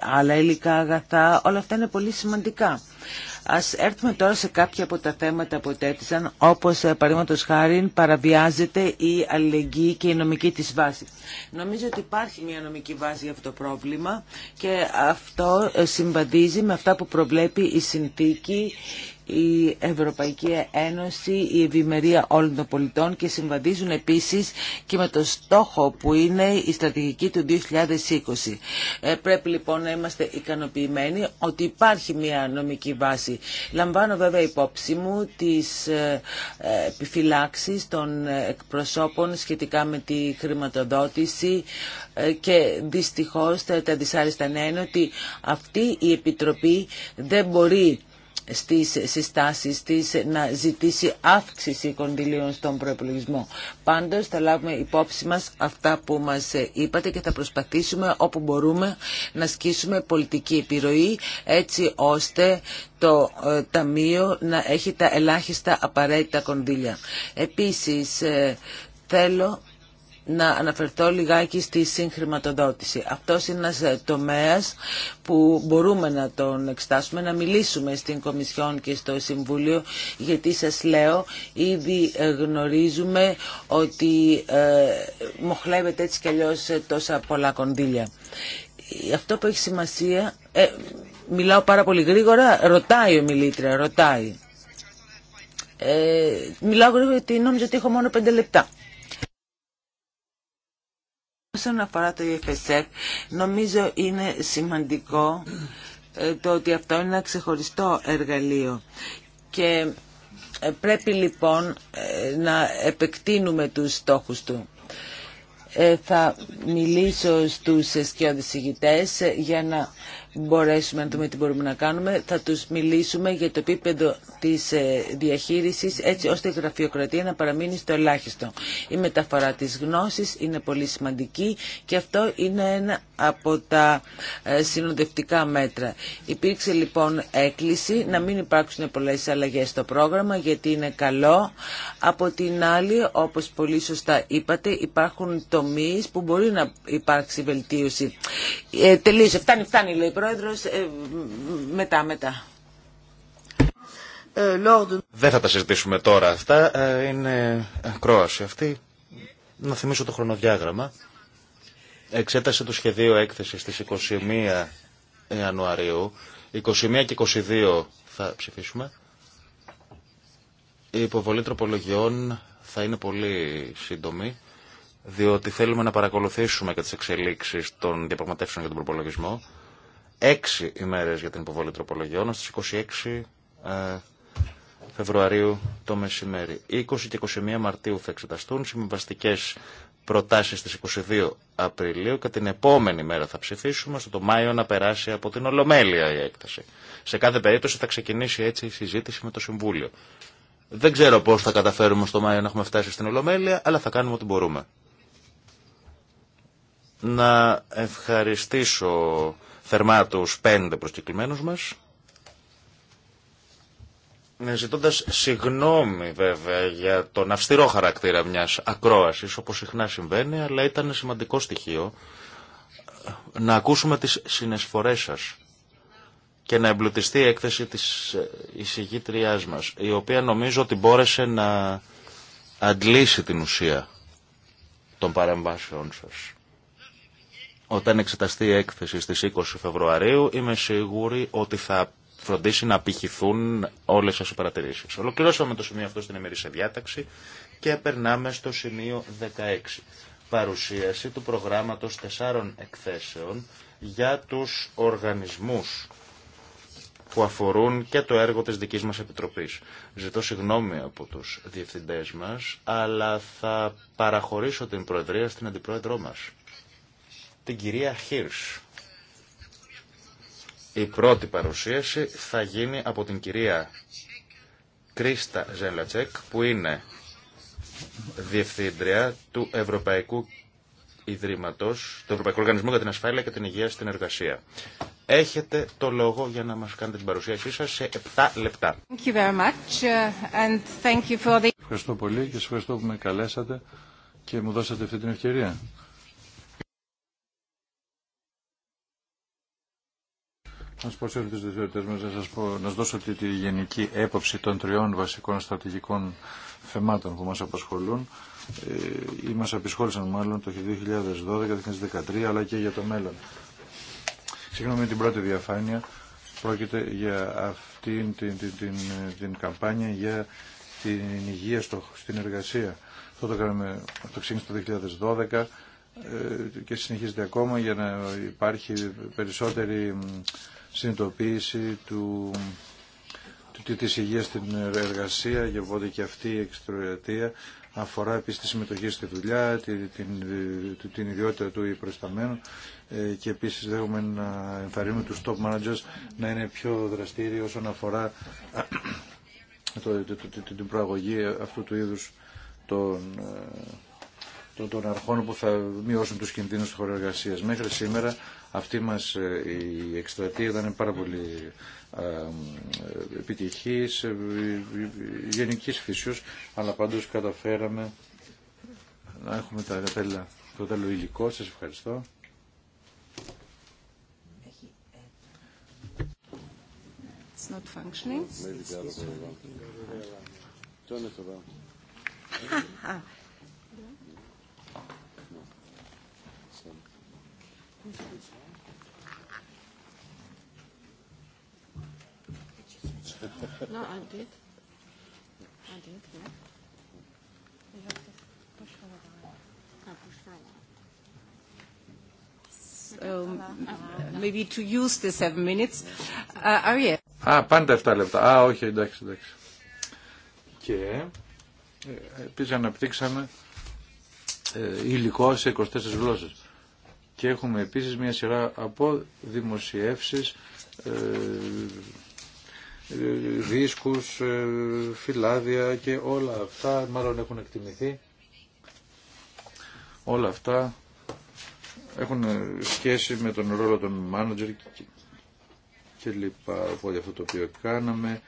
άλλα υλικά αγαθά, όλα αυτά είναι πολύ σημαντικά. Ας έρθουμε τώρα σε κάποια από τα θέματα που τέτοισαν, όπως ε, παραδείγματος χάρη παραβιάζεται η αλληλεγγύη και η νομική της βάση. Νομίζω ότι υπάρχει μια νομική βάση για αυτό το πρόβλημα και αυτό ε, συμβαδίζει με αυτά που προβλέπει η συνθήκη η Ευρωπαϊκή Ένωση, η ευημερία όλων των πολιτών και συμβαδίζουν επίσης και με το στόχο που είναι η στρατηγική του 2020. Ε, πρέπει λοιπόν να είμαστε ικανοποιημένοι ότι υπάρχει μια νομική βάση. Λαμβάνω βέβαια υπόψη μου τις ε, ε, επιφυλάξεις των εκπροσώπων σχετικά με τη χρηματοδότηση και δυστυχώς τα δυσάριστα νέα είναι ότι αυτή η Επιτροπή δεν μπορεί στις συστάσεις της να ζητήσει αύξηση κονδυλίων στον προεπλογισμό. Πάντως θα λάβουμε υπόψη μας αυτά που μας είπατε και θα προσπαθήσουμε όπου μπορούμε να σκίσουμε πολιτική επιρροή έτσι ώστε το ε, Ταμείο να έχει τα ελάχιστα απαραίτητα κονδύλια. Επίσης ε, θέλω να αναφερθώ λιγάκι στη συγχρηματοδότηση. Αυτό είναι ένας ε, τομέας που μπορούμε να τον εξτάσουμε να μιλήσουμε στην Κομισιόν και στο Συμβούλιο, γιατί σας λέω, ήδη ε, γνωρίζουμε ότι ε, μοχλεύεται έτσι κι αλλιώς ε, τόσα πολλά κονδύλια. Αυτό που έχει σημασία... μιλάω πάρα πολύ γρήγορα, ρωτάει ο μιλήτρια, ρωτάει. μιλάω γρήγορα γιατί νόμιζα ότι έχω μόνο πέντε λεπτά. Όσον αφορά το EFSF, νομίζω είναι σημαντικό ε, το ότι αυτό είναι ένα ξεχωριστό εργαλείο και ε, πρέπει λοιπόν ε, να επεκτείνουμε τους στόχους του. Θα μιλήσω στους σκιώδησηγητές για να μπορέσουμε να δούμε τι μπορούμε να κάνουμε. Θα τους μιλήσουμε για το επίπεδο της ε, διαχείρισης έτσι ώστε η γραφειοκρατία να παραμείνει στο ελάχιστο. Η μεταφορά της γνώσης είναι πολύ σημαντική και αυτό είναι ένα από τα ε, συνοδευτικά μέτρα. Υπήρξε λοιπόν έκκληση να μην υπάρξουν πολλές αλλαγές στο πρόγραμμα γιατί είναι καλό. Από την άλλη, όπως πολύ σωστά είπατε, υπάρχουν τομείς που μπορεί να υπάρξει βελτίωση. Ε, τελείωσε, φτάνει, φτάνει λέει Πρόεδρος, ε, μετά, μετά. Ε, Δεν θα τα συζητήσουμε τώρα αυτά. Ε, είναι κρόαση αυτή. Να θυμίσω το χρονοδιάγραμμα. Εξέτασε το σχεδίο έκθεση στις 21 Ιανουαρίου. 21 και 22 θα ψηφίσουμε. Η υποβολή τροπολογιών θα είναι πολύ σύντομη, διότι θέλουμε να παρακολουθήσουμε και τις εξελίξεις των διαπραγματεύσεων για τον προπολογισμό έξι ημέρες για την υποβολή τροπολογιών στις 26 ε, Φεβρουαρίου το μεσημέρι. 20 και 21 Μαρτίου θα εξεταστούν συμβαστικές προτάσεις στις 22 Απριλίου και την επόμενη μέρα θα ψηφίσουμε στο το Μάιο να περάσει από την Ολομέλεια η έκταση. Σε κάθε περίπτωση θα ξεκινήσει έτσι η συζήτηση με το Συμβούλιο. Δεν ξέρω πώς θα καταφέρουμε στο Μάιο να έχουμε φτάσει στην Ολομέλεια, αλλά θα κάνουμε ό,τι μπορούμε. Να ευχαριστήσω θερμά του πέντε προσκεκλημένους μας. Ναι, Ζητώντα συγγνώμη βέβαια για τον αυστηρό χαρακτήρα μιας ακρόασης, όπως συχνά συμβαίνει, αλλά ήταν σημαντικό στοιχείο να ακούσουμε τις συνεσφορές σας και να εμπλουτιστεί η έκθεση της εισηγήτριάς μας, η οποία νομίζω ότι μπόρεσε να αντλήσει την ουσία των παρεμβάσεών σας όταν εξεταστεί η έκθεση στις 20 Φεβρουαρίου είμαι σίγουρη ότι θα φροντίσει να απηχηθούν όλες σας οι παρατηρήσεις. Ολοκληρώσαμε το σημείο αυτό στην σε διάταξη και περνάμε στο σημείο 16. Παρουσίαση του προγράμματος τεσσάρων εκθέσεων για τους οργανισμούς που αφορούν και το έργο της δικής μας Επιτροπής. Ζητώ συγγνώμη από τους διευθυντές μας, αλλά θα παραχωρήσω την Προεδρία στην Αντιπρόεδρό μας την κυρία Χίρς. Η πρώτη παρουσίαση θα γίνει από την κυρία Κρίστα Ζέλατσεκ, που είναι διευθύντρια του Ευρωπαϊκού Ιδρύματος, του Ευρωπαϊκού Οργανισμού για την Ασφάλεια και την Υγεία στην Εργασία. Έχετε το λόγο για να μας κάνετε την παρουσίασή σας σε 7 λεπτά. Thank you very much uh, and thank you for the... Ευχαριστώ πολύ και σας ευχαριστώ που με καλέσατε και μου δώσατε αυτή την ευκαιρία Να σα πω σε αυτέ τι να δώσω τη, τη γενική έποψη των τριών βασικών στρατηγικών θεμάτων που μα απασχολούν ε, ή μα απασχόλησαν μάλλον το 2012-2013, αλλά και για το μέλλον. Συγγνώμη, με την πρώτη διαφάνεια. Πρόκειται για αυτήν την, την, την, την καμπάνια για την υγεία στο, στην εργασία. Αυτό το κάναμε, το ξεκίνησε το 2012 ε, και συνεχίζεται ακόμα για να υπάρχει περισσότερη συνειδητοποίηση του, του, της υγείας στην εργασία και οπότε και αυτή η εξτροετία αφορά επίσης τη συμμετοχή στη δουλειά, την, την, ιδιότητα του ε, και επίσης δέχομαι να ενθαρρύνουμε τους top managers να είναι πιο δραστήριοι όσον αφορά το, το, το, την προαγωγή αυτού του είδους των ε, των αρχών που θα μειώσουν τους κινδύνους της χώρου Μέχρι σήμερα αυτή μας ε, η εκστρατεία ήταν πάρα πολύ ε, ε, επιτυχής, γενικής φύσεως, αλλά πάντως καταφέραμε να έχουμε τα το τέλο υλικό. Σας ευχαριστώ. not functioning. No, I did. I did, yeah. You have to push forward. I push forward. maybe to use the seven minutes. Uh, Ariel. Α, πάντα 7 λεπτά. Α, όχι, εντάξει, εντάξει. Και επίσης αναπτύξαμε υλικό σε 24 γλώσσες και έχουμε επίσης μια σειρά από δημοσιεύσεις, ε, δίσκους, ε, φυλάδια και όλα αυτά μάλλον έχουν εκτιμηθεί. Όλα αυτά έχουν ε, σχέση με τον ρόλο των μάνατζερ και λοιπά. από αυτό το οποίο κάναμε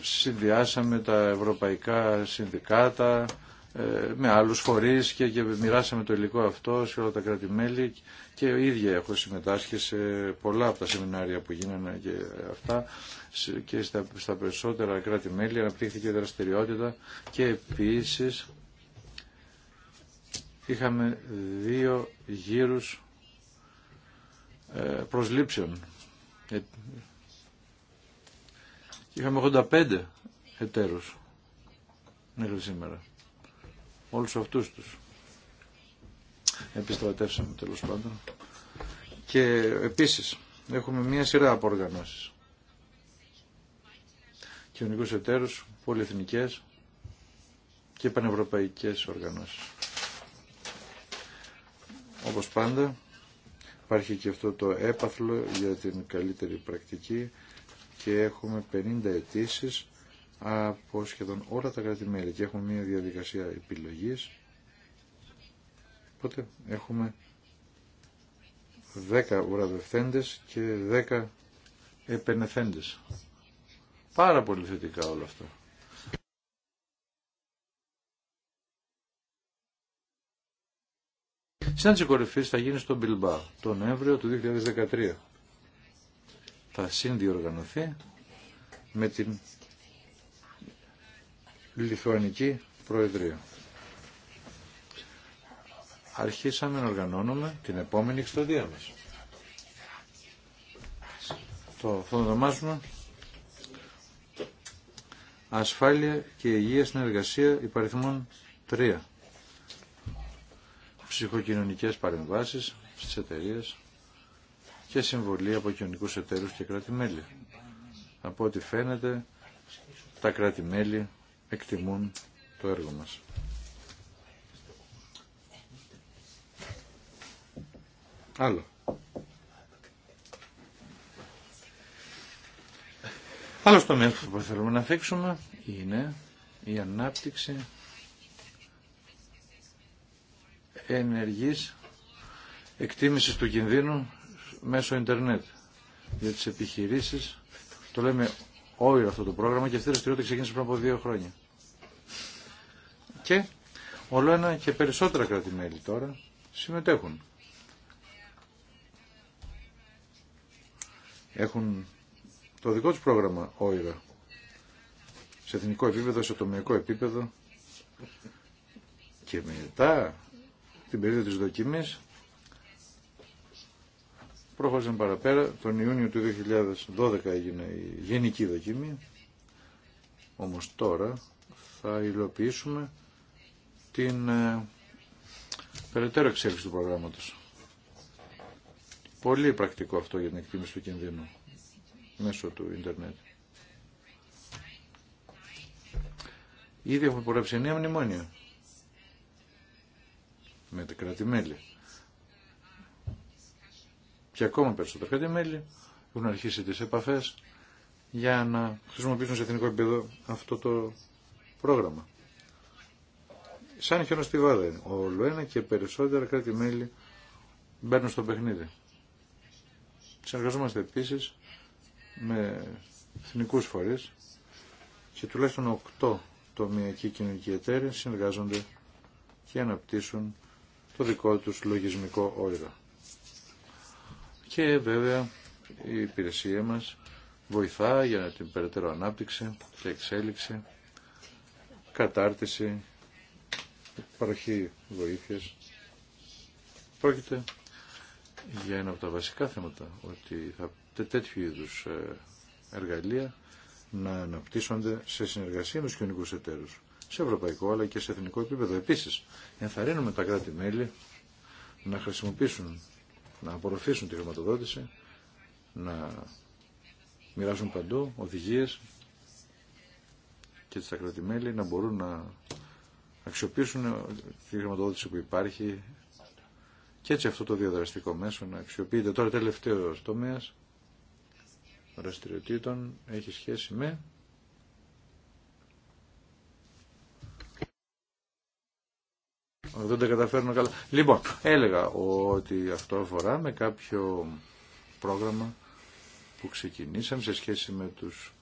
συνδυάσαμε τα ευρωπαϊκά συνδικάτα με άλλους φορείς και, μοιράσαμε το υλικό αυτό σε όλα τα κράτη-μέλη και ίδια έχω συμμετάσχει σε πολλά από τα σεμινάρια που γίνανε και αυτά και στα, στα περισσότερα κράτη-μέλη αναπτύχθηκε δραστηριότητα και επίσης είχαμε δύο γύρους ε, προσλήψεων. Ε, είχαμε 85 εταίρους μέχρι σήμερα όλους αυτούς τους επιστρατεύσαμε τέλος πάντων και επίσης έχουμε μια σειρά από οργανώσεις κοινωνικούς εταίρους, πολυεθνικές και πανευρωπαϊκές οργανώσεις. Όπως πάντα υπάρχει και αυτό το έπαθλο για την καλύτερη πρακτική και έχουμε 50 αιτήσει από σχεδόν όλα τα κράτη-μέλη και έχουμε μια διαδικασία επιλογής. Οπότε έχουμε 10 ουραδευθέντες και 10 επενεθέντες. Πάρα πολύ θετικά όλα αυτά. Συνάντηση κορυφή θα γίνει στο Μπιλμπά τον Νοέμβριο του 2013. Θα συνδιοργανωθεί με την Λιθουανική Προεδρία. Αρχίσαμε να οργανώνουμε την επόμενη εξοδία μας. Το θα Ασφάλεια και Υγεία Εργασία υπαριθμών 3. Ψυχοκοινωνικές παρεμβάσεις στις εταιρείε και συμβολή από κοινωνικούς εταίρους και κράτη-μέλη. Από ό,τι φαίνεται, τα κράτη-μέλη εκτιμούν το έργο μας. Άλλο. Άλλο μέρος που θέλουμε να θέξουμε... είναι η ανάπτυξη ενεργής εκτίμησης του κινδύνου μέσω ίντερνετ για τις επιχειρήσεις. Το λέμε όριο αυτό το πρόγραμμα και αυτή η δραστηριότητα ξεκίνησε πριν από δύο χρόνια. Και όλο ένα και περισσότερα κράτη-μέλη τώρα συμμετέχουν. Έχουν το δικό τους πρόγραμμα όριο σε εθνικό επίπεδο, σε τομεϊκό επίπεδο και μετά την περίοδο της δοκιμής Προχώρησαν παραπέρα. Τον Ιούνιο του 2012 έγινε η γενική δοκιμή. Όμως τώρα θα υλοποιήσουμε την ε, περαιτέρω εξέλιξη του προγράμματος. Πολύ πρακτικό αυτό για την εκτίμηση του κινδύνου μέσω του ίντερνετ. Ήδη έχουμε πορεύσει νέα μνημόνια με τα κράτη-μέλη και ακομα περισσότερο περισσότερα κράτη-μέλη έχουν αρχίσει τις επαφές για να χρησιμοποιήσουν σε εθνικό επίπεδο αυτό το πρόγραμμα. Σαν χιόνο στη βάδα Όλο ένα και περισσότερα κράτη-μέλη μπαίνουν στο παιχνίδι. Συνεργαζόμαστε επίσης με εθνικού φορείς και τουλάχιστον 8 τομιακοί κοινωνικοί εταίρε συνεργάζονται και αναπτύσσουν το δικό του λογισμικό όριο. Και βέβαια η υπηρεσία μας βοηθά για την περαιτέρω ανάπτυξη και εξέλιξη, κατάρτιση, παροχή βοήθειας. Πρόκειται για ένα από τα βασικά θέματα, ότι θα τέτοιου είδους ε, εργαλεία να αναπτύσσονται σε συνεργασία με τους κοινωνικούς εταίρους, σε ευρωπαϊκό αλλά και σε εθνικό επίπεδο. Επίσης, ενθαρρύνουμε τα κράτη-μέλη να χρησιμοποιήσουν να απορροφήσουν τη χρηματοδότηση, να μοιράζουν παντού οδηγίες και τα κρατημέλη να μπορούν να αξιοποιήσουν τη χρηματοδότηση που υπάρχει και έτσι αυτό το διαδραστικό μέσο να αξιοποιείται. Τώρα τελευταίο τομέα δραστηριοτήτων έχει σχέση με δεν τα καταφέρνω καλά. Λοιπόν, έλεγα ότι αυτό αφορά με κάποιο πρόγραμμα που ξεκινήσαμε σε σχέση με τους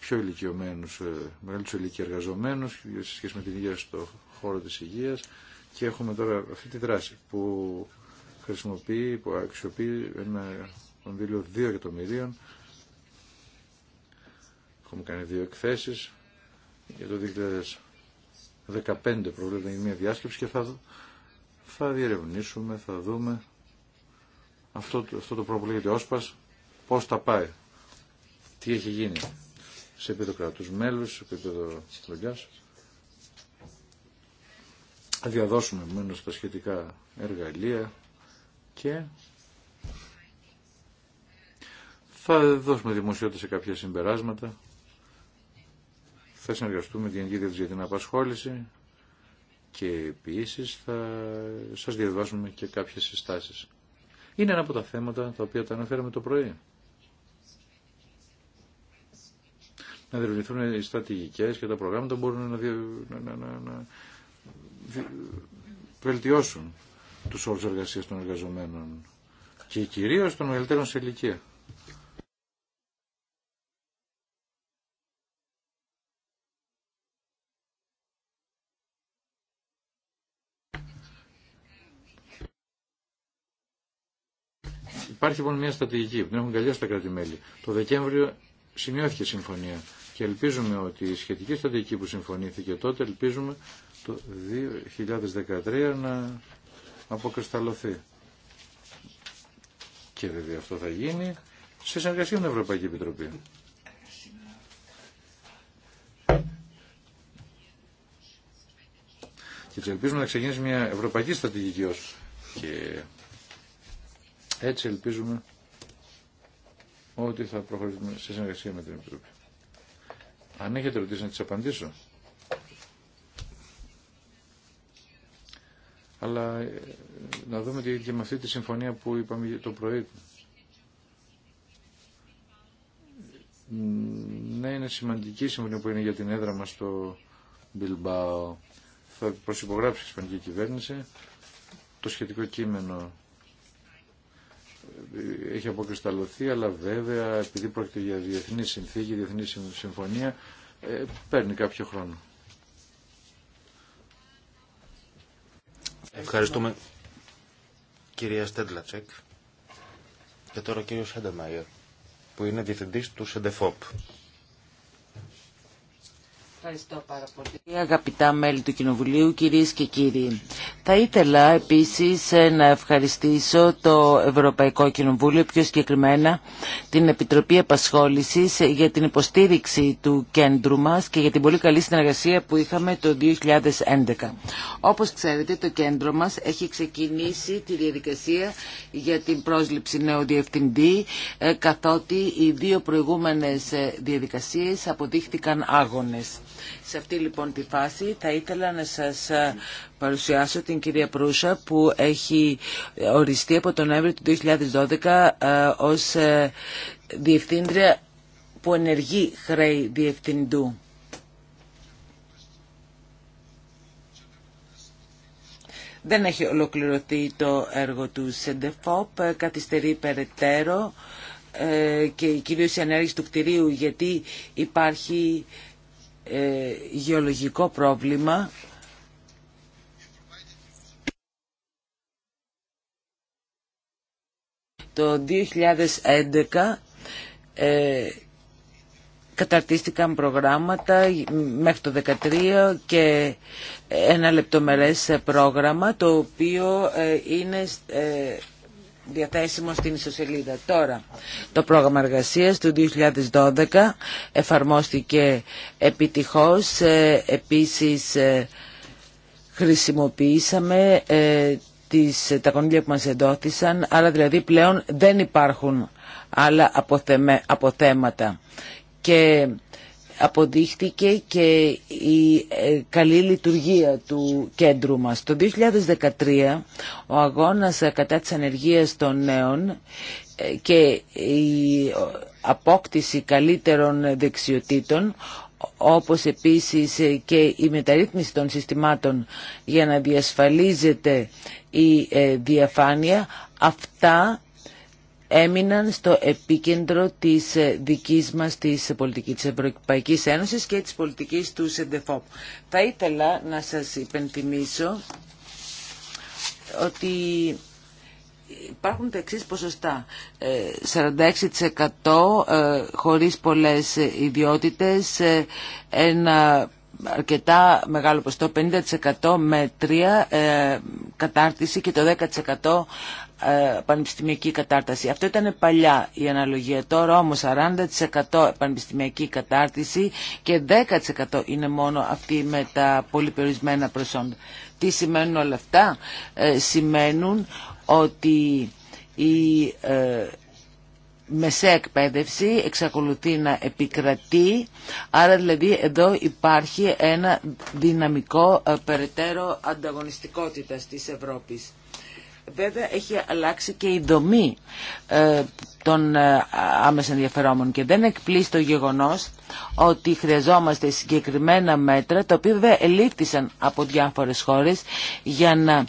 πιο ηλικιωμένους, ε, μεγαλύτερους εργαζομένους σε σχέση με την υγεία στο χώρο της υγείας και έχουμε τώρα αυτή τη δράση που χρησιμοποιεί, που αξιοποιεί ένα κονδύλιο 2 εκατομμυρίων. Έχουμε κάνει δύο εκθέσεις για το δίκτυο 15 προβλέπεται μια διάσκεψη και θα, θα διερευνήσουμε, θα δούμε αυτό, αυτό το πρόβλημα που λέγεται όσπας, πώς τα πάει, τι έχει γίνει σε επίπεδο κράτου μέλους, σε επίπεδο λογιάς. Θα διαδώσουμε μόνο στα σχετικά εργαλεία και θα δώσουμε δημοσιότητα σε κάποια συμπεράσματα θα συνεργαστούμε την ίδια για την Απασχόληση και επίση θα σας διαβάσουμε και κάποιες συστάσεις. Είναι ένα από τα θέματα τα οποία τα αναφέραμε το πρωί. Να διευρυνθούν οι στρατηγικές και τα προγράμματα μπορούν να, να, να, να βελτιώσουν τους όρους εργασίας των εργαζομένων και κυρίως των μεγαλύτερων σε ηλικία. Υπάρχει λοιπόν μια στρατηγική που την έχουν καλλιάσει τα κράτη-μέλη. Το Δεκέμβριο σημειώθηκε συμφωνία και ελπίζουμε ότι η σχετική στρατηγική που συμφωνήθηκε τότε ελπίζουμε το 2013 να αποκρισταλωθεί. Και βέβαια αυτό θα γίνει σε συνεργασία με την Ευρωπαϊκή Επιτροπή. Και ελπίζουμε να ξεκινήσει μια ευρωπαϊκή στρατηγική ως και έτσι ελπίζουμε ότι θα προχωρήσουμε σε συνεργασία με την Επιτροπή. Αν έχετε ερωτήσει να τις απαντήσω. Αλλά ε, να δούμε και με αυτή τη συμφωνία που είπαμε το πρωί. Ναι, είναι σημαντική η συμφωνία που είναι για την έδρα μας στο Μπιλμπάο. Θα προσυπογράψει η Ισπανική Κυβέρνηση το σχετικό κείμενο έχει αποκρισταλωθεί, αλλά βέβαια επειδή πρόκειται για διεθνή συνθήκη, διεθνή συμφωνία, ε, παίρνει κάποιο χρόνο. Ευχαριστούμε κυρία Στέντλατσεκ και τώρα κύριο κύριος που είναι διευθυντής του ΣΕΝΤΕΦΟΠ. Ευχαριστώ πάρα πολύ. Αγαπητά μέλη του Κοινοβουλίου, κυρίες και κύριοι. Θα ήθελα επίσης να ευχαριστήσω το Ευρωπαϊκό Κοινοβούλιο, πιο συγκεκριμένα την Επιτροπή επασχόληση για την υποστήριξη του κέντρου μας και για την πολύ καλή συνεργασία που είχαμε το 2011. Όπως ξέρετε, το κέντρο μας έχει ξεκινήσει τη διαδικασία για την πρόσληψη νέου διευθυντή, ε, καθότι οι δύο προηγούμενες ε, διαδικασίες αποδείχθηκαν άγονες. Σε αυτή λοιπόν τη φάση θα ήθελα να σας ε, παρουσιάσω την κυρία Προύσα που έχει οριστεί από τον Νοέμβριο του 2012 ε, ως ε, διευθύντρια που ενεργεί χρέη διευθυντού. Δεν έχει ολοκληρωθεί το έργο του ΣΕΝΤΕΦΟΠ, καθυστερεί περαιτέρω και κυρίως η ανέργηση του κτηρίου γιατί υπάρχει ε, γεωλογικό πρόβλημα το 2011 ε, καταρτίστηκαν προγράμματα μέχρι το 2013 και ένα λεπτομερές πρόγραμμα το οποίο ε, είναι ε, διαθέσιμο στην ισοσελίδα. Τώρα, το πρόγραμμα εργασίας του 2012 εφαρμόστηκε επιτυχώς. Ε, επίσης, ε, χρησιμοποιήσαμε ε, τις, τα κονδύλια που μας εντόθησαν, άρα δηλαδή πλέον δεν υπάρχουν άλλα αποθέματα. Και αποδείχτηκε και η ε, καλή λειτουργία του κέντρου μας. Το 2013 ο αγώνας ε, κατά της ανεργίας των νέων ε, και η απόκτηση καλύτερων δεξιοτήτων όπως επίσης και η μεταρρύθμιση των συστημάτων για να διασφαλίζεται η διαφάνεια, αυτά έμειναν στο επίκεντρο της ε, δικής μας της πολιτικής της Ευρωπαϊκής Ένωσης και της πολιτικής του ΣΕΝΤΕΦΟΠ. Θα ήθελα να σας υπενθυμίσω ότι υπάρχουν τα εξής ποσοστά. 46% ε, ε, χωρίς πολλές ιδιότητες, ένα αρκετά μεγάλο ποστό, 50% με τρία κατάρτιση και το 10% ε, πανεπιστημιακή κατάρταση. Αυτό ήταν παλιά η αναλογία. Τώρα όμως 40% πανεπιστημιακή κατάρτιση και 10% είναι μόνο αυτή με τα πολύ περιορισμένα προσόντα. Τι σημαίνουν όλα αυτά. Ε, σημαίνουν ότι η ε, μεσαία εκπαίδευση εξακολουθεί να επικρατεί, άρα δηλαδή εδώ υπάρχει ένα δυναμικό περαιτέρω ανταγωνιστικότητας της Ευρώπης. Βέβαια έχει αλλάξει και η δομή ε, των ε, άμεσα ενδιαφερόμενων και δεν εκπλήσει το γεγονός ότι χρειαζόμαστε συγκεκριμένα μέτρα τα οποία βέβαια ελήφθησαν από διάφορες χώρες για να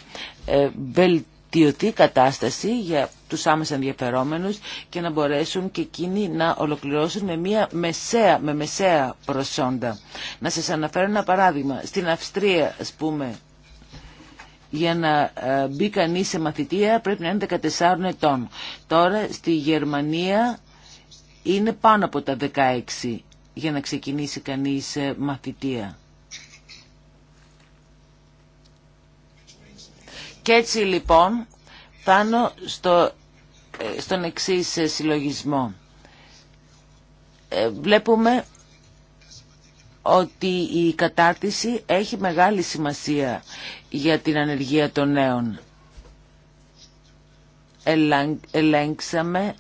ε, βελτιωθεί η κατάσταση για τους άμεσα ενδιαφερόμενους και να μπορέσουν και εκείνοι να ολοκληρώσουν με μια μεσαία, με μεσαία προσόντα. Να σας αναφέρω ένα παράδειγμα. Στην Αυστρία, ας πούμε, για να ε, μπει κανείς σε μαθητεία πρέπει να είναι 14 ετών. Τώρα στη Γερμανία είναι πάνω από τα 16 για να ξεκινήσει κανείς ε, μαθητεία. Και έτσι λοιπόν πάνω στο, ε, στον εξής συλλογισμό. Βλέπουμε ότι η κατάρτιση έχει μεγάλη σημασία για την ανεργία των νέων. Ελέγξαμε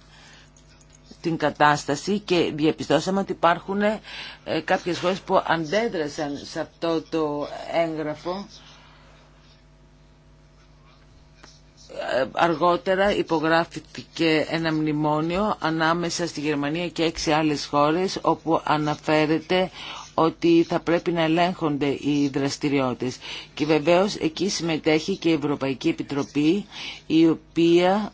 την κατάσταση και διαπιστώσαμε ότι υπάρχουν ε, κάποιες χώρες που αντέδρασαν σε αυτό το έγγραφο. Ε, αργότερα υπογράφηκε ένα μνημόνιο ανάμεσα στη Γερμανία και έξι άλλες χώρες όπου αναφέρεται ότι θα πρέπει να ελέγχονται οι δραστηριότητες. Και βεβαίως εκεί συμμετέχει και η Ευρωπαϊκή Επιτροπή η οποία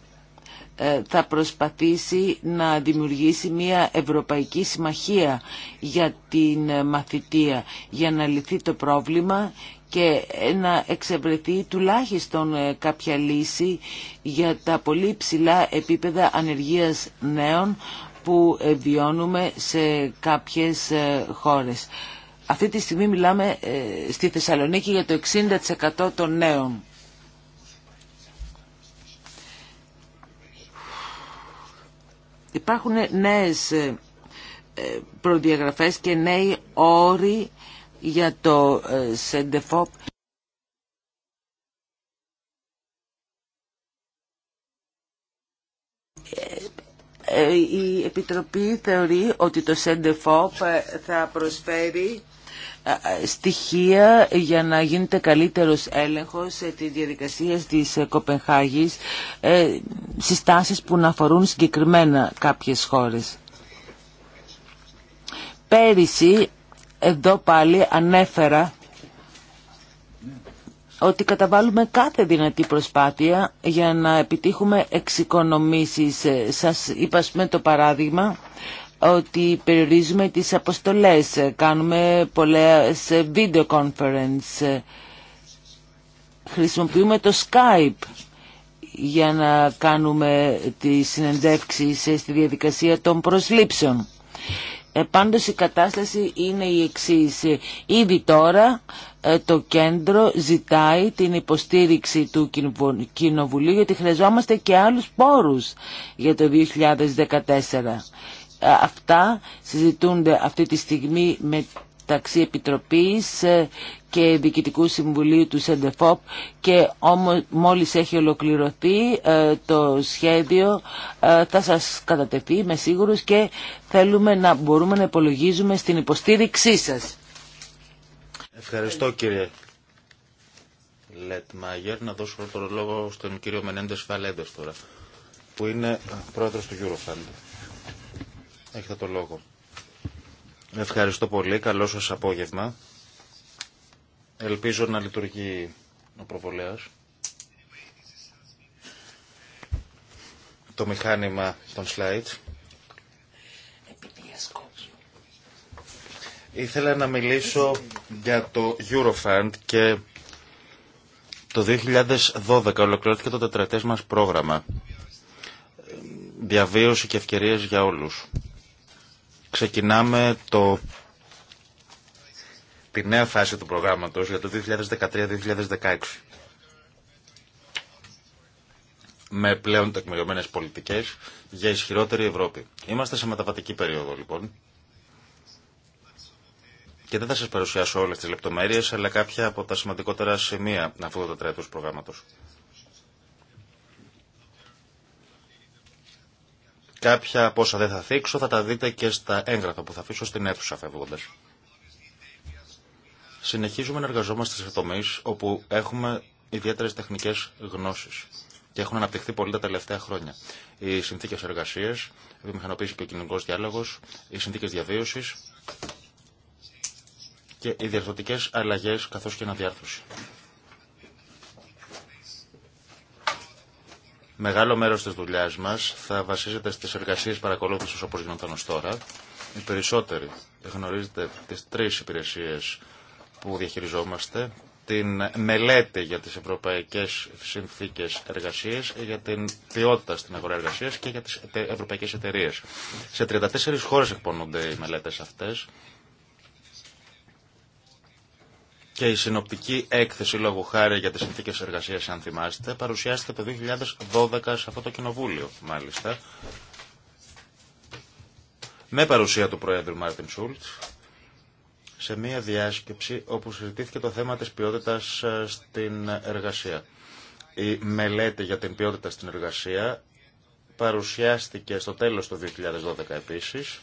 ε, θα προσπαθήσει να δημιουργήσει μια Ευρωπαϊκή Συμμαχία για την ε, μαθητεία για να λυθεί το πρόβλημα και ε, να εξευρεθεί τουλάχιστον κάποια λύση για τα πολύ ψηλά επίπεδα ανεργίας νέων που ε, βιώνουμε σε κάποιες ε, χώρες. Αυτή τη στιγμή μιλάμε ε, στη Θεσσαλονίκη για το 60% των νέων. Υπάρχουν νέες προδιαγραφές και νέοι όροι για το ΣΕΝΤΕΦΟΠ. Ε, η Επιτροπή θεωρεί ότι το ΣΕΝΤΕΦΟΠ ε, θα προσφέρει ε, στοιχεία για να γίνεται καλύτερος έλεγχος της διαδικασίας της Κοπενχάγης συστάσεις που να αφορούν συγκεκριμένα κάποιες χώρες. Πέρυσι εδώ πάλι ανέφερα ότι καταβάλουμε κάθε δυνατή προσπάθεια για να επιτύχουμε εξοικονομήσεις. Σας είπα με το παράδειγμα ότι περιορίζουμε τις αποστολές, κάνουμε πολλές video conference, χρησιμοποιούμε το Skype για να κάνουμε τις συνεντεύξεις στη διαδικασία των προσλήψεων. Ε, πάντως η κατάσταση είναι η εξής. Ήδη τώρα ε, το κέντρο ζητάει την υποστήριξη του Κοινοβουλίου γιατί χρειαζόμαστε και άλλους πόρους για το 2014. Ε, αυτά συζητούνται αυτή τη στιγμή μεταξύ Επιτροπής ε, και Διοικητικού Συμβουλίου του ΣΕΝΤΕΦΟΠ και όμως μόλις έχει ολοκληρωθεί το σχέδιο θα σας κατατεθεί με σίγουρος και θέλουμε να μπορούμε να υπολογίζουμε στην υποστήριξή σας. Ευχαριστώ κύριε Λετμαγερ. Να δώσω το λόγο στον κύριο Μενέντες Φαλέντες τώρα, που είναι πρόεδρος του Eurofund. Έχετε το λόγο. Ευχαριστώ πολύ. Καλό σας απόγευμα. Ελπίζω να λειτουργεί ο προβολέας. Το μηχάνημα των slides. Ήθελα να μιλήσω για το Eurofund και το 2012 ολοκληρώθηκε το τετρατές μας πρόγραμμα. Διαβίωση και ευκαιρίες για όλους. Ξεκινάμε το... τη νέα φάση του προγράμματος για το 2013-2016. με πλέον τεκμηριωμένες πολιτικές για ισχυρότερη Ευρώπη. Είμαστε σε μεταβατική περίοδο λοιπόν και δεν θα σα παρουσιάσω όλε τι λεπτομέρειε, αλλά κάποια από τα σημαντικότερα σημεία αυτού του τετραετούς προγράμματο. Κάποια από όσα δεν θα θίξω θα τα δείτε και στα έγγραφα που θα αφήσω στην αίθουσα φεύγοντα. Συνεχίζουμε να εργαζόμαστε σε τομεί όπου έχουμε ιδιαίτερε τεχνικέ γνώσει και έχουν αναπτυχθεί πολύ τα τελευταία χρόνια. Οι συνθήκε εργασία, η βιομηχανοποίηση και ο κοινωνικό διάλογο, οι συνθήκε διαβίωση και οι διαρθρωτικές αλλαγές καθώς και αναδιάρθρωση. Μεγάλο μέρος της δουλειάς μας θα βασίζεται στις εργασίες παρακολούθησης όπως γινόταν ως τώρα. Οι περισσότεροι γνωρίζετε τις τρεις υπηρεσίες που διαχειριζόμαστε. Την μελέτη για τις ευρωπαϊκές συνθήκες εργασίες, για την ποιότητα στην αγορά εργασίας και για τις ευρωπαϊκές εταιρείες. Σε 34 χώρες εκπονούνται οι μελέτες αυτές και η συνοπτική έκθεση λόγω χάρη για τις συνθήκε εργασία, αν θυμάστε, παρουσιάστηκε το 2012 σε αυτό το κοινοβούλιο, μάλιστα, με παρουσία του Προέδρου Μάρτιν Σούλτ, σε μια διάσκεψη όπου συζητήθηκε το θέμα της ποιότητας ε, στην εργασία. Η μελέτη για την ποιότητα στην εργασία παρουσιάστηκε στο τέλος του 2012 επίσης,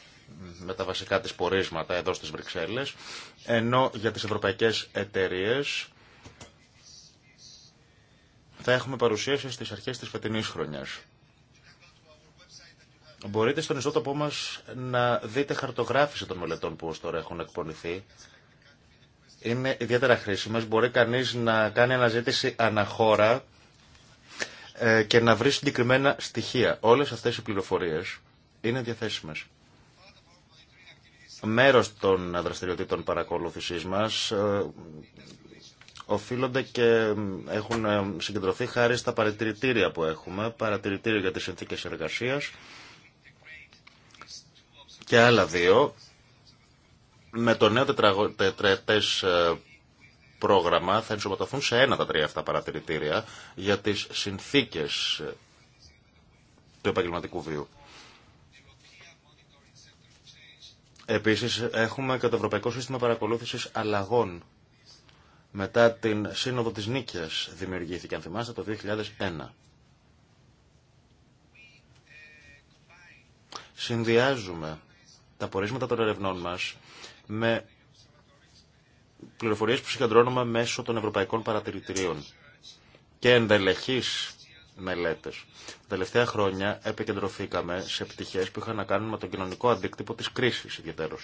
με τα βασικά της πορίσματα εδώ στις Βρυξέλλες, ενώ για τις ευρωπαϊκές εταιρείες θα έχουμε παρουσίαση στις αρχές της φετινής χρονιάς. Μπορείτε στον ιστότοπό μας να δείτε χαρτογράφηση των μελετών που ως τώρα έχουν εκπονηθεί. Είναι ιδιαίτερα χρήσιμες. Μπορεί κανείς να κάνει αναζήτηση αναχώρα ε, και να βρει συγκεκριμένα στοιχεία. Όλες αυτές οι πληροφορίες είναι διαθέσιμες μέρος των δραστηριοτήτων παρακολούθησής μας ε, οφείλονται και έχουν ε, συγκεντρωθεί χάρη στα παρατηρητήρια που έχουμε, παρατηρητήριο για τις συνθήκες εργασίας και άλλα δύο. Με το νέο τετραετές ε, πρόγραμμα θα ενσωματωθούν σε ένα τα τρία αυτά παρατηρητήρια για τις συνθήκες του επαγγελματικού βίου. Επίσης έχουμε και το Ευρωπαϊκό Σύστημα Παρακολούθησης Αλλαγών. Μετά την Σύνοδο της Νίκης δημιουργήθηκε, αν θυμάστε, το 2001. Συνδυάζουμε τα πορίσματα των ερευνών μας με πληροφορίες που συγκεντρώνουμε μέσω των Ευρωπαϊκών Παρατηρητηρίων και ενδελεχείς μελέτες. Τα τελευταία χρόνια επικεντρωθήκαμε σε πτυχέ που είχαν να κάνουν με τον κοινωνικό αντίκτυπο της κρίσης ιδιαίτερω.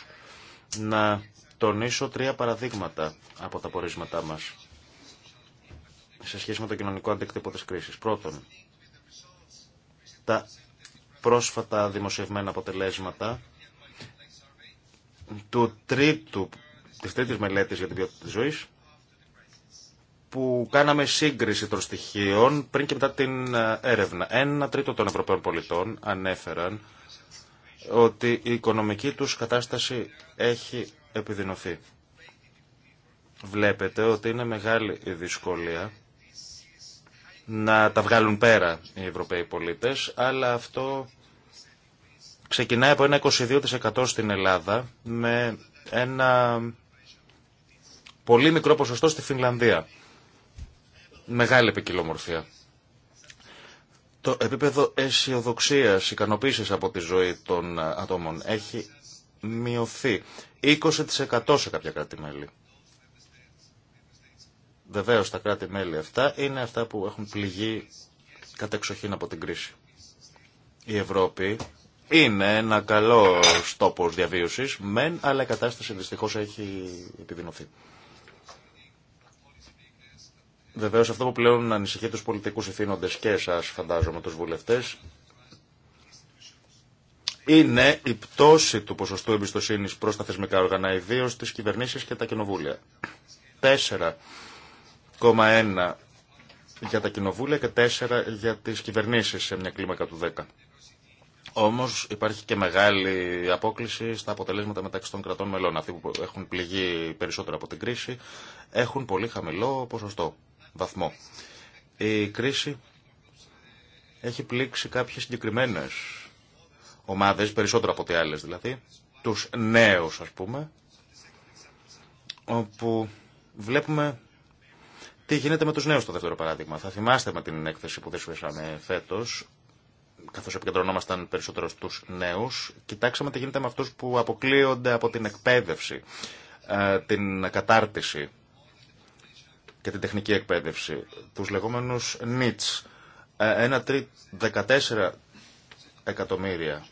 Να τονίσω τρία παραδείγματα από τα πορίσματά μας σε σχέση με τον κοινωνικό αντίκτυπο της κρίσης. Πρώτον, τα πρόσφατα δημοσιευμένα αποτελέσματα του τρίτου, της τρίτης μελέτης για την ποιότητα της ζωής που κάναμε σύγκριση των στοιχείων πριν και μετά την ε, έρευνα. Ένα τρίτο των Ευρωπαίων πολιτών ανέφεραν ότι η οικονομική τους κατάσταση έχει επιδεινωθεί. Βλέπετε ότι είναι μεγάλη η δυσκολία να τα βγάλουν πέρα οι Ευρωπαίοι πολίτες, αλλά αυτό ξεκινάει από ένα 22% στην Ελλάδα με ένα πολύ μικρό ποσοστό στη Φινλανδία μεγάλη ποικιλομορφία. Το επίπεδο αισιοδοξία, ικανοποίηση από τη ζωή των ατόμων έχει μειωθεί 20% σε κάποια κράτη-μέλη. Βεβαίω τα κράτη-μέλη αυτά είναι αυτά που έχουν πληγεί κατεξοχήν από την κρίση. Η Ευρώπη είναι ένα καλό τόπο διαβίωση, μεν, αλλά η κατάσταση δυστυχώ έχει επιδεινωθεί. Βεβαίω αυτό που πλέον ανησυχεί του πολιτικού ευθύνοντες και εσά φαντάζομαι του βουλευτέ είναι η πτώση του ποσοστού εμπιστοσύνη προ τα θεσμικά όργανα, ιδίω τι κυβερνήσει και τα κοινοβούλια. 4,1 για τα κοινοβούλια και 4 για τι κυβερνήσει σε μια κλίμακα του 10. Όμω υπάρχει και μεγάλη απόκληση στα αποτελέσματα μεταξύ των κρατών μελών. Αυτοί που έχουν πληγεί περισσότερο από την κρίση έχουν πολύ χαμηλό ποσοστό βαθμό. Η κρίση έχει πλήξει κάποιες συγκεκριμένες ομάδες, περισσότερο από ό,τι άλλες δηλαδή, τους νέους ας πούμε, όπου βλέπουμε τι γίνεται με τους νέους το δεύτερο παράδειγμα. Θα θυμάστε με την έκθεση που δεσμεύσαμε φέτος, καθώς επικεντρωνόμασταν περισσότερο στους νέους, κοιτάξαμε τι γίνεται με αυτούς που αποκλείονται από την εκπαίδευση, ε, την κατάρτιση και την τεχνική εκπαίδευση, τους λεγόμενους NITS, ε, ένα τρί, 14 εκατομμύρια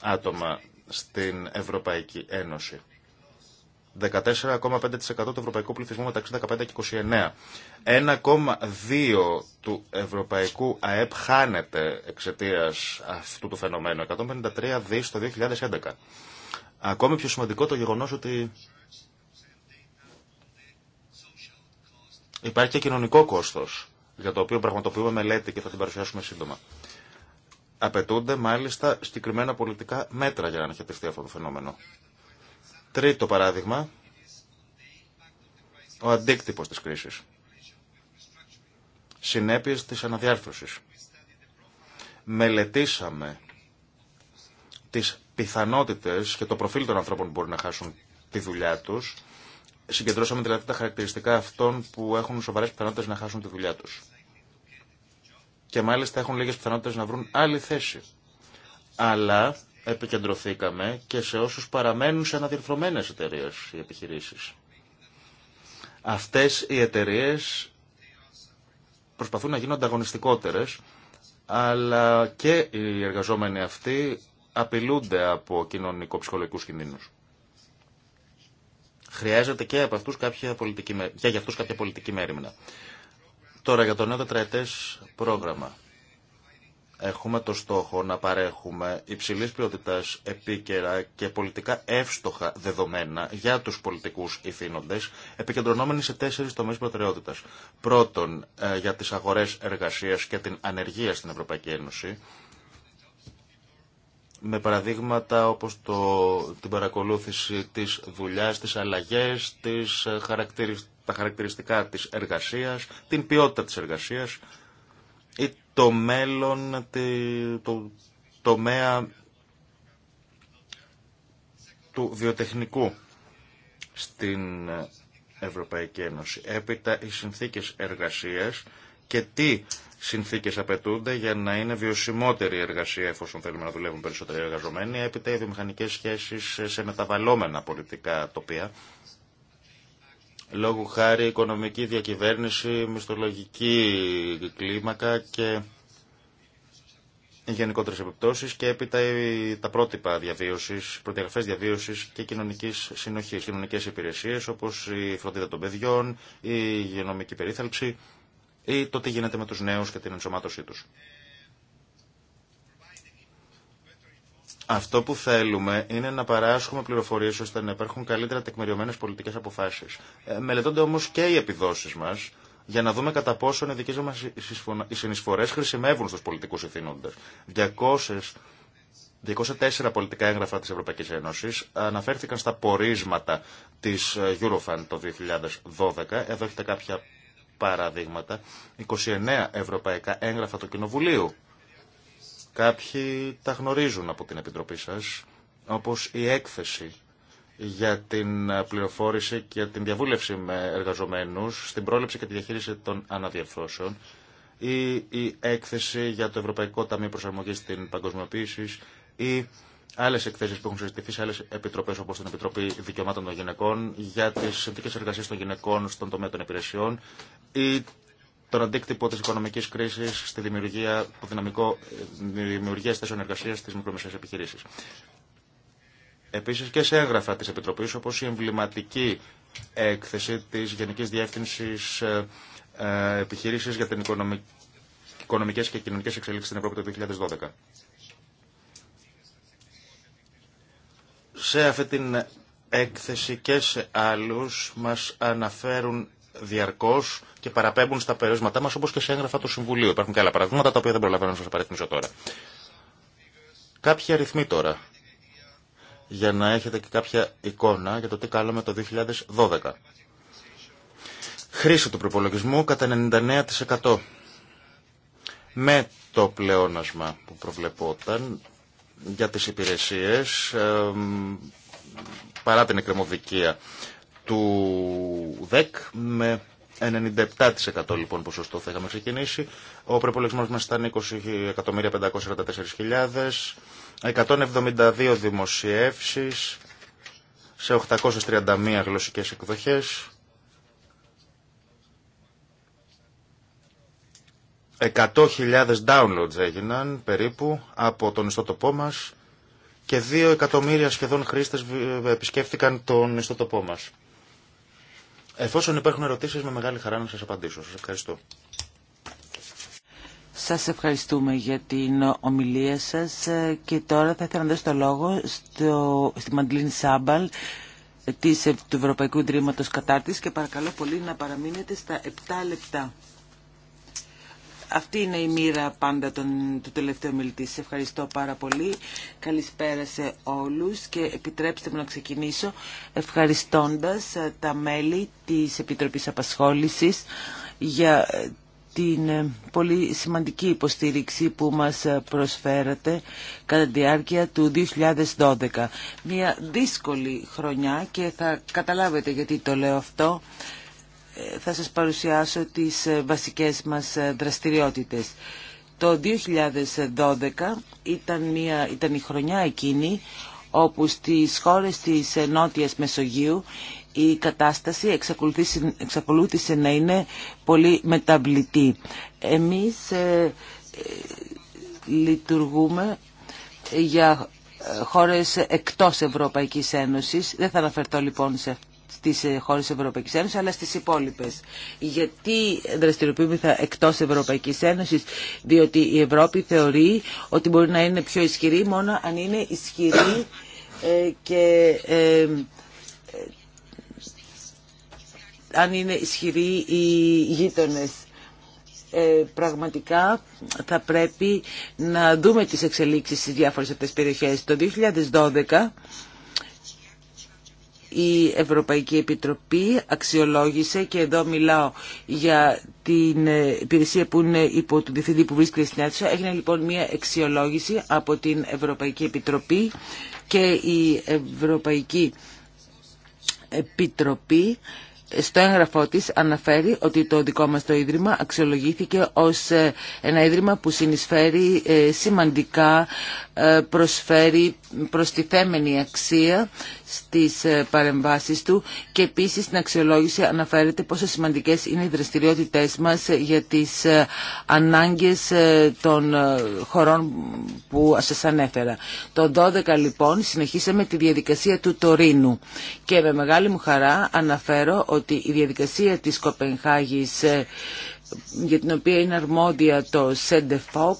άτομα στην Ευρωπαϊκή Ένωση. 14,5% του ευρωπαϊκού πληθυσμού μεταξύ 15 και 29. 1,2% του ευρωπαϊκού ΑΕΠ χάνεται εξαιτία αυτού του φαινομένου. 153 δι το 2011. Ακόμη πιο σημαντικό το γεγονό ότι Υπάρχει και κοινωνικό κόστος, για το οποίο πραγματοποιούμε μελέτη και θα την παρουσιάσουμε σύντομα. Απαιτούνται μάλιστα συγκεκριμένα πολιτικά μέτρα για να αναχαιτευτεί αυτό το φαινόμενο. Τρίτο παράδειγμα, ο αντίκτυπο της κρίσης. Συνέπειες της αναδιάρθρωσης. Μελετήσαμε τις πιθανότητες και το προφίλ των ανθρώπων που μπορεί να χάσουν τη δουλειά του. Συγκεντρώσαμε δηλαδή τα χαρακτηριστικά αυτών που έχουν σοβαρέ πιθανότητε να χάσουν τη δουλειά του. Και μάλιστα έχουν λίγε πιθανότητε να βρουν άλλη θέση. Αλλά επικεντρωθήκαμε και σε όσου παραμένουν σε αναδιορθωμένε εταιρείε οι επιχειρήσει. Αυτέ οι εταιρείε προσπαθούν να γίνουν ανταγωνιστικότερε, αλλά και οι εργαζόμενοι αυτοί απειλούνται από κοινωνικο-ψυχολογικού κινδύνου. Χρειάζεται και από αυτούς κάποια πολιτική, και για αυτούς κάποια πολιτική μέρημνα. Τώρα για το νέο τετραετές πρόγραμμα. Έχουμε το στόχο να παρέχουμε υψηλής ποιότητας επίκαιρα και πολιτικά εύστοχα δεδομένα για τους πολιτικούς ηθήνοντες, επικεντρωνόμενοι σε τέσσερις τομείς προτεραιότητας. Πρώτον, ε, για τις αγορές εργασίας και την ανεργία στην Ευρωπαϊκή Ένωση, με παραδείγματα όπως το, την παρακολούθηση της δουλειάς, της αλλαγές, ε, της τα χαρακτηριστικά της εργασίας, την ποιότητα της εργασίας ή το μέλλον, τη, το τομέα του βιοτεχνικού στην Ευρωπαϊκή Ένωση. Έπειτα οι συνθήκες εργασίας και τι συνθήκε απαιτούνται για να είναι βιωσιμότερη η εργασία, εφόσον θέλουμε να δουλεύουν περισσότεροι εργαζομένοι. Έπειτα οι βιομηχανικέ σχέσει σε μεταβαλλόμενα πολιτικά τοπία. Λόγου χάρη οικονομική διακυβέρνηση, μισθολογική κλίμακα και γενικότερε επιπτώσει και έπειτα τα πρότυπα διαβίωση, προδιαγραφέ διαβίωση και κοινωνική συνοχή. Κοινωνικέ υπηρεσίε όπω η φροντίδα των παιδιών, η υγειονομική περίθαλψη, ή το τι γίνεται με τους νέους και την ενσωμάτωσή τους. Αυτό που θέλουμε είναι να παράσχουμε πληροφορίε ώστε να υπάρχουν καλύτερα τεκμηριωμένε πολιτικέ αποφάσει. Ε, μελετώνται όμω και οι επιδόσεις μα για να δούμε κατά πόσο οι δικέ μα συνεισφορέ χρησιμεύουν στου πολιτικού ευθύνοντε. 204 πολιτικά έγγραφα της Ευρωπαϊκής Ένωσης αναφέρθηκαν στα πορίσματα της ε, Eurofund το 2012. Εδώ έχετε κάποια παραδείγματα, 29 ευρωπαϊκά έγγραφα του Κοινοβουλίου. Κάποιοι τα γνωρίζουν από την Επιτροπή σας, όπως η έκθεση για την πληροφόρηση και την διαβούλευση με εργαζομένους στην πρόληψη και τη διαχείριση των αναδιαρθρώσεων ή η έκθεση για το Ευρωπαϊκό Ταμείο Προσαρμογής στην Παγκοσμιοποίηση ή άλλε εκθέσει που έχουν συζητηθεί σε άλλε επιτροπέ, όπω την Επιτροπή Δικαιωμάτων των Γυναικών, για τι συνθήκε εργασία των γυναικών στον τομέα των υπηρεσιών ή τον αντίκτυπο τη οικονομική κρίση στη δημιουργία, το δυναμικό ε, δημιουργία θέσεων εργασία στι μικρομεσαίε επιχειρήσει. Επίση και σε έγγραφα τη Επιτροπή, όπω η εμβληματική έκθεση τη Γενική Διεύθυνση ε, ε, Επιχειρήσει για την οικονομική και κοινωνικέ εξελίξει στην Ευρώπη το 2012. σε αυτή την έκθεση και σε άλλους μας αναφέρουν διαρκώς και παραπέμπουν στα περιορίσματά μας όπως και σε έγγραφα του Συμβουλίου. Υπάρχουν και άλλα παραδείγματα τα οποία δεν προλαβαίνω να σας παρεθμίσω τώρα. Κάποια αριθμοί τώρα για να έχετε και κάποια εικόνα για το τι κάλαμε το 2012. Χρήση του προπολογισμού κατά 99% με το πλεόνασμα που προβλεπόταν για τις υπηρεσίες παρά την εκκρεμωδικία του ΔΕΚ με 97% λοιπόν ποσοστό θα είχαμε ξεκινήσει. Ο προπολογισμό μα ήταν 20.544.000, 172 δημοσιεύσει σε 831 γλωσσικές εκδοχές 100.000 downloads έγιναν περίπου από τον ιστοτοπό μας και 2 εκατομμύρια σχεδόν χρήστες επισκέφτηκαν τον ιστοτοπό μας. Εφόσον υπάρχουν ερωτήσεις, με μεγάλη χαρά να σας απαντήσω. Σας ευχαριστώ. Σας ευχαριστούμε για την ομιλία σας και τώρα θα ήθελα να δώσω το λόγο στο, στη Μαντλίν Σάμπαλ της, του Ευρωπαϊκού Ιδρύματος Κατάρτης και παρακαλώ πολύ να παραμείνετε στα 7 λεπτά. Αυτή είναι η μοίρα πάντα του τελευταίου μιλητή. ευχαριστώ πάρα πολύ. Καλησπέρα σε όλους και επιτρέψτε μου να ξεκινήσω ευχαριστώντας ε, τα μέλη της Επιτροπής Απασχόλησης για ε, την ε, πολύ σημαντική υποστήριξη που μας προσφέρατε κατά τη διάρκεια του 2012. Μια δύσκολη χρονιά και θα καταλάβετε γιατί το λέω αυτό θα σας παρουσιάσω τις ε, βασικές μας ε, δραστηριότητες. Το 2012 ήταν, μια, ήταν η χρονιά εκείνη όπου στις χώρες της ε, Νότιας Μεσογείου η κατάσταση εξακολούθησε να είναι πολύ μεταβλητή. Εμείς λειτουργούμε για χώρες εκτός Ευρωπαϊκής Ένωσης. Δεν θα αναφερθώ λοιπόν σε αυτό στις ε, χώρες Ευρωπαϊκής Ένωσης αλλά στις υπόλοιπες. Γιατί δραστηριοποιούμεθα εκτός Ευρωπαϊκής Ένωσης διότι η Ευρώπη θεωρεί ότι μπορεί να είναι πιο ισχυρή μόνο αν είναι ισχυρή ε, και ε, αν είναι ισχυροί οι γείτονες. Ε, πραγματικά θα πρέπει να δούμε τις εξελίξεις στις διάφορες αυτές τις περιοχές. Το 2012 η Ευρωπαϊκή Επιτροπή αξιολόγησε και εδώ μιλάω για την ε, υπηρεσία που είναι υπό του διευθυντή που βρίσκεται στην Άτσο. Έγινε λοιπόν μια αξιολόγηση από την Ευρωπαϊκή Επιτροπή και η Ευρωπαϊκή Επιτροπή στο έγγραφό της αναφέρει ότι το δικό μας το Ίδρυμα αξιολογήθηκε ως ε, ένα Ίδρυμα που συνεισφέρει ε, σημαντικά, προσφέρει προστιθέμενη αξία στις ε, παρεμβάσεις του και επίσης στην αξιολόγηση αναφέρεται πόσο σημαντικές είναι οι δραστηριότητές μας ε, για τις ε, ανάγκες των χωρών που σας ανέφερα. Το 12 λοιπόν συνεχίσαμε τη διαδικασία του Τωρίνου και με μεγάλη μου χαρά αναφέρω ότι η διαδικασία της Κοπενχάγης για την οποία είναι αρμόδια το ΣΕΝΤΕΦΟΠ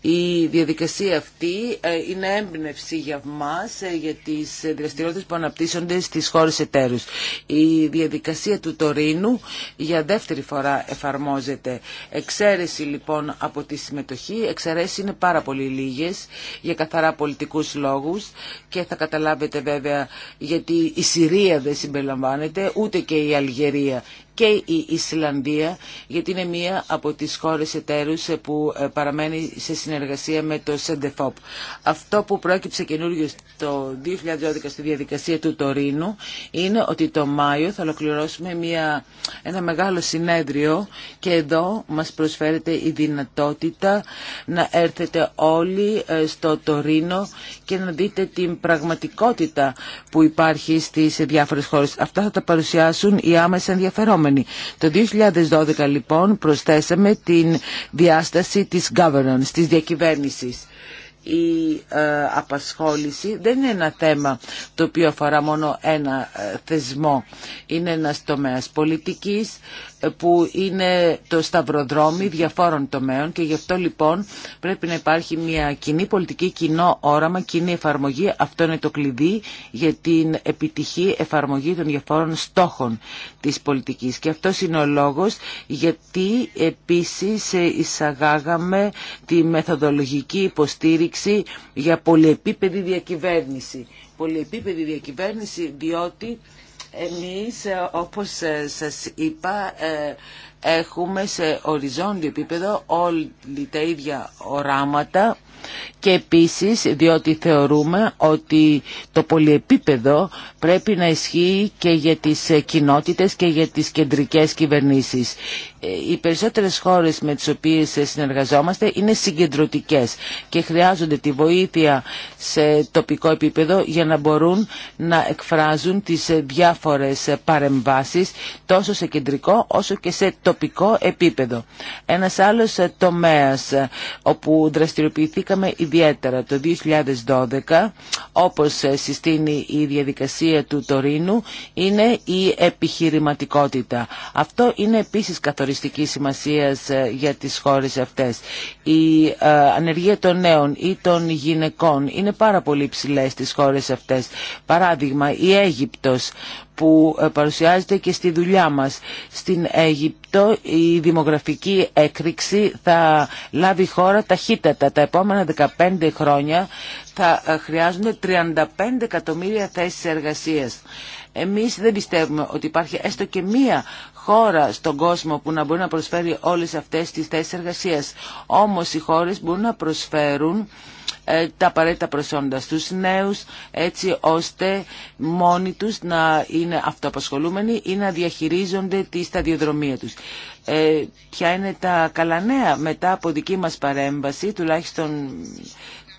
η διαδικασία αυτή ε, είναι έμπνευση για μας ε, για τις δραστηριότητες που αναπτύσσονται στις χώρες εταίρους. Η διαδικασία του Τωρίνου για δεύτερη φορά εφαρμόζεται. Εξαίρεση λοιπόν από τη συμμετοχή, εξαιρέσει είναι πάρα πολύ λίγες για καθαρά πολιτικούς λόγους και θα καταλάβετε βέβαια γιατί η Συρία δεν συμπεριλαμβάνεται ούτε και η Αλγερία και η Ισλανδία γιατί είναι μία από τις χώρες εταίρους ε, που παραμένει σε συνεργασία με το ΣΕΝΤΕΦΟΠ. Αυτό που πρόκειψε καινούργιο το 2012 στη διαδικασία του Τωρίνου είναι ότι το Μάιο θα ολοκληρώσουμε μια, ένα μεγάλο συνέδριο και εδώ μας προσφέρεται η δυνατότητα να έρθετε όλοι ε, στο Τωρίνο και να δείτε την πραγματικότητα που υπάρχει στις διάφορες χώρες. Αυτά θα τα παρουσιάσουν οι άμεσα ενδιαφερόμενοι. Το 2012 λοιπόν προσθέσαμε την διάσταση της governance, της η ε, απασχόληση δεν είναι ένα θέμα το οποίο αφορά μόνο ένα ε, θεσμό. Είναι ένας τομέας πολιτικής που είναι το σταυροδρόμι διαφόρων τομέων και γι' αυτό λοιπόν πρέπει να υπάρχει μια κοινή πολιτική, κοινό όραμα, κοινή εφαρμογή. Αυτό είναι το κλειδί για την επιτυχή εφαρμογή των διαφόρων στόχων της πολιτικής. Και αυτό είναι ο λόγος γιατί επίσης εισαγάγαμε τη μεθοδολογική υποστήριξη για πολυεπίπεδη διακυβέρνηση. Πολυεπίπεδη διακυβέρνηση διότι εμείς, ε, όπως ε, σας είπα, ε, έχουμε σε οριζόντιο επίπεδο όλοι τα ίδια οράματα και επίσης διότι θεωρούμε ότι το πολυεπίπεδο πρέπει να ισχύει και για τις κοινότητες και για τις κεντρικές κυβερνήσεις. Ε, οι περισσότερες χώρες με τις οποίες συνεργαζόμαστε είναι συγκεντρωτικές και χρειάζονται τη βοήθεια σε τοπικό επίπεδο για να μπορούν να εκφράζουν τις διάφορες παρεμβάσεις τόσο σε κεντρικό όσο και σε τοπικό επίπεδο. Ένας άλλος τομέας όπου δραστηριοποιηθήκαμε ιδιαίτερα το 2012 όπως συστήνει η διαδικασία του Τωρίνου είναι η επιχειρηματικότητα. Αυτό είναι επίσης καθοριστικό σημασίας ε, για τις χώρες αυτές. Η ε, ανεργία των νέων ή των γυναικών είναι πάρα πολύ ψηλέ στις χώρες αυτές. Παράδειγμα, η Αίγυπτος που ε, παρουσιάζεται και στη δουλειά μας. Στην Αίγυπτο η δημογραφική έκρηξη θα λάβει χώρα ταχύτατα. Τα επόμενα 15 χρόνια θα χρειάζονται 35 εκατομμύρια θέσεις εργασίας. Εμείς δεν πιστεύουμε ότι υπάρχει έστω και μία χώρα στον κόσμο που να μπορεί να προσφέρει όλες αυτές τις θέσεις εργασίας. Όμως οι χώρες μπορούν να προσφέρουν ε, τα απαραίτητα προσόντα στους νέους έτσι ώστε μόνοι τους να είναι αυτοαπασχολούμενοι ή να διαχειρίζονται τη σταδιοδρομία τους. Ε, ποια είναι τα καλά νέα μετά από δική μας παρέμβαση, τουλάχιστον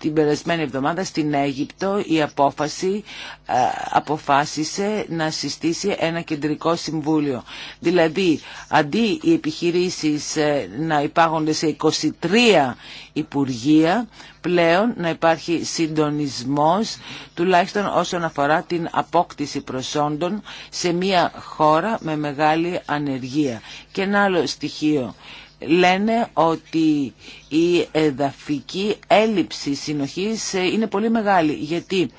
την περασμένη εβδομάδα στην Αίγυπτο η απόφαση ε, αποφάσισε να συστήσει ένα κεντρικό συμβούλιο. Δηλαδή, αντί οι επιχειρήσεις ε, να υπάγονται σε 23 υπουργεία, πλέον να υπάρχει συντονισμός, τουλάχιστον όσον αφορά την απόκτηση προσόντων σε μια χώρα με μεγάλη ανεργία. Και ένα άλλο στοιχείο λένε ότι η εδαφική έλλειψη συνοχής είναι πολύ μεγάλη γιατί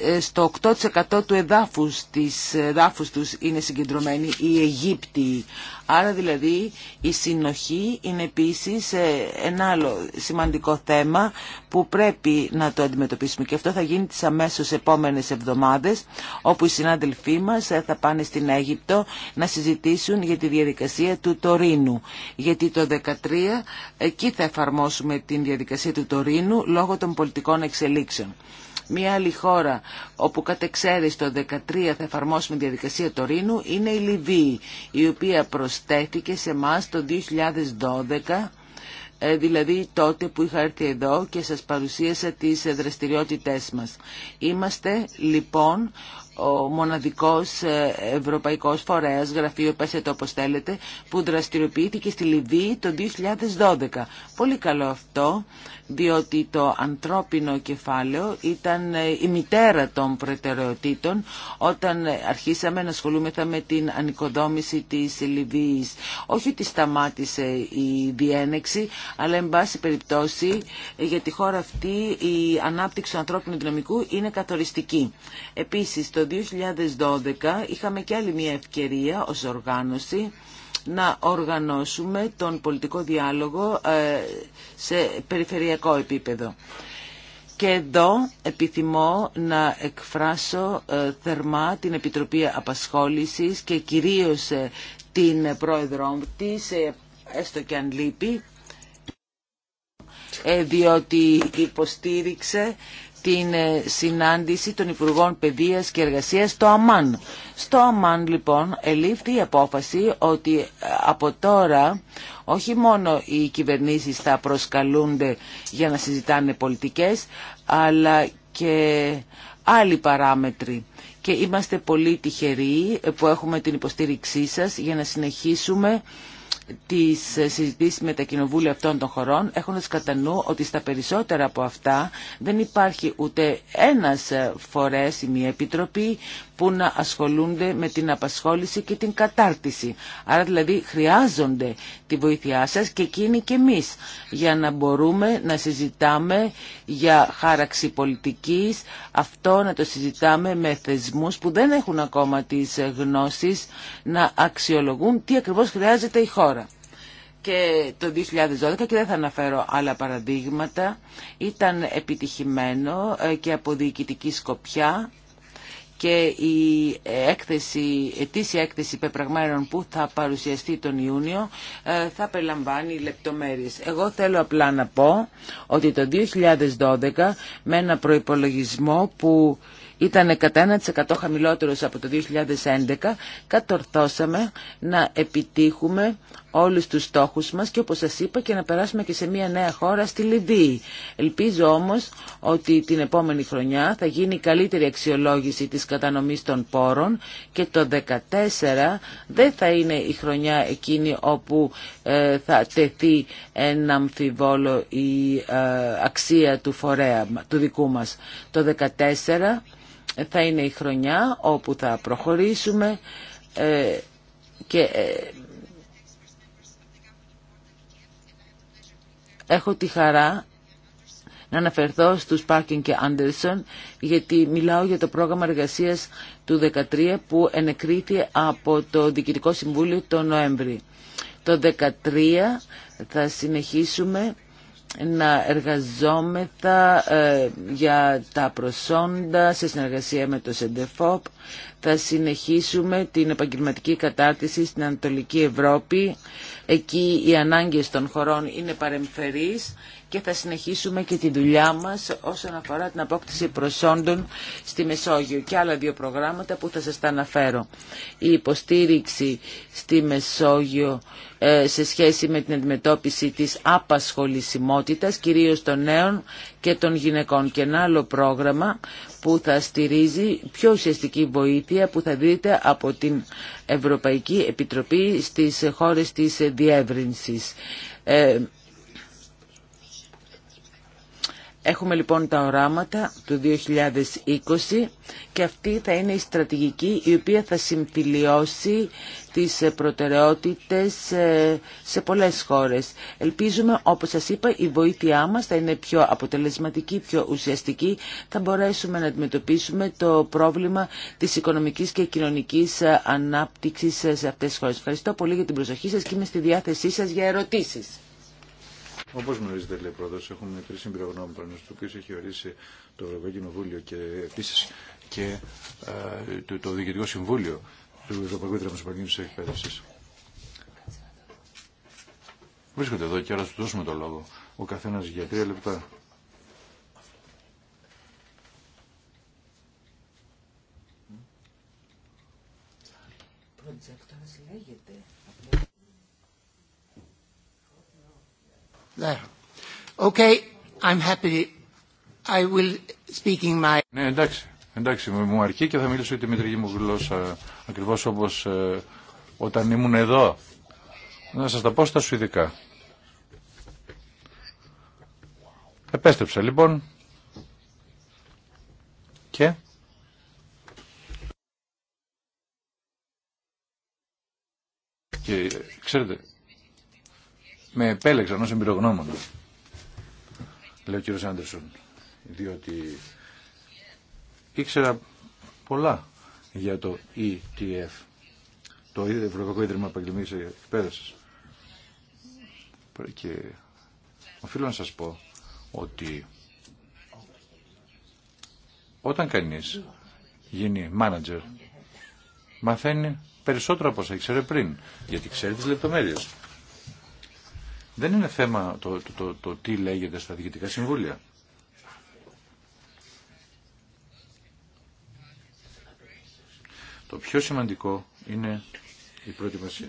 ε, στο 8% του εδάφους, της, εδάφους τους είναι συγκεντρωμένοι οι Αιγύπτιοι. Άρα δηλαδή η συνοχή είναι επίσης ε, ένα άλλο σημαντικό θέμα που πρέπει να το αντιμετωπίσουμε και αυτό θα γίνει τις αμέσως επόμενες εβδομάδες όπου οι συνάδελφοί μας ε, θα πάνε στην Αίγυπτο να συζητήσουν για τη διαδικασία του Τωρίνου γιατί το 2013 εκεί θα εφαρμόσουμε την διαδικασία του Τωρίνου λόγω των πολιτικών εξελίξεων. Μία άλλη χώρα όπου κατ' το 2013 θα εφαρμόσουμε διαδικασία Τωρίνου είναι η Λιβύη, η οποία προσθέθηκε σε εμά το 2012 ε, δηλαδή τότε που είχα έρθει εδώ και σας παρουσίασα τις ε, δραστηριότητές μας. Είμαστε λοιπόν ο μοναδικός ε, ευρωπαϊκός φορέας, γραφείο, πέστε το όπως θέλετε, που δραστηριοποιήθηκε στη Λιβύη το 2012. Πολύ καλό αυτό, διότι το ανθρώπινο κεφάλαιο ήταν η μητέρα των προτεραιοτήτων όταν αρχίσαμε να ασχολούμεθα με την ανοικοδόμηση της Λιβύης. Όχι ότι σταμάτησε η διένεξη, αλλά, εν πάση περιπτώσει, για τη χώρα αυτή η ανάπτυξη του ανθρώπινου δυναμικού είναι καθοριστική. Επίσης, το 2012 είχαμε και άλλη μια ευκαιρία ως οργάνωση να οργανώσουμε τον πολιτικό διάλογο ε, σε περιφερειακό επίπεδο. Και εδώ επιθυμώ να εκφράσω ε, θερμά την Επιτροπή Απασχόλησης και κυρίως ε, την πρόεδρό της, έστω και αν λείπει, ε, διότι υποστήριξε την ε, συνάντηση των Υπουργών Παιδείας και Εργασίας στο ΑΜΑΝ. Στο ΑΜΑΝ λοιπόν ελήφθη η απόφαση ότι ε, από τώρα όχι μόνο οι κυβερνήσεις θα προσκαλούνται για να συζητάνε πολιτικές αλλά και άλλοι παράμετροι. Και είμαστε πολύ τυχεροί που έχουμε την υποστήριξή σας για να συνεχίσουμε τις συζητήσεις με τα κοινοβούλια αυτών των χωρών έχοντας κατά νου ότι στα περισσότερα από αυτά δεν υπάρχει ούτε ένας φορέας ή μια επιτροπή που να ασχολούνται με την απασχόληση και την κατάρτιση. Άρα δηλαδή χρειάζονται τη βοήθειά σας και εκείνοι και εμείς για να μπορούμε να συζητάμε για χάραξη πολιτικής, αυτό να το συζητάμε με θεσμούς που δεν έχουν ακόμα τις γνώσεις να αξιολογούν τι ακριβώς χρειάζεται η χώρα και το 2012 και δεν θα αναφέρω άλλα παραδείγματα ήταν επιτυχημένο ε, και από διοικητική σκοπιά και η έκθεση, ετήσια έκθεση πεπραγμένων που θα παρουσιαστεί τον Ιούνιο ε, θα περιλαμβάνει λεπτομέρειες. Εγώ θέλω απλά να πω ότι το 2012 με ένα προϋπολογισμό που ήταν κατά 1% χαμηλότερος από το 2011 κατορθώσαμε να επιτύχουμε όλους τους στόχους μας και όπως σας είπα και να περάσουμε και σε μια νέα χώρα στη Λιβύη. Ελπίζω όμως ότι την επόμενη χρονιά θα γίνει η καλύτερη αξιολόγηση της κατανομής των πόρων και το 2014 δεν θα είναι η χρονιά εκείνη όπου ε, θα τεθεί ένα αμφιβόλο η ε, αξία του φορέα του δικού μας. Το 2014 θα είναι η χρονιά όπου θα προχωρήσουμε ε, και Έχω τη χαρά να αναφερθώ στους Πάρκιν και Άντερσον γιατί μιλάω για το πρόγραμμα εργασίας του 2013 που ενεκρίθη από το Διοικητικό Συμβούλιο τον Νοέμβρη. Το 2013 θα συνεχίσουμε να εργαζόμεθα ε, για τα προσόντα σε συνεργασία με το ΣΕΝΤΕΦΟΠ. Θα συνεχίσουμε την επαγγελματική κατάρτιση στην Ανατολική Ευρώπη. Εκεί οι ανάγκες των χωρών είναι παρεμφερείς και θα συνεχίσουμε και τη δουλειά μας όσον αφορά την απόκτηση προσόντων στη Μεσόγειο και άλλα δύο προγράμματα που θα σας τα αναφέρω. Η υποστήριξη στη Μεσόγειο ε, σε σχέση με την αντιμετώπιση της απασχολησιμότητας, κυρίως των νέων και των γυναικών. Και ένα άλλο πρόγραμμα που θα στηρίζει πιο ουσιαστική βοήθεια που θα δείτε από την Ευρωπαϊκή Επιτροπή στις χώρες της διεύρυνσης. Ε, Έχουμε λοιπόν τα οράματα του 2020 και αυτή θα είναι η στρατηγική η οποία θα συμφιλειώσει τις προτεραιότητες ε, σε πολλές χώρες. Ελπίζουμε, όπως σας είπα, η βοήθειά μας θα είναι πιο αποτελεσματική, πιο ουσιαστική. Θα μπορέσουμε να αντιμετωπίσουμε το πρόβλημα της οικονομικής και κοινωνικής ε, ανάπτυξης ε, σε αυτές τις χώρες. Ευχαριστώ πολύ για την προσοχή σας και είμαι στη διάθεσή σας για ερωτήσεις. Όπω γνωρίζετε, λέει ο πρόεδρο, έχουμε τρει εμπειρογνώμονε, του οποίου έχει ορίσει το Ευρωπαϊκό Κοινοβούλιο και επίση και ε, το, το Διοικητικό Συμβούλιο του Ευρωπαϊκού Ιδρύματο τη Εκπαίδευση. Βρίσκονται εδώ και άρα του δώσουμε το λόγο. Ο καθένα για τρία λεπτά. Okay, I'm happy. I will speaking my... Ναι, εντάξει. Εντάξει, μου αρκεί και θα μιλήσω τη μητρική μου γλώσσα, ακριβώς όπως ε, όταν ήμουν εδώ. Να σας τα πω στα σουηδικά. Επέστρεψα λοιπόν και... Και ξέρετε, με επέλεξαν ως εμπειρογνώμονα. Λέω ο κύριος Άντερσον, διότι ήξερα πολλά για το ETF, το Ευρωπαϊκό Ίδρυμα Επαγγελμής εκπαίδευση. Και οφείλω να σας πω ότι όταν κανείς γίνει manager, μαθαίνει περισσότερο από όσα ήξερε πριν, γιατί ξέρει τις λεπτομέρειες. Δεν είναι θέμα το, το, το, τι λέγεται στα διοικητικά συμβούλια. Το πιο σημαντικό είναι η προετοιμασία.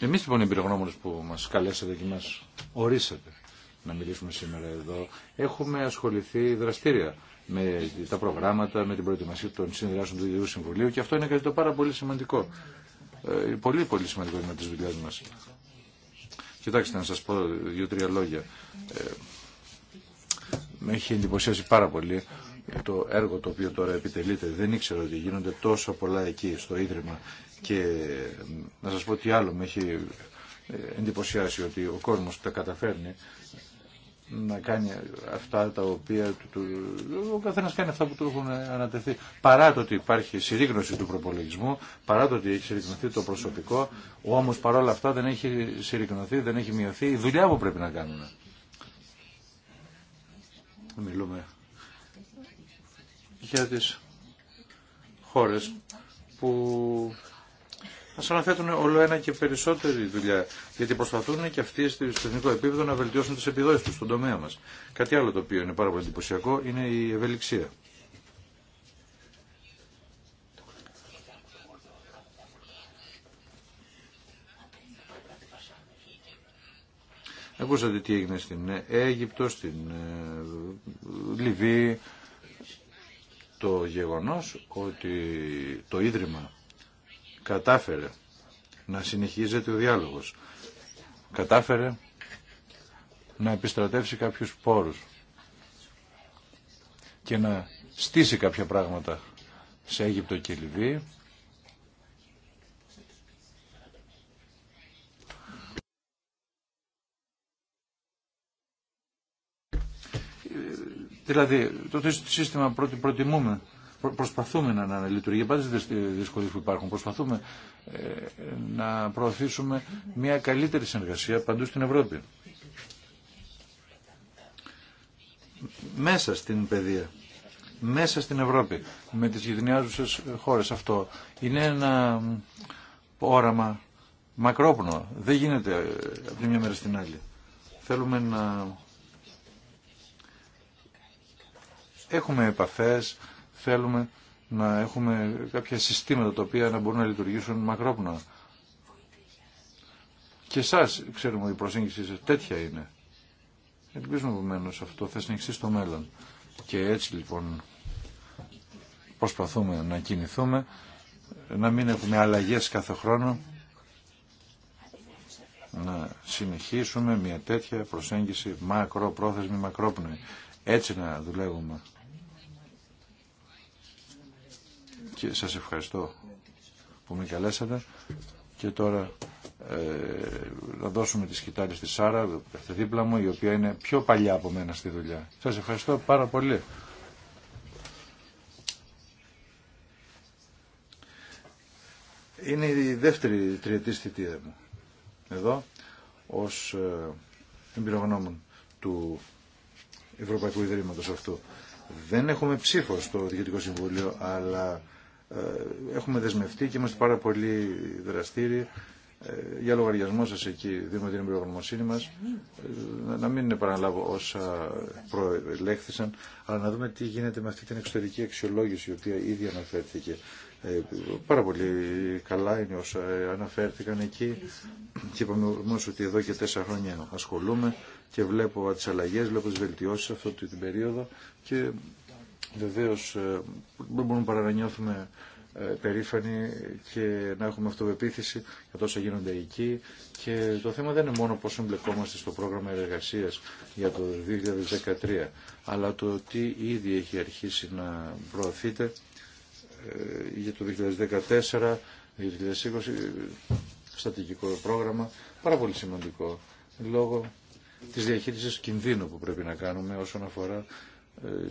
Εμείς λοιπόν οι εμπειρογνώμονες που μας καλέσατε και μας ορίσατε να μιλήσουμε σήμερα εδώ, έχουμε ασχοληθεί δραστήρια με τα προγράμματα, με την προετοιμασία των συνδυάσεων του Διευθυντικού Συμβουλίου και αυτό είναι κάτι το πάρα πολύ σημαντικό. Ε, πολύ πολύ σημαντικό είναι τη δουλειά μας. Κοιτάξτε να σας πω δύο-τρία λόγια. Ε, με έχει εντυπωσιάσει πάρα πολύ το έργο το οποίο τώρα επιτελείται. Δεν ήξερα ότι γίνονται τόσο πολλά εκεί στο Ίδρυμα και ε, να σας πω τι άλλο με έχει ε, εντυπωσιάσει ότι ο κόσμος τα καταφέρνει να κάνει αυτά τα οποία του, ο καθένας κάνει αυτά που του έχουν ανατεθεί παρά το ότι υπάρχει συρρήγνωση του προπολογισμού παρά το ότι έχει συρρήγνωθεί το προσωπικό όμως παρόλα αυτά δεν έχει συρρήγνωθεί δεν έχει μειωθεί η δουλειά που πρέπει να κάνουμε μιλούμε για τις χώρες που Α αναθέτουν όλο ένα και περισσότερη δουλειά, γιατί προσπαθούν και αυτοί στο εθνικό επίπεδο να βελτιώσουν τι επιδόσεις του στον τομέα μας. Κάτι άλλο το οποίο είναι πάρα πολύ εντυπωσιακό είναι η ευελιξία. Ακούσατε τι έγινε στην Αίγυπτο, στην ε, Λιβύη. Το γεγονός ότι το Ίδρυμα κατάφερε να συνεχίζεται ο διάλογος. Κατάφερε να επιστρατεύσει κάποιους πόρους και να στήσει κάποια πράγματα σε Αίγυπτο και Λιβύη. Ε, δηλαδή, το σύστημα προτιμούμε προσπαθούμε να, να λειτουργεί πάντα στις δυσκολίες που υπάρχουν. Προσπαθούμε ε, να προωθήσουμε μια καλύτερη συνεργασία παντού στην Ευρώπη. Μέσα στην παιδεία. Μέσα στην Ευρώπη. Με τις γειτονιάζουσες χώρες. Αυτό είναι ένα όραμα μακρόπνο. Δεν γίνεται ε, από τη μια μέρα στην άλλη. Θέλουμε να έχουμε επαφές, θέλουμε να έχουμε κάποια συστήματα τα οποία να μπορούν να λειτουργήσουν μακρόπνοα. Και εσά ξέρουμε η προσέγγιση τέτοια είναι. Ελπίζουμε επομένω αυτό θα συνεχίσει στο μέλλον. Και έτσι λοιπόν προσπαθούμε να κινηθούμε, να μην έχουμε αλλαγές κάθε χρόνο, να συνεχίσουμε μια τέτοια προσέγγιση μακροπρόθεσμη, μακρόπνοη. Έτσι να δουλεύουμε. και σας ευχαριστώ που με καλέσατε και τώρα ε, να δώσουμε τη σκητάλη στη Σάρα, που δίπλα μου, η οποία είναι πιο παλιά από μένα στη δουλειά. Σας ευχαριστώ πάρα πολύ. Είναι η δεύτερη τριετή θητεία μου εδώ ως ε, εμπειρογνώμων του Ευρωπαϊκού Ιδρύματος αυτού. Δεν έχουμε ψήφο στο Διοικητικό Συμβούλιο, αλλά ε, έχουμε δεσμευτεί και είμαστε πάρα πολύ δραστήριοι ε, για λογαριασμό σας εκεί δίνουμε την εμπειρογνωμοσύνη μας ε, να μην επαναλάβω όσα προελέχθησαν αλλά να δούμε τι γίνεται με αυτή την εξωτερική αξιολόγηση η οποία ήδη αναφέρθηκε πάρα πολύ καλά είναι όσα αναφέρθηκαν εκεί και είπαμε όμως ότι εδώ και τέσσερα χρόνια ασχολούμαι και βλέπω τις αλλαγές, βλέπω τις βελτιώσεις αυτή την περίοδο και Βεβαίω ε, δεν μπορούμε παρά να νιώθουμε ε, περήφανοι και να έχουμε αυτοπεποίθηση για τόσα γίνονται εκεί. Και το θέμα δεν είναι μόνο πώς εμπλεκόμαστε στο πρόγραμμα εργασίας για το 2013, αλλά το τι ήδη έχει αρχίσει να προωθείται ε, για το 2014, 2020, στατικικό πρόγραμμα, πάρα πολύ σημαντικό λόγω της διαχείρισης κινδύνου που πρέπει να κάνουμε όσον αφορά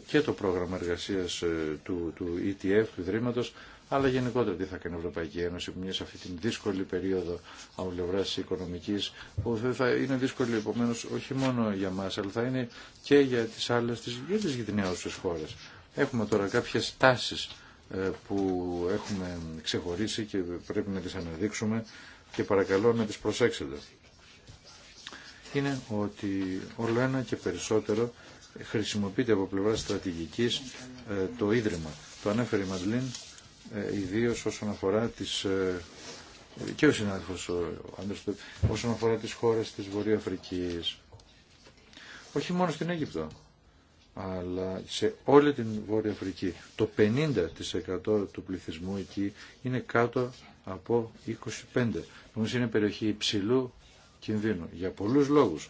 και το πρόγραμμα εργασίας ε, του, του ETF, του Ιδρύματος, αλλά γενικότερα τι θα κάνει η Ευρωπαϊκή Ένωση που μια σε αυτή την δύσκολη περίοδο από πλευρά οικονομική, που θα είναι δύσκολη επομένω όχι μόνο για μα, αλλά θα είναι και για τι άλλε, για τι γειτονιάουσε χώρε. Έχουμε τώρα κάποιε τάσει ε, που έχουμε ξεχωρίσει και πρέπει να τις αναδείξουμε και παρακαλώ να τις προσέξετε. Είναι ότι όλο ένα και περισσότερο χρησιμοποιείται από πλευρά στρατηγικής ε, το Ίδρυμα. Το ανέφερε η Μαντλίν ε, ιδίω όσον αφορά τις ε, και ο συνάδελφο ο όσον αφορά τι χώρες της Βορειοαφρικής. Όχι μόνο στην Αίγυπτο, αλλά σε όλη την Βόρεια Αφρική. Το 50% του πληθυσμού εκεί είναι κάτω από 25. Όμως είναι περιοχή υψηλού κινδύνου για πολλούς λόγους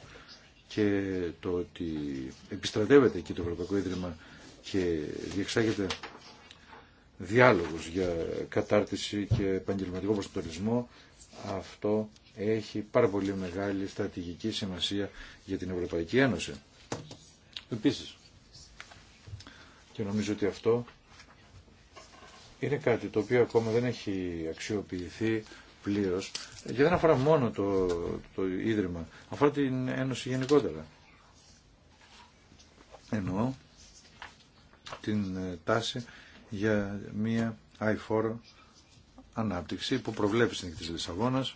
και το ότι επιστρατεύεται εκεί το Ευρωπαϊκό Ίδρυμα και διεξάγεται διάλογος για κατάρτιση και επαγγελματικό προστατολισμό, αυτό έχει πάρα πολύ μεγάλη στρατηγική σημασία για την Ευρωπαϊκή Ένωση. Επίσης, και νομίζω ότι αυτό είναι κάτι το οποίο ακόμα δεν έχει αξιοποιηθεί και δεν αφορά μόνο το, το Ίδρυμα, αφορά την Ένωση γενικότερα. Εννοώ την ε, τάση για μία αηφόρο ανάπτυξη που προβλέπει στην της Λισαβόνας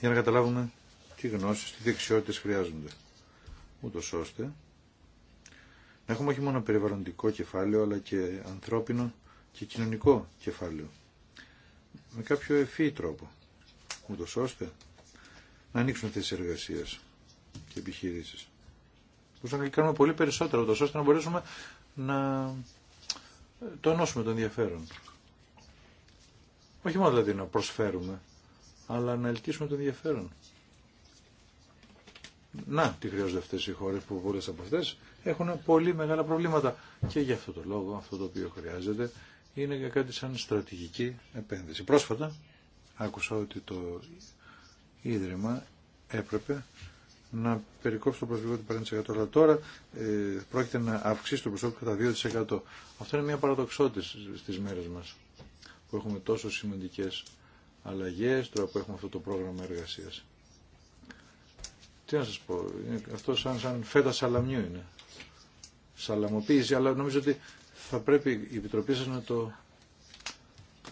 για να καταλάβουμε τι γνώσεις, τι δεξιότητες χρειάζονται. Ούτως ώστε να έχουμε όχι μόνο περιβαλλοντικό κεφάλαιο αλλά και ανθρώπινο και κοινωνικό κεφάλαιο με κάποιο ευφύ τρόπο, ούτω ώστε να ανοίξουν τις εργασίες και επιχειρήσεις. Μπορούμε να κάνουμε πολύ περισσότερο, ούτω ώστε να μπορέσουμε να τονώσουμε τον ενδιαφέρον. Όχι μόνο δηλαδή να προσφέρουμε, αλλά να ελκύσουμε τον ενδιαφέρον. Να, τι χρειάζονται αυτέ οι χώρες που πολλέ από αυτέ έχουν πολύ μεγάλα προβλήματα. Και για αυτό το λόγο, αυτό το οποίο χρειάζεται είναι κάτι σαν στρατηγική επένδυση. Πρόσφατα άκουσα ότι το Ίδρυμα έπρεπε να περικόψει το προσωπικό του 5% αλλά τώρα ε, πρόκειται να αυξήσει το προσωπικό κατά 2%. Αυτό είναι μια παραδοξότητα στις μέρες μας που έχουμε τόσο σημαντικές αλλαγές τώρα που έχουμε αυτό το πρόγραμμα εργασίας. Τι να σας πω, αυτό σαν, σαν φέτα σαλαμιού είναι. Σαλαμοποίηση, αλλά νομίζω ότι θα πρέπει η Επιτροπή σας να το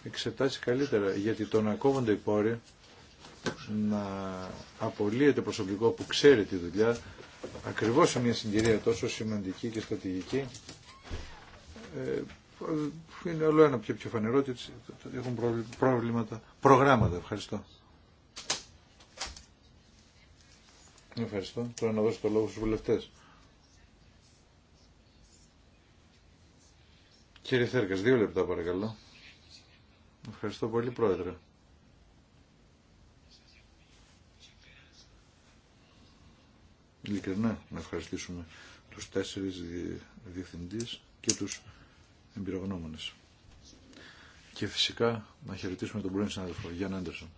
εξετάσει καλύτερα, γιατί το να κόβονται οι πόροι, να απολύεται προσωπικό που ξέρει τη δουλειά, ακριβώς σε μια συγκυρία τόσο σημαντική και στρατηγική, ε, είναι όλο ένα πιο, πιο φανερό ότι έχουν προβλήματα, προγράμματα. Ευχαριστώ. Ευχαριστώ. Τώρα να δώσω το λόγο στους βουλευτές. Κύριε Θέρκας, δύο λεπτά παρακαλώ. Ευχαριστώ πολύ, Πρόεδρε. Ειλικρινά να ευχαριστήσουμε τους τέσσερις διευθυντής και τους εμπειρογνώμονες. Και φυσικά να χαιρετήσουμε τον πρώην συνάδελφο Γιάννη Άντερσον.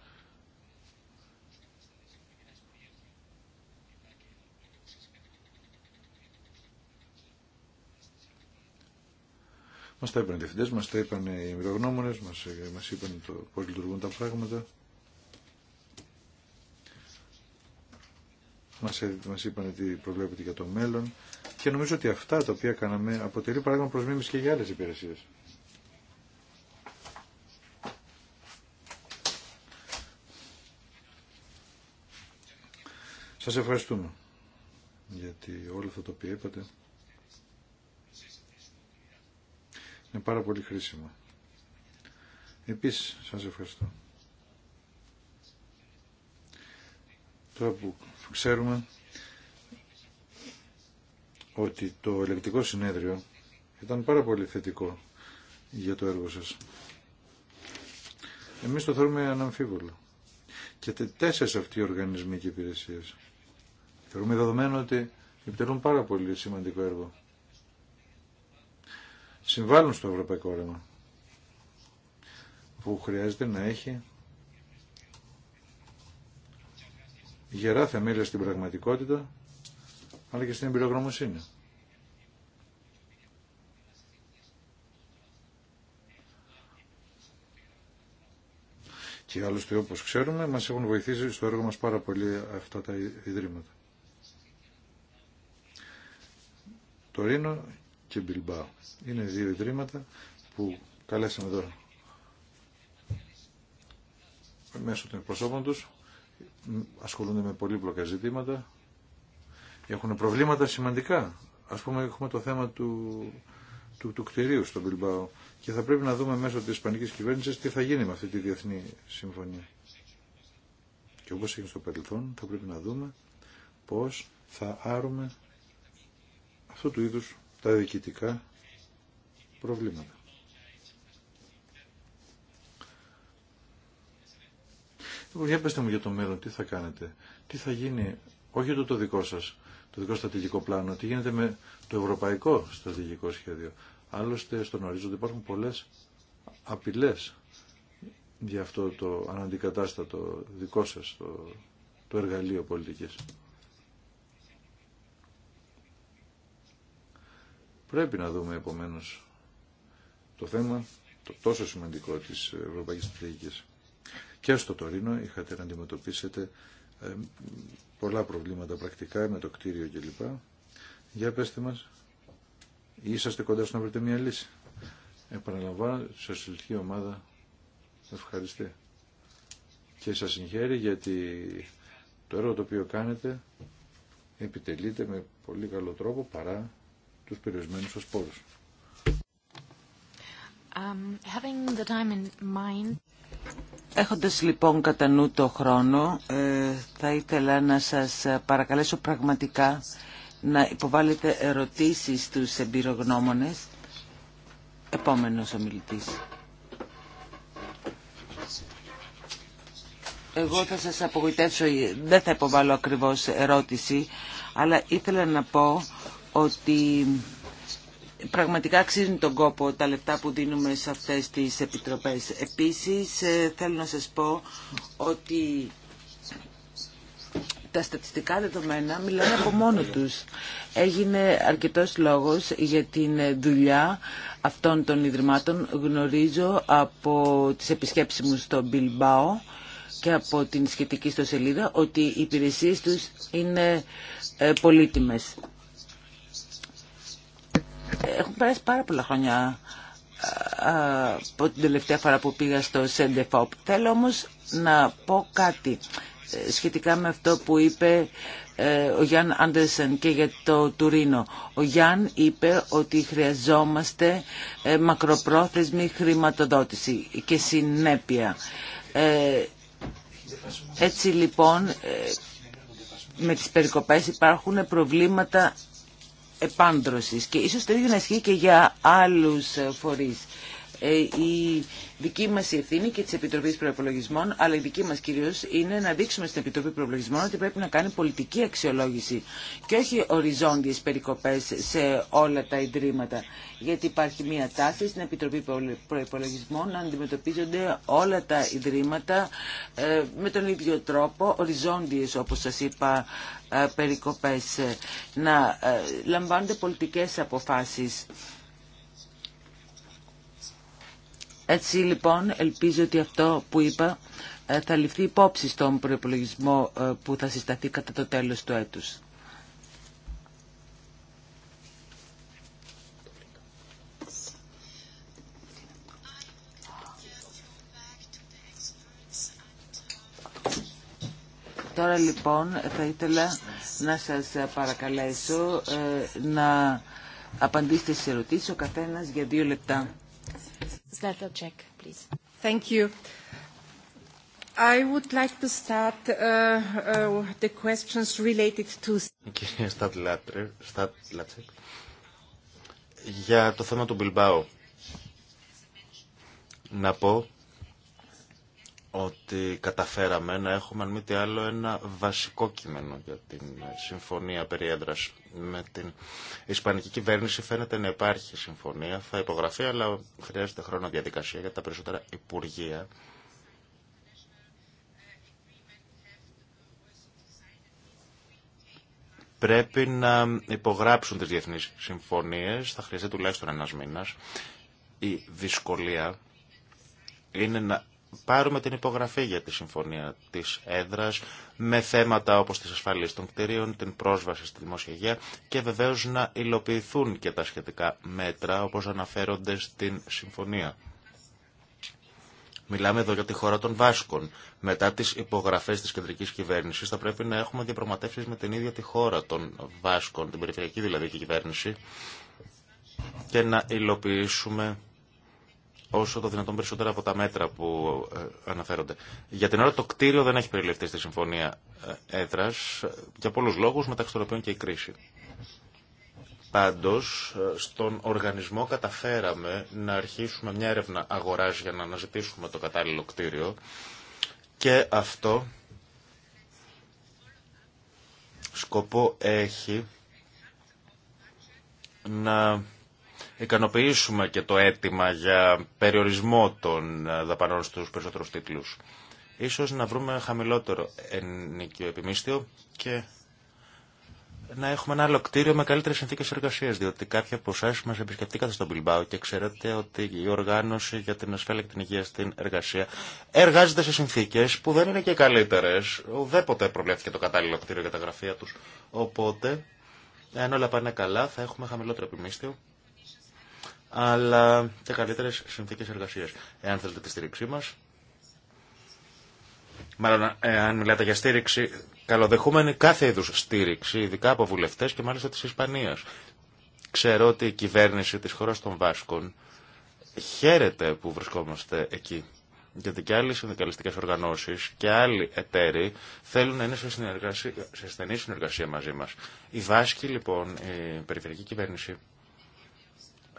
Μα τα είπαν οι διευθυντέ, μα τα είπαν οι εμπειρογνώμονε, μα είπαν το πώ λειτουργούν τα πράγματα. Μας, είπαν τι προβλέπεται για το μέλλον και νομίζω ότι αυτά τα οποία κάναμε αποτελεί παράδειγμα μίμηση και για άλλε υπηρεσίε. Σας ευχαριστούμε γιατί όλο αυτό το οποίο είπατε Είναι πάρα πολύ χρήσιμο. Επίσης, σας ευχαριστώ. Τώρα που ξέρουμε ότι το ελεκτικό συνέδριο ήταν πάρα πολύ θετικό για το έργο σας. Εμείς το θεωρούμε αναμφίβολο. Και τέσσερις αυτοί οι οργανισμοί και υπηρεσίες. Θεωρούμε δεδομένο ότι επιτελούν πάρα πολύ σημαντικό έργο συμβάλλουν στο ευρωπαϊκό ρεύμα. που χρειάζεται να έχει γερά θεμέλια στην πραγματικότητα αλλά και στην εμπειρογνωμοσύνη. Και άλλωστε όπως ξέρουμε μας έχουν βοηθήσει στο έργο μας πάρα πολύ αυτά τα ιδρύματα. Το Ρήνο και Μπιλμπάου. Είναι δύο ιδρύματα που καλέσαμε εδώ μέσω των προσώπων τους, ασχολούνται με πολύπλοκα ζητήματα, έχουν προβλήματα σημαντικά. Ας πούμε έχουμε το θέμα του, του, του κτηρίου στο Μπιλμπάου και θα πρέπει να δούμε μέσω της Ισπανικής κυβέρνησης τι θα γίνει με αυτή τη διεθνή συμφωνία. Και όπως έγινε στο παρελθόν θα πρέπει να δούμε πώς θα άρουμε αυτού του είδους τα διοικητικά προβλήματα. Λοιπόν, για πέστε μου για το μέλλον, τι θα κάνετε, τι θα γίνει, όχι το, το δικό σας, το δικό στρατηγικό πλάνο, τι γίνεται με το ευρωπαϊκό στρατηγικό σχέδιο. Άλλωστε, στον ορίζοντα υπάρχουν πολλές απειλές για αυτό το αναντικατάστατο δικό σας το, το εργαλείο πολιτικής. Πρέπει να δούμε επομένως το θέμα το τόσο σημαντικό της Ευρωπαϊκής Στρατηγικής. Και στο Τωρίνο είχατε να αντιμετωπίσετε ε, πολλά προβλήματα πρακτικά με το κτίριο κλπ. Για πέστε μας, είσαστε κοντά στο να βρείτε μια λύση. Επαναλαμβάνω, η σοσιαλιστική ομάδα ευχαριστεί. Και σας συγχαίρει γιατί το έργο το οποίο κάνετε επιτελείται με πολύ καλό τρόπο παρά τους περιορισμένους πόρους. Um, Έχοντας λοιπόν κατά νου το χρόνο, ε, θα ήθελα να σας παρακαλέσω πραγματικά να υποβάλλετε ερωτήσεις στους εμπειρογνώμονες. Επόμενος ομιλητής. Εγώ θα σας απογοητεύσω, δεν θα υποβάλω ακριβώς ερώτηση, αλλά ήθελα να πω ότι πραγματικά αξίζουν τον κόπο τα λεπτά που δίνουμε σε αυτές τις επιτροπές. Επίσης, ε, θέλω να σας πω ότι τα στατιστικά δεδομένα μιλάνε από μόνο τους. Έγινε αρκετός λόγος για την δουλειά αυτών των Ιδρυμάτων. Γνωρίζω από τις επισκέψεις μου στο Μπιλμπάο και από την σχετική στο σελίδα ότι οι υπηρεσίες τους είναι ε, πολύτιμες. Έχουν περάσει πάρα πολλά χρόνια από την τελευταία φορά που πήγα στο Σεντεφόπ. Θέλω όμως να πω κάτι ε, σχετικά με αυτό που είπε ε, ο Γιάνν Άντερσεν και για το Τουρίνο. Ο Γιάνν είπε ότι χρειαζόμαστε ε, μακροπρόθεσμη χρηματοδότηση και συνέπεια. Έτσι λοιπόν με τις περικοπές υπάρχουν προβλήματα επάντρωσης και ίσως το ίδιο να ισχύει και για άλλους ε, φορείς. Ε, η δική μας ευθύνη και της Επιτροπής Προεπολογισμών, αλλά η δική μας κυρίως είναι να δείξουμε στην Επιτροπή Προεπολογισμών ότι πρέπει να κάνει πολιτική αξιολόγηση και όχι οριζόντιες περικοπές σε όλα τα ιδρύματα. Γιατί υπάρχει μια τάση στην Επιτροπή Προεπολογισμών να αντιμετωπίζονται όλα τα ιδρύματα ε, με τον ίδιο τρόπο, οριζόντιες όπως σας είπα ε, περικοπές, να λαμβάνονται πολιτικές αποφάσεις Έτσι λοιπόν ελπίζω ότι αυτό που είπα ε, θα ληφθεί υπόψη στον προπολογισμό ε, που θα συσταθεί κατά το τέλος του έτους. Τώρα λοιπόν θα ήθελα να σας παρακαλέσω ε, να απαντήσετε στις ερωτήσεις ο καθένας για δύο λεπτά. Zlato check, please. Thank you. I would like to start uh, uh, the questions related to... Κύριε Στάτλατσεκ, για το θέμα του Μπιλμπάου, να πω ότι καταφέραμε να έχουμε, αν μη τι άλλο, ένα βασικό κείμενο για την συμφωνία περί έδρας. Με την Ισπανική κυβέρνηση φαίνεται να υπάρχει συμφωνία, θα υπογραφεί, αλλά χρειάζεται χρόνο διαδικασία για τα περισσότερα υπουργεία. Πρέπει να υπογράψουν τις διεθνείς συμφωνίες, θα χρειαστεί τουλάχιστον ένας μήνας. Η δυσκολία είναι να πάρουμε την υπογραφή για τη συμφωνία της έδρας με θέματα όπως τις ασφαλίες των κτηρίων, την πρόσβαση στη δημόσια υγεία και βεβαίως να υλοποιηθούν και τα σχετικά μέτρα όπως αναφέρονται στην συμφωνία. Μιλάμε εδώ για τη χώρα των Βάσκων. Μετά τι υπογραφέ τη κεντρική κυβέρνηση, θα πρέπει να έχουμε διαπραγματεύσει με την ίδια τη χώρα των Βάσκων, την περιφερειακή δηλαδή και κυβέρνηση, και να υλοποιήσουμε όσο το δυνατόν περισσότερα από τα μέτρα που ε, αναφέρονται. Για την ώρα το κτίριο δεν έχει περιληφθεί στη Συμφωνία ε, Έδρας, για πολλούς λόγους, μεταξύ των οποίων και η κρίση. Πάντως, ε, στον οργανισμό καταφέραμε να αρχίσουμε μια έρευνα αγοράς για να αναζητήσουμε το κατάλληλο κτίριο και αυτό σκοπό έχει να ικανοποιήσουμε και το αίτημα για περιορισμό των ε, δαπανών στους περισσότερους τίτλους. Ίσως να βρούμε χαμηλότερο ενίκιο επιμίσθιο και να έχουμε ένα άλλο κτίριο με καλύτερες συνθήκες εργασίας, Διότι κάποιοι από εσάς μας επισκεφτήκατε στον Μπιλμπάου και ξέρετε ότι η οργάνωση για την ασφάλεια και την υγεία στην εργασία εργάζεται σε συνθήκες που δεν είναι και καλύτερες. Ουδέποτε προβλέφθηκε το κατάλληλο κτίριο για τα γραφεία τους. Οπότε, αν όλα πάνε καλά, θα έχουμε χαμηλότερο επιμίσθιο αλλά και καλύτερες συνθήκες εργασίας. Εάν θέλετε τη στήριξή μας, μάλλον εάν μιλάτε για στήριξη, καλοδεχούμενη κάθε είδους στήριξη, ειδικά από βουλευτές και μάλιστα της Ισπανίας. Ξέρω ότι η κυβέρνηση της χώρας των Βάσκων χαίρεται που βρισκόμαστε εκεί. Γιατί και άλλε συνδικαλιστικές οργανώσει και άλλοι εταίροι θέλουν να είναι σε, συνεργασία, σε στενή συνεργασία μαζί μα. Η Βάσκη, λοιπόν, η περιφερειακή κυβέρνηση,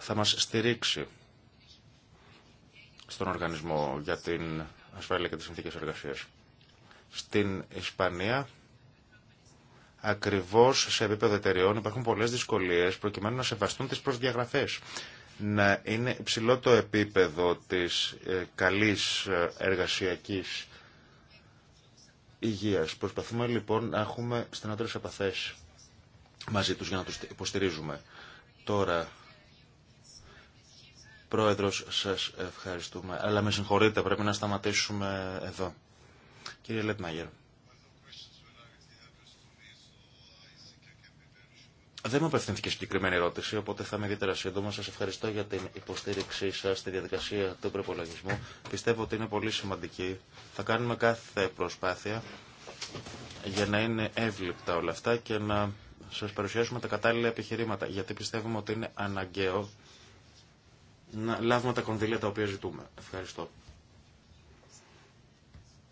θα μας στηρίξει στον οργανισμό για την ασφάλεια και τις συνθήκες εργασίας. Στην Ισπανία, ακριβώς σε επίπεδο εταιρεών υπάρχουν πολλές δυσκολίες προκειμένου να σεβαστούν τις προσδιαγραφές. Να είναι υψηλό το επίπεδο της ε, καλής ε, εργασιακής υγείας. Προσπαθούμε λοιπόν να έχουμε στενότερες επαφές μαζί τους για να τους υποστηρίζουμε. Τώρα, Πρόεδρος, σας ευχαριστούμε. Αλλά με συγχωρείτε, πρέπει να σταματήσουμε εδώ. Κύριε Λετμαγερ. Δεν μου απευθύνθηκε συγκεκριμένη ερώτηση, οπότε θα είμαι ιδιαίτερα σύντομα. Σα ευχαριστώ για την υποστήριξή σα στη διαδικασία του προπολογισμού. Πιστεύω ότι είναι πολύ σημαντική. Θα κάνουμε κάθε προσπάθεια για να είναι εύληπτα όλα αυτά και να σα παρουσιάσουμε τα κατάλληλα επιχειρήματα. Γιατί πιστεύουμε ότι είναι αναγκαίο να λάβουμε τα κονδύλια τα οποία ζητούμε. Ευχαριστώ.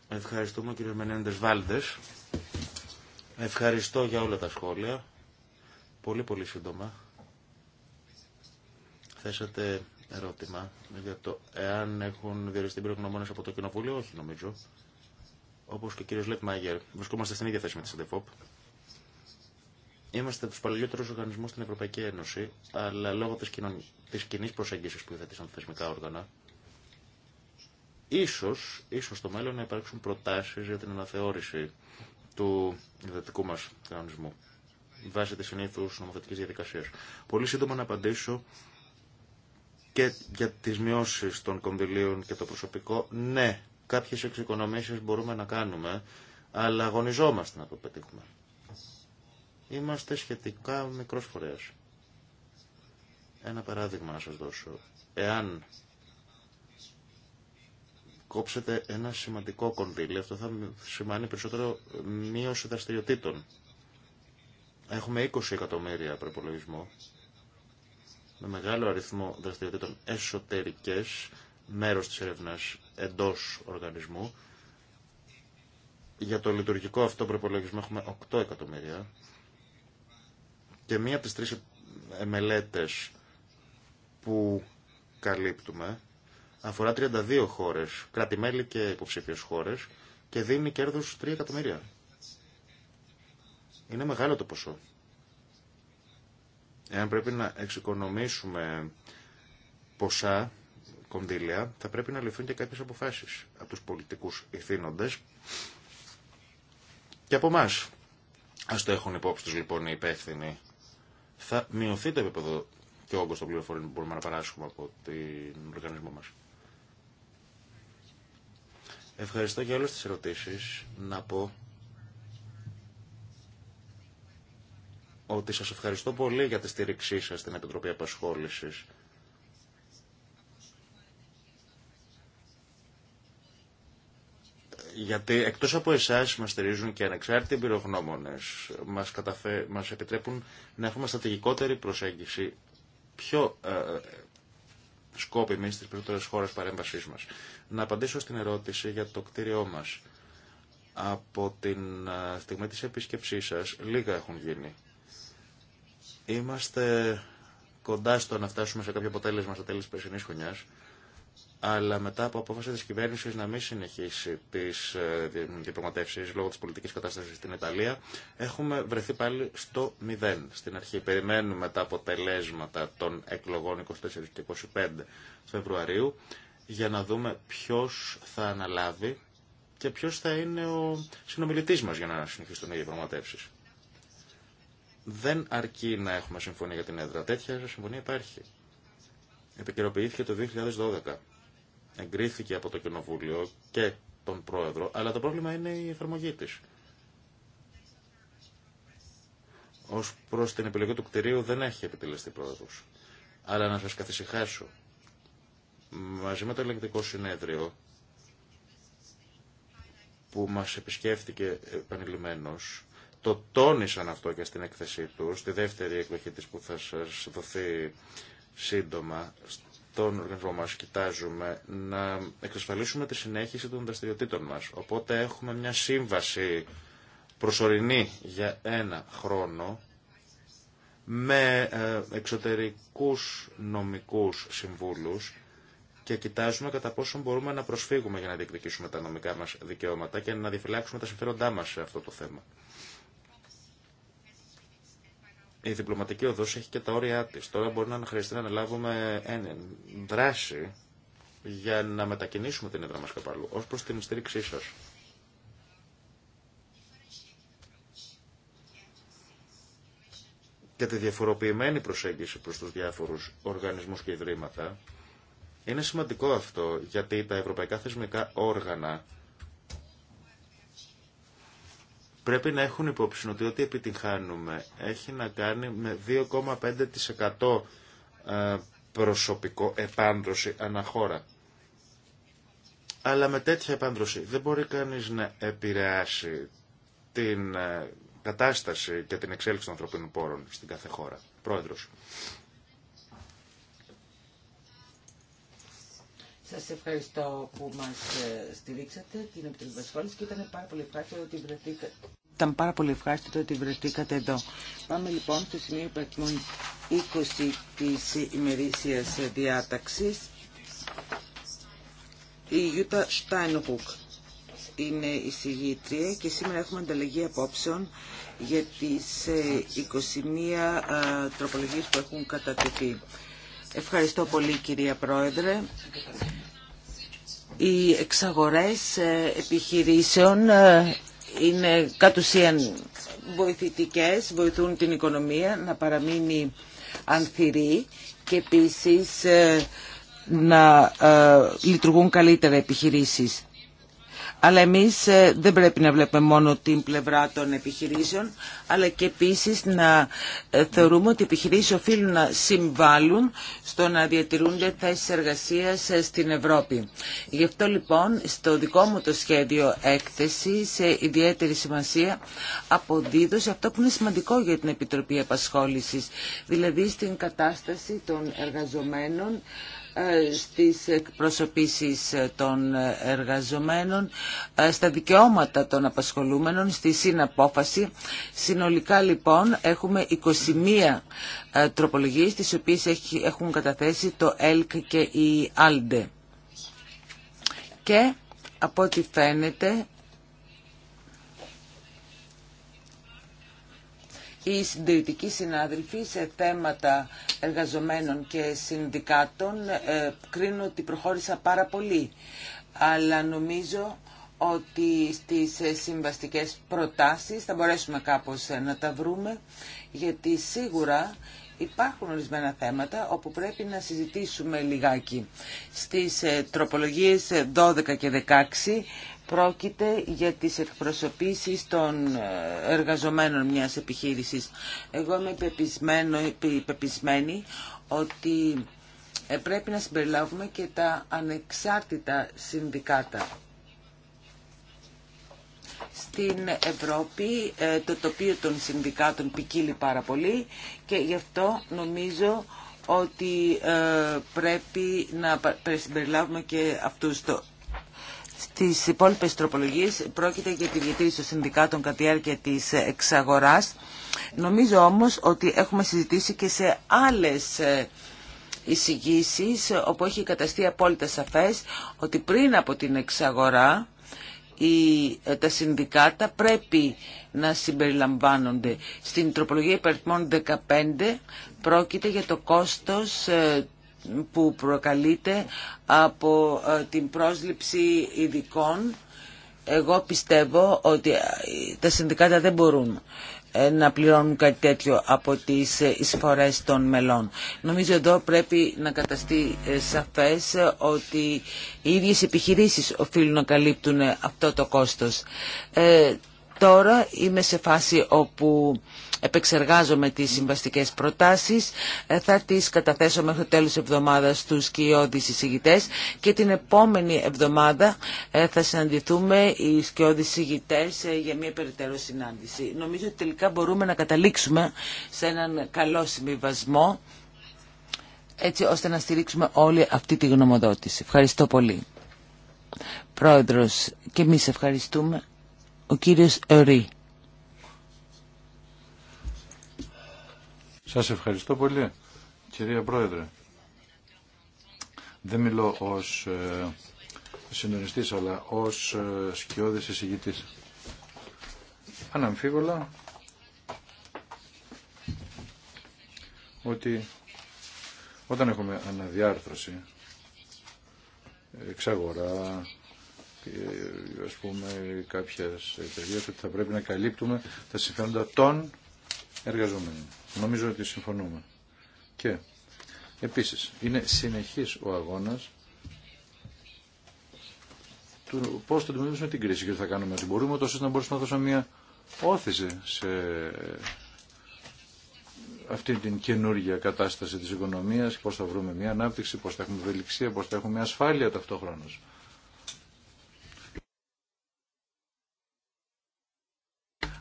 Ευχαριστούμε κύριε Μενέντες Βάλδες. Ευχαριστώ για όλα τα σχόλια. Πολύ πολύ σύντομα. Θέσατε ερώτημα για το εάν έχουν διοριστεί προγνωμόνε από το Κοινοβούλιο. Όχι νομίζω. Όπω και ο κύριο Λεπμάγερ. Βρισκόμαστε στην ίδια θέση με τη ΣΕΝΤΕΦΟΠ. Είμαστε από του παλιότερου οργανισμού στην Ευρωπαϊκή Ένωση, αλλά λόγω τη κοινων... κοινή προσέγγιση που υιοθετήσαν τα θεσμικά όργανα, ίσω ίσως στο μέλλον να υπάρξουν προτάσει για την αναθεώρηση του ιδιωτικού μα κανονισμού βάσει τη συνήθου νομοθετική διαδικασία. Πολύ σύντομα να απαντήσω και για τι μειώσει των κονδυλίων και το προσωπικό. Ναι, κάποιε εξοικονομήσει μπορούμε να κάνουμε, αλλά αγωνιζόμαστε να το πετύχουμε. Είμαστε σχετικά μικρός φορέας. Ένα παράδειγμα να σας δώσω. Εάν κόψετε ένα σημαντικό κονδύλι, αυτό θα σημαίνει περισσότερο μείωση δραστηριοτήτων. Έχουμε 20 εκατομμύρια προπολογισμό με μεγάλο αριθμό δραστηριοτήτων εσωτερικές, μέρος της έρευνας εντός οργανισμού. Για το λειτουργικό αυτό προπολογισμό έχουμε 8 εκατομμύρια και μία από τις τρεις μελέτες που καλύπτουμε αφορά 32 χώρες, κράτη-μέλη και υποψήφιες χώρες και δίνει κέρδος 3 εκατομμύρια. Είναι μεγάλο το ποσό. Εάν πρέπει να εξοικονομήσουμε ποσά, κονδύλια, θα πρέπει να ληφθούν και κάποιες αποφάσεις από τους πολιτικούς ηθήνοντες και από εμά. Ας το έχουν υπόψη τους λοιπόν οι υπεύθυνοι θα μειωθεί το επίπεδο και όγκο των πληροφοριών που μπορούμε να παράσχουμε από τον οργανισμό μας. Ευχαριστώ για όλες τις ερωτήσεις. Να πω ότι σας ευχαριστώ πολύ για τη στήριξή σας στην Επιτροπή Απασχόλησης. γιατί εκτός από εσάς μας στηρίζουν και ανεξάρτητοι εμπειρογνώμονες, μας, καταφέ, μας επιτρέπουν να έχουμε στρατηγικότερη προσέγγιση, πιο ε, σκόπιμη στις περισσότερες χώρες παρέμβασής μας. Να απαντήσω στην ερώτηση για το κτίριό μας. Από την ε, στιγμή της επίσκεψής σας, λίγα έχουν γίνει. Είμαστε κοντά στο να φτάσουμε σε κάποιο αποτέλεσμα στα τέλη της περσινής χρονιάς αλλά μετά από απόφαση της κυβέρνησης να μην συνεχίσει τις ε, διαπραγματεύσεις λόγω της πολιτικής κατάστασης στην Ιταλία, έχουμε βρεθεί πάλι στο μηδέν στην αρχή. Περιμένουμε τα αποτελέσματα των εκλογών 24 και 25 Φεβρουαρίου για να δούμε ποιος θα αναλάβει και ποιος θα είναι ο συνομιλητής μας για να συνεχίσουν οι διαπραγματεύσεις. Δεν αρκεί να έχουμε συμφωνία για την έδρα. Τέτοια συμφωνία υπάρχει. Επικαιροποιήθηκε το 2012 εγκρίθηκε από το Κοινοβούλιο και τον Πρόεδρο, αλλά το πρόβλημα είναι η εφαρμογή της. Ως προς την επιλογή του κτηρίου δεν έχει επιτελεστεί πρόεδρος. Αλλά να σας καθησυχάσω. Μαζί με το ελεγκτικό συνέδριο που μας επισκέφτηκε επανειλημμένος, το τόνισαν αυτό και στην έκθεσή του, στη δεύτερη εκδοχή της που θα σας δοθεί σύντομα, τον οργανισμό μας κοιτάζουμε να εξασφαλίσουμε τη συνέχιση των δραστηριοτήτων μας. Οπότε έχουμε μια σύμβαση προσωρινή για ένα χρόνο με ε, εξωτερικούς νομικούς συμβούλους και κοιτάζουμε κατά πόσο μπορούμε να προσφύγουμε για να διεκδικήσουμε τα νομικά μας δικαιώματα και να διαφυλάξουμε τα συμφέροντά μας σε αυτό το θέμα η διπλωματική οδός έχει και τα όρια της. Τώρα μπορεί να χρειαστεί να αναλάβουμε δράση για να μετακινήσουμε την έδρα μας καπαλού ως προς την στήριξή σας. και τη διαφοροποιημένη προσέγγιση προς τους διάφορους οργανισμούς και ιδρύματα. Είναι σημαντικό αυτό, γιατί τα ευρωπαϊκά θεσμικά όργανα πρέπει να έχουν υπόψη ότι ό,τι επιτυγχάνουμε έχει να κάνει με 2,5% ε, προσωπικό επάντρωση αναχώρα. Αλλά με τέτοια επάντρωση δεν μπορεί κανείς να επηρεάσει την ε, κατάσταση και την εξέλιξη των ανθρωπίνων πόρων στην κάθε χώρα. Πρόεδρος. Σας ευχαριστώ που μας ε, στηρίξατε την Επιτροπή Βασχόλης και ήταν πάρα πολύ ευχάριστο ότι βρεθήκατε. Ήταν πάρα πολύ ευχάριστο ότι βρεθήκατε εδώ. Πάμε λοιπόν στο σημείο 20 της ημερήσιας διάταξης. Η Ιούτα Στάινοχουκ είναι η συγγήτρια και σήμερα έχουμε ανταλλαγή απόψεων για τις 21 ε, τροπολογίες που έχουν κατατεθεί. Ευχαριστώ πολύ κυρία Πρόεδρε. Οι εξαγορές ε, επιχειρήσεων ε, είναι κατ' ουσίαν βοηθητικές, βοηθούν την οικονομία να παραμείνει ανθυρή και επίσης ε, να λειτουργούν καλύτερα επιχειρήσεις. Αλλά εμείς ε, δεν πρέπει να βλέπουμε μόνο την πλευρά των επιχειρήσεων, αλλά και επίσης να ε, θεωρούμε ότι οι επιχειρήσεις οφείλουν να συμβάλλουν στο να διατηρούνται θέσεις εργασίας ε, στην Ευρώπη. Γι' αυτό λοιπόν στο δικό μου το σχέδιο έκθεση σε ιδιαίτερη σημασία αποδίδω σε αυτό που είναι σημαντικό για την Επιτροπή Επασχόλησης, δηλαδή στην κατάσταση των εργαζομένων ε, στις εκπροσωπήσεις των εργαζομένων, ε, στα δικαιώματα των απασχολούμενων, στη συναπόφαση. Συνολικά λοιπόν έχουμε 21 ε, τροπολογίες τις οποίες έχουν καταθέσει το ΕΛΚ και η ΑΛΔΕ. Και από ό,τι φαίνεται οι συντηρητικοί συνάδελφοι σε θέματα εργαζομένων και συνδικάτων ε, κρίνουν ότι προχώρησα πάρα πολύ. Αλλά νομίζω ότι στις ε, συμβαστικές προτάσεις θα μπορέσουμε κάπως ε, να τα βρούμε, γιατί σίγουρα υπάρχουν ορισμένα θέματα όπου πρέπει να συζητήσουμε λιγάκι. Στις τροπολογίες 12 και 16 Πρόκειται για τις εκπροσωπήσεις των ε, εργαζομένων μιας επιχείρησης. Εγώ είμαι πεπισμένη ότι ε, πρέπει να συμπεριλάβουμε και τα ανεξάρτητα συνδικάτα. Στην Ευρώπη ε, το τοπίο των συνδικάτων ποικίλει πάρα πολύ και γι' αυτό νομίζω ότι πρέπει να συμπεριλάβουμε και αυτούς το στις υπόλοιπες τροπολογίες πρόκειται για τη διατήρηση των συνδικάτων κατά τη διάρκεια της εξαγοράς. Νομίζω όμως ότι έχουμε συζητήσει και σε άλλες ε, εισηγήσει όπου έχει καταστεί απόλυτα σαφές ότι πριν από την εξαγορά οι, ε, τα συνδικάτα πρέπει να συμπεριλαμβάνονται. Στην τροπολογία υπερθμών 15 πρόκειται για το κόστος ε, που προκαλείται από ε, την πρόσληψη ειδικών. Εγώ πιστεύω ότι ε, τα συνδικάτα δεν μπορούν ε, να πληρώνουν κάτι τέτοιο από τις εισφορές των μελών. Νομίζω εδώ πρέπει να καταστεί σαφές ότι οι ίδιες επιχειρήσεις οφείλουν να καλύπτουν αυτό το κόστος. τώρα είμαι σε φάση όπου επεξεργάζομαι τις συμβαστικές προτάσεις, ε, θα τις καταθέσω μέχρι το τέλος εβδομάδας στους σκιώδεις εισηγητές και την επόμενη εβδομάδα ε, θα συναντηθούμε οι σκιώδεις εισηγητές ε, για μια περιττέρω συνάντηση. Νομίζω ότι τελικά μπορούμε να καταλήξουμε σε έναν καλό συμβιβασμό έτσι ώστε να στηρίξουμε όλη αυτή τη γνωμοδότηση. Ευχαριστώ πολύ. Πρόεδρος, και εμείς ευχαριστούμε. Ο κύριος Ρή. Σας ευχαριστώ πολύ, κυρία Πρόεδρε. Δεν μιλώ ως ε, συντονιστής, αλλά ως ε, σκιώδης εισηγητής. Αναμφίβολα ότι όταν έχουμε αναδιάρθρωση, εξαγορά, ε, ας πούμε κάποιες εταιρείες ότι θα πρέπει να καλύπτουμε τα συμφέροντα των εργαζομένων. Νομίζω ότι συμφωνούμε. Και επίσης είναι συνεχής ο αγώνας του πώς θα αντιμετωπίσουμε την κρίση και τι θα κάνουμε. Ότι μπορούμε τόσο να μπορούμε να δώσουμε μια όθηση σε αυτή την καινούργια κατάσταση της οικονομίας, πώς θα βρούμε μια ανάπτυξη, πώς θα έχουμε ευελιξία, πώς θα έχουμε ασφάλεια ταυτόχρονα.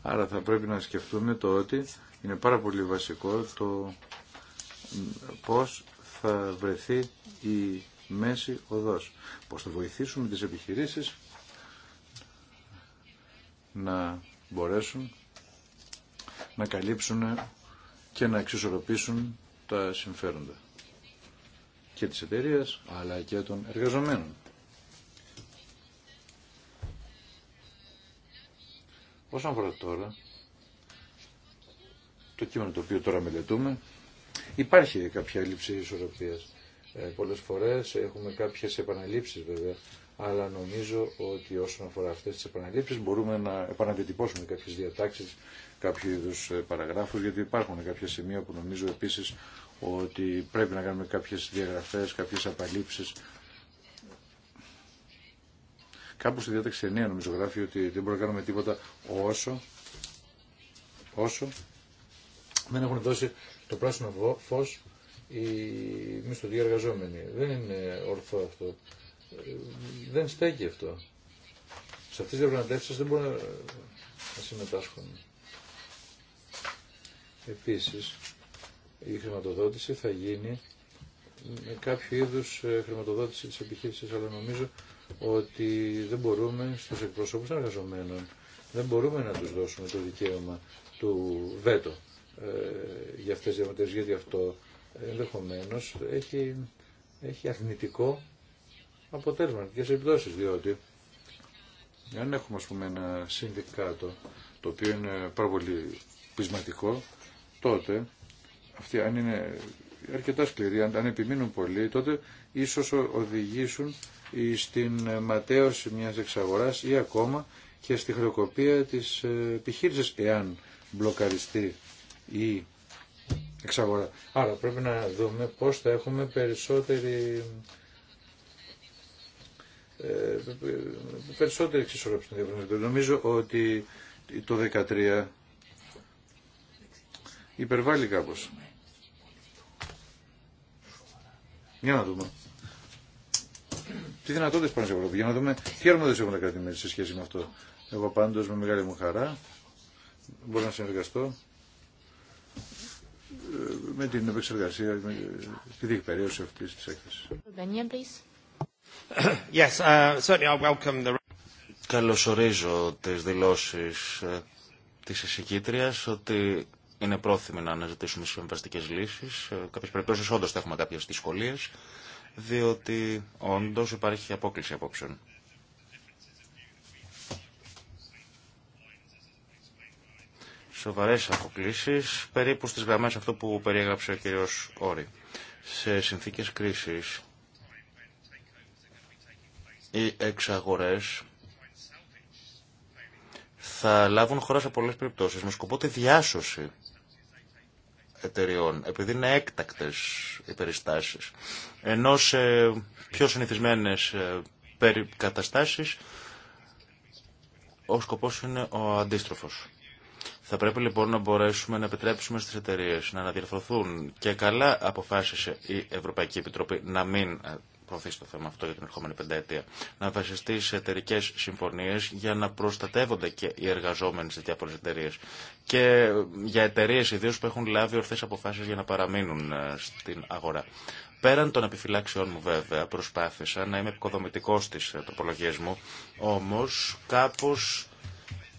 Άρα θα πρέπει να σκεφτούμε το ότι είναι πάρα πολύ βασικό το πώς θα βρεθεί η μέση οδός. Πώς θα βοηθήσουμε τις επιχειρήσεις να μπορέσουν να καλύψουν και να εξισορροπήσουν τα συμφέροντα και της εταιρείας αλλά και των εργαζομένων. Όσον αφορά τώρα το κείμενο το οποίο τώρα μελετούμε, υπάρχει κάποια έλλειψη ισορροπίας. Ε, πολλές φορές έχουμε κάποιες επαναλήψεις βέβαια, αλλά νομίζω ότι όσον αφορά αυτές τις επαναλήψεις μπορούμε να επαναδιατυπώσουμε κάποιες διατάξεις, κάποιου είδου ε, παραγράφους, γιατί υπάρχουν κάποια σημεία που νομίζω επίσης ότι πρέπει να κάνουμε κάποιες διαγραφές, κάποιες απαλήψεις κάπου στη διάταξη 9 νομίζω γράφει ότι δεν μπορούμε να κάνουμε τίποτα όσο, όσο δεν έχουν δώσει το πράσινο φως οι μισθωτοί Δεν είναι ορθό αυτό. Δεν στέκει αυτό. Σε αυτές τις διαπραγματεύσεις δεν μπορούν να συμμετάσχουν. Επίσης, η χρηματοδότηση θα γίνει με κάποιο είδους ε, χρηματοδότηση της επιχείρησης, αλλά νομίζω ότι δεν μπορούμε στους εκπροσώπους εργαζομένων, δεν μπορούμε να τους δώσουμε το δικαίωμα του βέτο ε, για αυτές τις διαμετρήσεις, γιατί αυτό ε, ενδεχομένω έχει, έχει αρνητικό αποτέλεσμα και σε επιπτώσεις, διότι αν έχουμε ας πούμε ένα συνδικάτο το οποίο είναι πάρα πολύ πεισματικό, τότε αυτοί αν είναι αρκετά σκληροί. Αν, επιμείνουν πολύ, τότε ίσως οδηγήσουν στην ε, ματέωση μιας εξαγοράς ή ακόμα και στη χρεοκοπία της ε, επιχείρησης, εάν μπλοκαριστεί η εξαγορά. Άρα πρέπει να δούμε πώς θα έχουμε περισσότερη ε, περισσότερη εξισορροπή Νομίζω ότι το 13 υπερβάλλει κάπως. Για να δούμε. Τι δυνατότητε πάνε σε Ευρώπη. Για να δούμε τι αρμόδιε έχουν τα κρατη σε σχέση με αυτό. Εγώ πάντω με μεγάλη μου χαρά μπορώ να συνεργαστώ ε, με την επεξεργασία, με τη διεκπαιρέωση αυτή τη έκθεση. Καλωσορίζω τις δηλώσεις ε, της εισηγήτριας ότι είναι πρόθυμοι να αναζητήσουμε συμβαστικέ λύσει. Σε κάποιε περιπτώσει όντω θα έχουμε κάποιε δυσκολίε, διότι όντω υπάρχει απόκληση απόψεων. Σοβαρέ αποκλήσει, περίπου στι γραμμέ αυτό που περιέγραψε ο κ. Όρη. Σε συνθήκε κρίση, οι εξαγορέ θα λάβουν χώρα σε πολλέ περιπτώσει με σκοπό τη διάσωση επειδή είναι έκτακτες οι περιστάσεις. Ενώ σε πιο συνηθισμένες ε, καταστάσεις ο σκοπός είναι ο αντίστροφος. Θα πρέπει λοιπόν να μπορέσουμε να επιτρέψουμε στις εταιρείες να αναδιαρθρωθούν και καλά αποφάσισε η Ευρωπαϊκή Επιτροπή να μην ε, προωθήσει το θέμα αυτό για την ερχόμενη πενταετία. Να βασιστεί σε εταιρικέ συμφωνίε για να προστατεύονται και οι εργαζόμενοι σε διάφορε εταιρείε. Και για εταιρείε ιδίω που έχουν λάβει ορθέ αποφάσει για να παραμείνουν ε, στην αγορά. Πέραν των επιφυλάξεών μου βέβαια, προσπάθησα να είμαι επικοδομητικό στι ε, τροπολογίε μου, όμω κάπω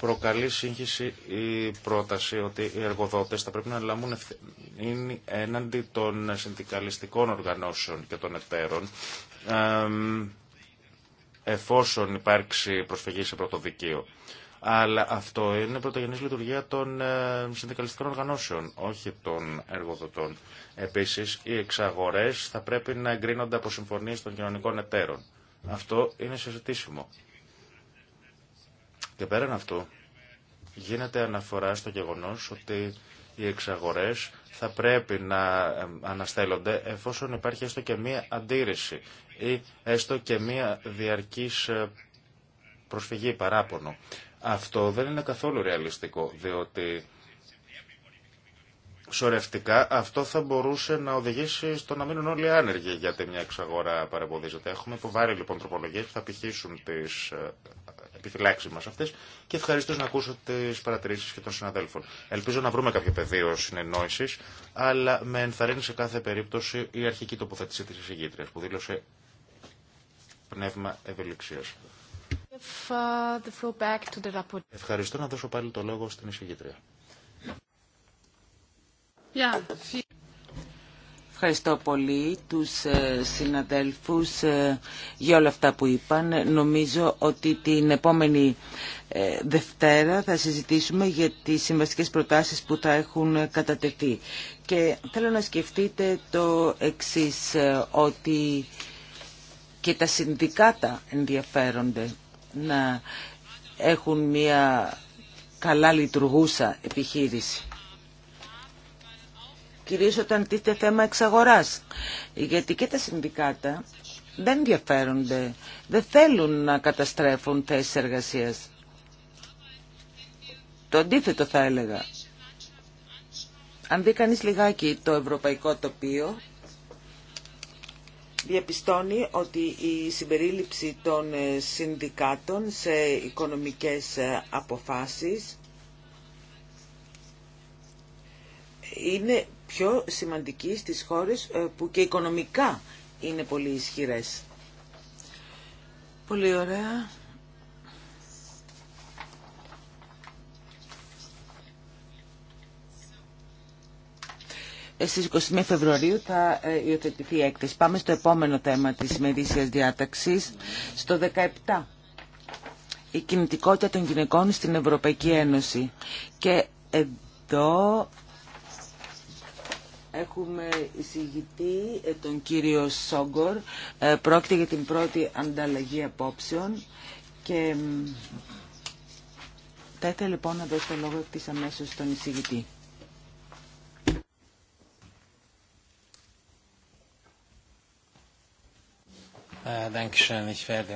προκαλεί σύγχυση η πρόταση ότι οι εργοδότες θα πρέπει να λαμβάνουν ευθύνη έναντι των συνδικαλιστικών οργανώσεων και των εταίρων εφόσον υπάρξει προσφυγή σε πρωτοδικείο. Αλλά αυτό είναι πρωτογενή λειτουργία των ε, συνδικαλιστικών οργανώσεων, όχι των εργοδοτών. Επίση, οι εξαγορέ θα πρέπει να εγκρίνονται από συμφωνίε των κοινωνικών εταίρων. Αυτό είναι συζητήσιμο. Και πέραν αυτού, γίνεται αναφορά στο γεγονός ότι οι εξαγορές θα πρέπει να αναστέλλονται εφόσον υπάρχει έστω και μία αντίρρηση ή έστω και μία διαρκής ε, προσφυγή παράπονο. Αυτό δεν είναι καθόλου ρεαλιστικό, διότι σωρευτικά αυτό θα μπορούσε να οδηγήσει στο να μείνουν όλοι άνεργοι γιατί μια εξαγορά παρεμποδίζεται. Έχουμε υποβάρει λοιπόν τροπολογίες που θα πηχήσουν τις ε, επιφυλάξει μα και ευχαριστώ να ακούσω τι παρατηρήσει και των συναδέλφων. Ελπίζω να βρούμε κάποιο πεδίο συνεννόηση, αλλά με ενθαρρύνει σε κάθε περίπτωση η αρχική τοποθέτηση τη εισηγήτρια που δήλωσε πνεύμα ευελιξία. Uh, ευχαριστώ να δώσω πάλι το λόγο στην εισηγήτρια. Yeah. Ευχαριστώ πολύ τους ε, συναδέλφους ε, για όλα αυτά που είπαν. Νομίζω ότι την επόμενη ε, Δευτέρα θα συζητήσουμε για τις συμβαστικές προτάσεις που θα έχουν κατατεθεί. Και θέλω να σκεφτείτε το εξής, ότι και τα συνδικάτα ενδιαφέρονται να έχουν μια καλά λειτουργούσα επιχείρηση κυρίως όταν τίθεται θέμα εξαγοράς. Γιατί και τα συνδικάτα δεν ενδιαφέρονται, δεν θέλουν να καταστρέφουν θέσεις εργασίας. Το αντίθετο θα έλεγα. Αν δει κανεί λιγάκι το ευρωπαϊκό τοπίο, διαπιστώνει ότι η συμπερίληψη των ε, συνδικάτων σε οικονομικές ε, αποφάσεις είναι πιο σημαντική στις χώρες ε, που και οικονομικά είναι πολύ ισχυρές. Πολύ ωραία. Ε, στις 21 Φεβρουαρίου θα ε, υιοθετηθεί η έκθεση. Πάμε στο επόμενο θέμα της ημερήσιας διάταξης, στο 17. Η κινητικότητα των γυναικών στην Ευρωπαϊκή Ένωση. Και εδώ Έχουμε εισηγητή ε, τον κύριο Σόγκορ. Ε, πρόκειται για την πρώτη ανταλλαγή απόψεων και θα ήθελα λοιπόν να δώσω το λόγο της αμέσως στον εισηγητή. Ε,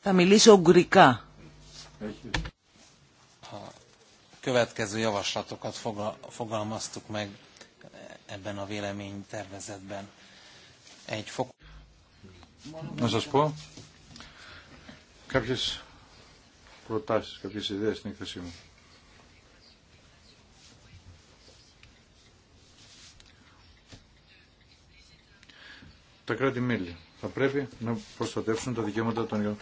θα μιλήσω ουγγρικά következő javaslatokat fogalmaztuk meg eh, ebben a véleménytervezetben. Egy fok... Να σας πω κάποιες προτάσεις, κάποιες ιδέες στην Τα κράτη-μέλη θα πρέπει να προστατεύσουν τα δικαιώματα των ιών.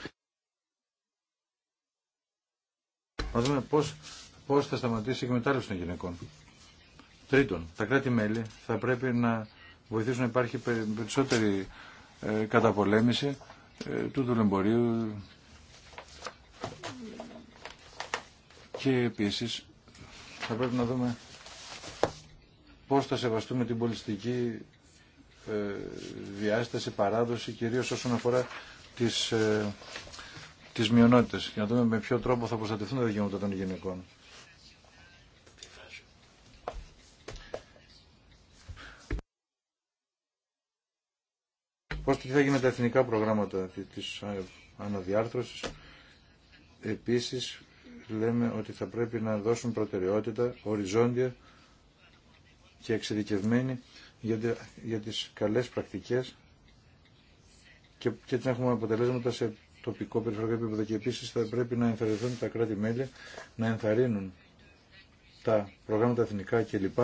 Να δούμε πώς Πώ θα σταματήσει η εκμετάλλευση των γυναικών. Τρίτον, τα κράτη-μέλη θα πρέπει να βοηθήσουν να υπάρχει περισσότερη ε, καταπολέμηση ε, του δουλεμπορίου και επίσης θα πρέπει να δούμε πώς θα σεβαστούμε την πολιτιστική ε, διάσταση, παράδοση, κυρίως όσον αφορά τις, τις μειονότητες και να δούμε με ποιο τρόπο θα προστατευτούν τα δικαιώματα των γυναικών. Πώς τι θα γίνει τα εθνικά προγράμματα της ε, αναδιάρθρωσης. Επίσης λέμε ότι θα πρέπει να δώσουν προτεραιότητα οριζόντια και εξειδικευμένη για, για τις καλές πρακτικές και, και να έχουμε αποτελέσματα σε τοπικό περιφερειακό επίπεδο και επίσης θα πρέπει να ενθαρρυνθούν τα κράτη-μέλη να ενθαρρύνουν τα προγράμματα εθνικά κλπ.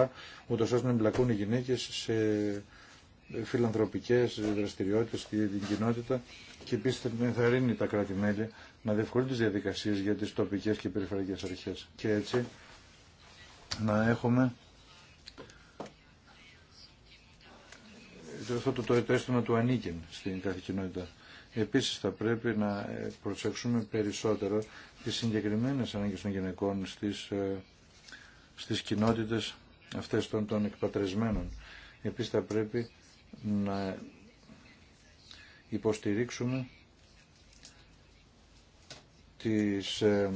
ούτως ώστε να εμπλακούν οι γυναίκες σε φιλανθρωπικές δραστηριότητες και την κοινότητα και επίσης θα ενθαρρύνει τα κράτη-μέλη να διευκολύνουν τις διαδικασίες για τις τοπικές και περιφερειακές αρχές και έτσι να έχουμε αυτό το, το αίσθημα του ανήκειν στην κάθε κοινότητα. Επίσης θα πρέπει να προσέξουμε περισσότερο τις συγκεκριμένες ανάγκες των γυναικών στις, ε, στις κοινότητες αυτές των, των εκπατρεσμένων. Επίσης θα πρέπει να υποστηρίξουμε τις, ε,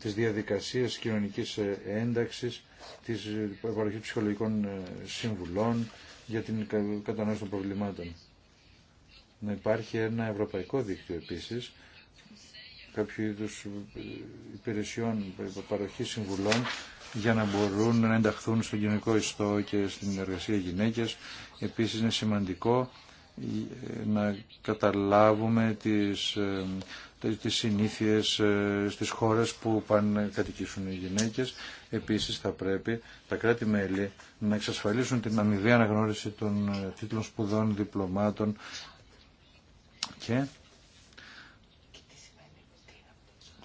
τις διαδικασίες κοινωνικής ε, ένταξης, της παροχής ψυχολογικών ε, συμβουλών για την κατανόηση των προβλημάτων. Να υπάρχει ένα ευρωπαϊκό δίκτυο επίσης, κάποιο είδου ε, υπηρεσιών παροχή συμβουλών για να μπορούν να ενταχθούν στον κοινωνικό ιστό και στην εργασία γυναίκες. Επίσης είναι σημαντικό ε, να καταλάβουμε τις, ε, τις συνήθειες ε, στις χώρες που πάνε να κατοικήσουν οι γυναίκες. Επίσης θα πρέπει τα κράτη-μέλη να εξασφαλίσουν την αμοιβή αναγνώριση των τίτλων σπουδών, διπλωμάτων και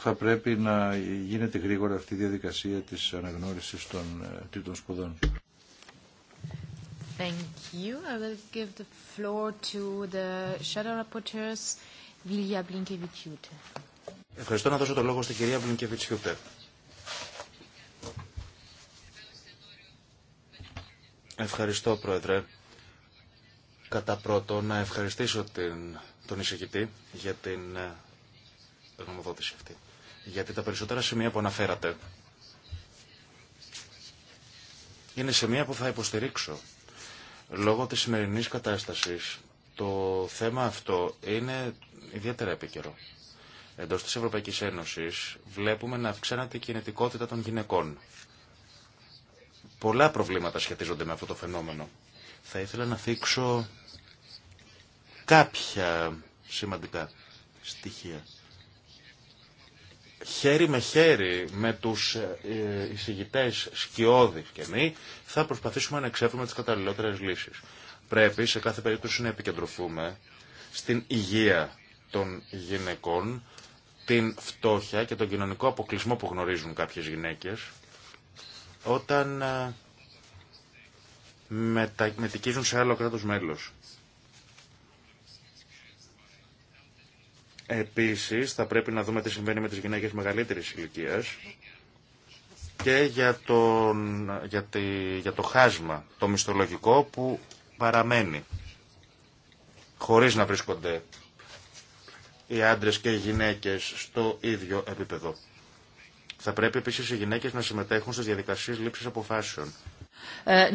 θα πρέπει να γίνεται γρήγορα αυτή η διαδικασία της αναγνώρισης των ε, τρίτων σπουδών. Ευχαριστώ να δώσω το λόγο στην κυρία Μπλινκεβιτσιούτε. Ευχαριστώ, Πρόεδρε. Κατά πρώτο, να ευχαριστήσω τον εισηγητή για την ε, γνωμοδότηση αυτή γιατί τα περισσότερα σημεία που αναφέρατε είναι σημεία που θα υποστηρίξω. Λόγω της σημερινής κατάστασης, το θέμα αυτό είναι ιδιαίτερα επίκαιρο. Εντός της Ευρωπαϊκής Ένωσης βλέπουμε να αυξάνεται η κινητικότητα των γυναικών. Πολλά προβλήματα σχετίζονται με αυτό το φαινόμενο. Θα ήθελα να θίξω κάποια σημαντικά στοιχεία χέρι με χέρι με τους ε, εισηγητές σκιώδη και μη, θα προσπαθήσουμε να εξέφερουμε τις καταλληλότερες λύσεις. Πρέπει σε κάθε περίπτωση να επικεντρωθούμε στην υγεία των γυναικών, την φτώχεια και τον κοινωνικό αποκλεισμό που γνωρίζουν κάποιες γυναίκες, όταν ε, μετακινηθούν σε άλλο κράτος μέλος. Επίσης, θα πρέπει να δούμε τι συμβαίνει με τις γυναίκες μεγαλύτερης ηλικίας και για, τον, για, τη, για το χάσμα, το μισθολογικό που παραμένει χωρίς να βρίσκονται οι άντρες και οι γυναίκες στο ίδιο επίπεδο. Θα πρέπει επίσης οι γυναίκες να συμμετέχουν στις διαδικασίες λήψης αποφάσεων. Ε,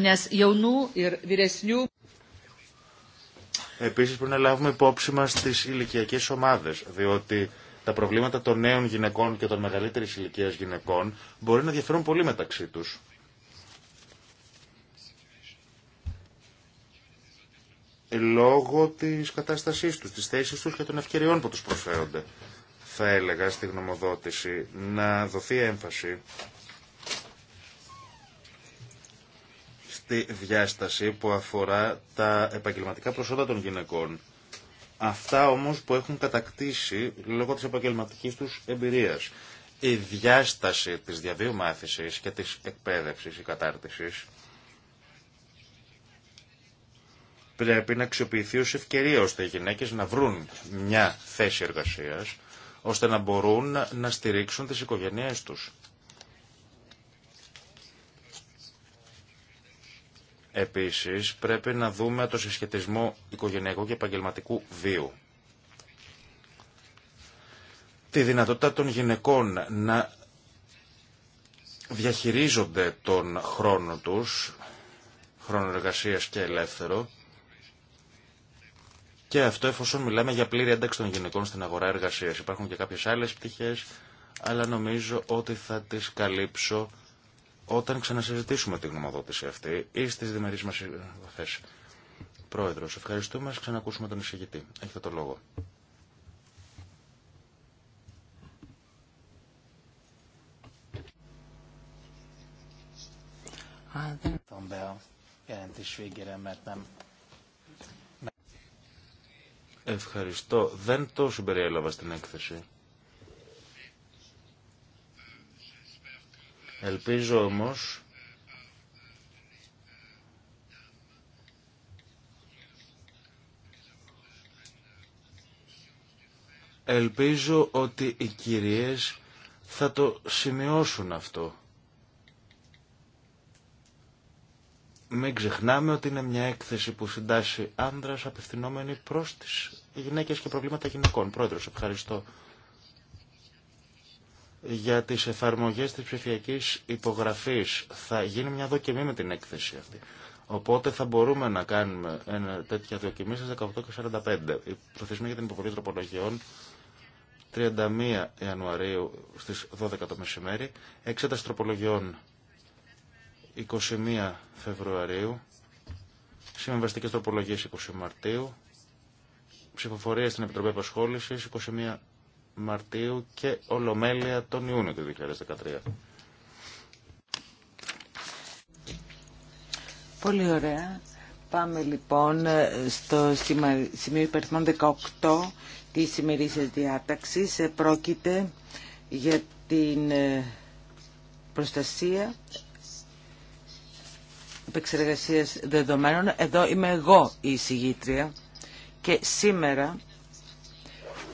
Επίσης πρέπει να λάβουμε υπόψη μας τις ηλικιακές ομάδες, διότι τα προβλήματα των νέων γυναικών και των μεγαλύτερης ηλικίας γυναικών μπορεί να διαφέρουν πολύ μεταξύ τους. Λόγω της κατάστασής τους, της θέσης τους και των ευκαιριών που τους προσφέρονται. Θα έλεγα στη γνωμοδότηση να δοθεί έμφαση τη διάσταση που αφορά τα επαγγελματικά προσόντα των γυναικών. Αυτά όμως που έχουν κατακτήσει λόγω της επαγγελματικής τους εμπειρίας. Η διάσταση της διαβίου μάθησης και της εκπαίδευσης ή κατάρτισης πρέπει να αξιοποιηθεί ως ευκαιρία ώστε οι γυναίκες να βρουν μια θέση εργασίας ώστε να μπορούν να στηρίξουν τις οικογένειές τους. Επίσης, πρέπει να δούμε το συσχετισμό οικογενειακού και επαγγελματικού βίου. Τη δυνατότητα των γυναικών να διαχειρίζονται τον χρόνο τους, χρόνο εργασίας και ελεύθερο, και αυτό εφόσον μιλάμε για πλήρη ένταξη των γυναικών στην αγορά εργασίας. Υπάρχουν και κάποιες άλλες πτυχές, αλλά νομίζω ότι θα τις καλύψω όταν ξανασυζητήσουμε τη γνωμοδότηση αυτή ή στι διμερεί μα δοθές. Προεδρο, ευχαριστούμε. Ας ξανακούσουμε τον εισηγητή. Έχετε το λόγο. Ευχαριστώ. Δεν το συμπεριέλαβα στην έκθεση. Ελπίζω όμως Ελπίζω ότι οι κυρίες θα το σημειώσουν αυτό. Μην ξεχνάμε ότι είναι μια έκθεση που συντάσσει άνδρας απευθυνόμενη προς τις γυναίκες και προβλήματα γυναικών. Πρόεδρος, ευχαριστώ για τις εφαρμογές της ψηφιακής υπογραφής. Θα γίνει μια δοκιμή με την έκθεση αυτή. Οπότε θα μπορούμε να κάνουμε ένα τέτοια δοκιμή στις 18.45. για την υποβολή τροπολογιών 31 Ιανουαρίου στις 12 το μεσημέρι. Εξέταση τροπολογιών 21 Φεβρουαρίου. Συμβαστικές τροπολογίες 20 Μαρτίου. Ψηφοφορία στην Επιτροπή Επασχόλησης 21 Μαρτίου και Ολομέλεια τον Ιούνιο του 2013. Πολύ ωραία. Πάμε λοιπόν ε, στο σημείο υπερθμών 18 της σημερινής διάταξης. Ε, πρόκειται για την ε, προστασία επεξεργασίας δεδομένων. Εδώ είμαι εγώ η εισηγήτρια και σήμερα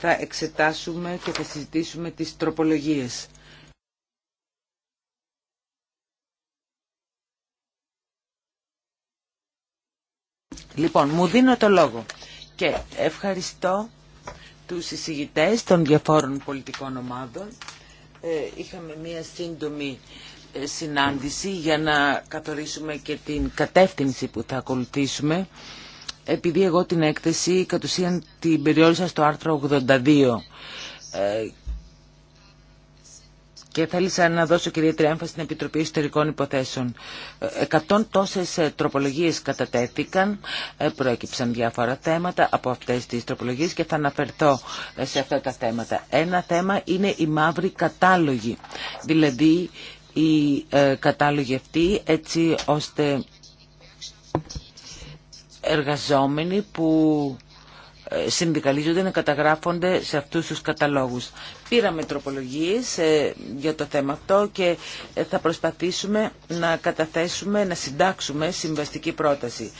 θα εξετάσουμε και θα συζητήσουμε τις τροπολογίες. Λοιπόν, μου δίνω το λόγο και ευχαριστώ τους εισηγητές των διαφόρων πολιτικών ομάδων. Ε, είχαμε μία σύντομη ε, συνάντηση για να καθορίσουμε και την κατεύθυνση που θα ακολουθήσουμε επειδή εγώ την έκθεση κατ' ουσίαν την περιόρισα στο άρθρο 82 ε, και θέλησα να δώσω κυρία ιδιαίτερη έμφαση στην Επιτροπή Ιστορικών Υποθέσεων. Ε, εκατόν τόσες ε, τροπολογίες κατατέθηκαν, προέκυψαν διάφορα θέματα από αυτές τις τροπολογίες και θα αναφερθώ σε αυτά τα θέματα. Ένα θέμα είναι η μαύρη κατάλογη, δηλαδή η κατάλογη αυτή έτσι ώστε εργαζόμενοι που ε, συνδικαλίζονται να καταγράφονται σε αυτούς τους καταλόγους. Πήραμε τροπολογίες ε, για το θέμα αυτό και ε, θα προσπαθήσουμε να καταθέσουμε, να συντάξουμε συμβαστική πρόταση.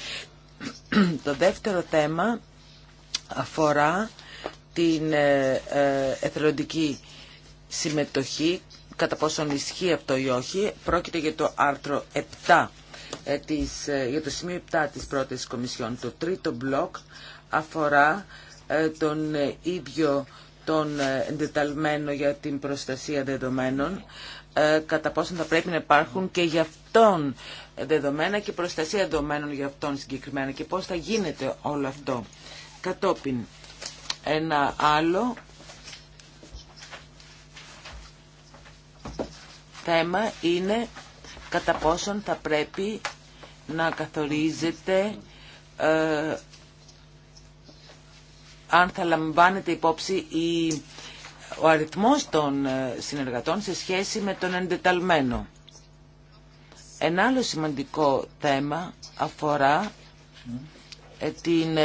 Το δεύτερο θέμα αφορά την εθελοντική συμμετοχή, κατά πόσον ισχύει αυτό ή όχι. Πρόκειται για το άρθρο 7 ε, ε, για το σημείο 7 της πρώτης κομισιόν. Το τρίτο μπλοκ αφορά ε, τον ίδιο τον εντεταλμένο για την προστασία δεδομένων, κατά πόσο θα πρέπει να υπάρχουν και για αυτόν δεδομένα και προστασία δεδομένων για αυτόν συγκεκριμένα και πώς θα γίνεται όλο αυτό. Κατόπιν, ένα άλλο θέμα είναι κατά πόσον θα πρέπει να καθορίζεται ε, αν θα λαμβάνεται υπόψη η, ο αριθμός των ε, συνεργατών σε σχέση με τον εντεταλμένο. Ένα άλλο σημαντικό θέμα αφορά ε, την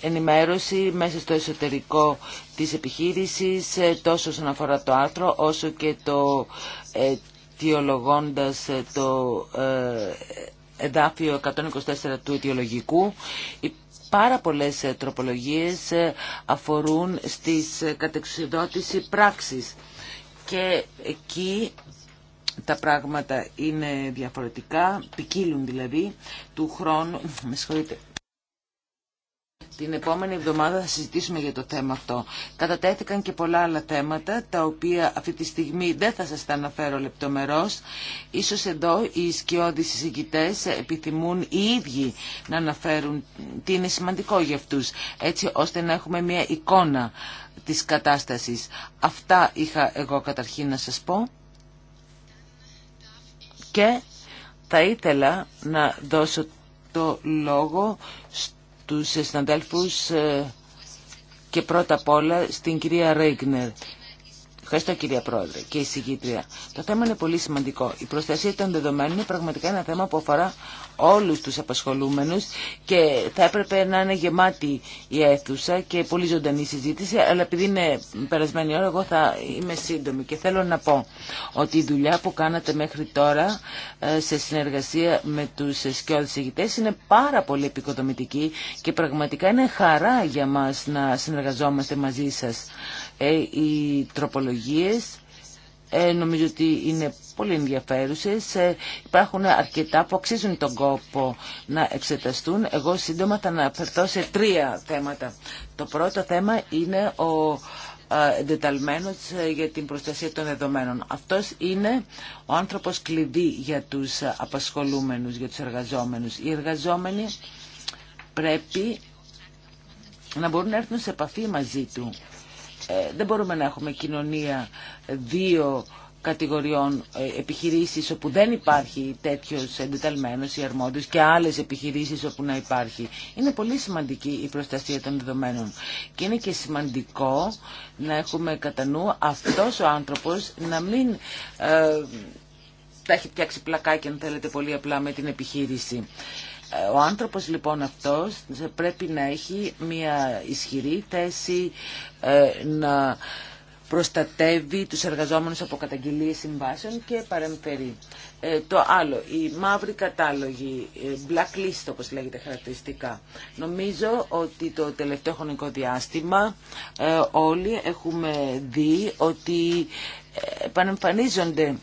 ενημέρωση μέσα στο εσωτερικό της επιχείρησης τόσο όσον αφορά το άρθρο όσο και το, αιτιολογώντας ε, το ε, εδάφιο 124 του αιτιολογικού. Πάρα πολλές ε, τροπολογίες αφορούν στις κατεξιδότηση πράξης και εκεί τα πράγματα είναι διαφορετικά, ποικίλουν δηλαδή του χρόνου, με συγχωρείτε, την επόμενη εβδομάδα θα συζητήσουμε για το θέμα αυτό. Κατατέθηκαν και πολλά άλλα θέματα, τα οποία αυτή τη στιγμή δεν θα σας τα αναφέρω λεπτομερώς. Ίσως εδώ οι σκιώδεις συζητητές επιθυμούν οι ίδιοι να αναφέρουν τι είναι σημαντικό για αυτούς, έτσι ώστε να έχουμε μια εικόνα της κατάστασης. Αυτά είχα εγώ καταρχήν να σας πω. Και θα ήθελα να δώσω το λόγο στο τους συναδέλφους ε, και πρώτα απ' όλα στην κυρία Ρέγνερ Ευχαριστώ κυρία Πρόεδρε και η συγκήτρια. Το θέμα είναι πολύ σημαντικό. Η προστασία των δεδομένων είναι πραγματικά ένα θέμα που αφορά όλους τους απασχολούμενους και θα έπρεπε να είναι γεμάτη η αίθουσα και πολύ ζωντανή συζήτηση αλλά επειδή είναι περασμένη ώρα εγώ θα είμαι σύντομη και θέλω να πω ότι η δουλειά που κάνατε μέχρι τώρα ε, σε συνεργασία με τους σκιώδης ηγητές είναι πάρα πολύ επικοδομητική και πραγματικά είναι χαρά για μας να συνεργαζόμαστε μαζί σας. Ε, οι τροπολογίες ε, νομίζω ότι είναι πολύ ενδιαφέρουσες. Ε, υπάρχουν αρκετά που αξίζουν τον κόπο να εξεταστούν. Εγώ σύντομα θα αναφερθώ σε τρία θέματα. Το πρώτο θέμα είναι ο εντεταλμένος για την προστασία των δεδομένων. Αυτός είναι ο άνθρωπος κλειδί για τους απασχολούμενους, για τους εργαζόμενους. Οι εργαζόμενοι πρέπει να μπορούν να έρθουν σε επαφή μαζί του ε, δεν μπορούμε να έχουμε κοινωνία δύο κατηγοριών ε, επιχειρήσεις όπου δεν υπάρχει τέτοιος εντεταλμένος ή αρμόδιος και άλλες επιχειρήσεις όπου να υπάρχει. Είναι πολύ σημαντική η προστασία των δεδομένων και είναι και σημαντικό να έχουμε κατά νου αυτός ο άνθρωπος να μην ε, τα έχει πιάξει πλακάκι αν θέλετε πολύ απλά με την επιχείρηση. Ο άνθρωπος λοιπόν αυτός πρέπει να έχει μια ισχυρή θέση ε, να προστατεύει τους εργαζόμενους από καταγγελίες συμβάσεων και παρεμφερεί. Ε, το άλλο, οι μαύροι κατάλογοι, ε, blacklist όπως λέγεται χαρακτηριστικά. Νομίζω ότι το τελευταίο χρονικό διάστημα όλοι έχουμε δει ότι επανεμφανίζονται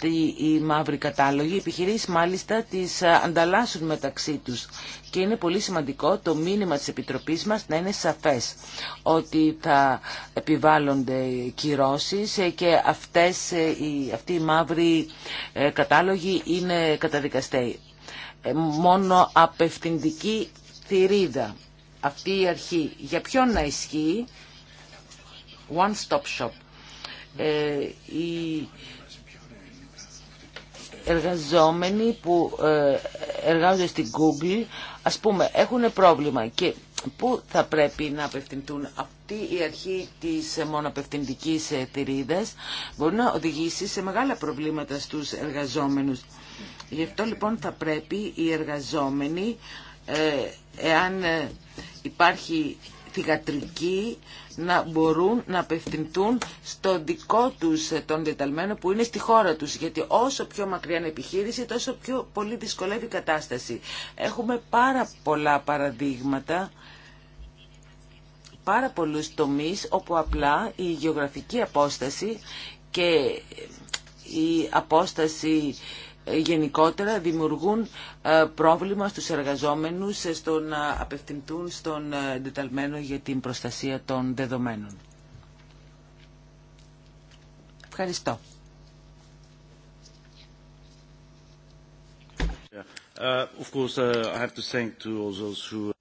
τη οι μαύροι κατάλογοι. Οι μάλιστα τις ε, ανταλλάσσουν μεταξύ τους. Και είναι πολύ σημαντικό το μήνυμα της Επιτροπής μας να είναι σαφές ότι θα επιβάλλονται κυρώσεις ε, και αυτές, ε, αυτοί οι μαύροι κατάλογοι είναι καταδικαστέοι. Μόνο απευθυντική θηρίδα αυτή η αρχή. Για ποιον να ισχύει one stop shop. η εργαζόμενοι που ε, εργάζονται στην Google ας πούμε έχουν πρόβλημα και πού θα πρέπει να απευθυντούν αυτή η αρχή της μοναπευθυντικής ε, θηρίδας μπορεί να οδηγήσει σε μεγάλα προβλήματα στους εργαζόμενους. Γι' αυτό λοιπόν θα πρέπει οι εργαζόμενοι ε, εάν υπάρχει θηγατρικοί να μπορούν να απευθυνθούν στο δικό τους ε, τον διεταλμένο που είναι στη χώρα τους. Γιατί όσο πιο μακριά είναι επιχείρηση, τόσο πιο πολύ δυσκολεύει η κατάσταση. Έχουμε πάρα πολλά παραδείγματα πάρα πολλούς τομείς όπου απλά η γεωγραφική απόσταση και η απόσταση γενικότερα δημιουργούν ε, πρόβλημα στους εργαζόμενους ε, στο να απευθυντούν στον ε, εντεταλμένο για την προστασία των δεδομένων. Ευχαριστώ.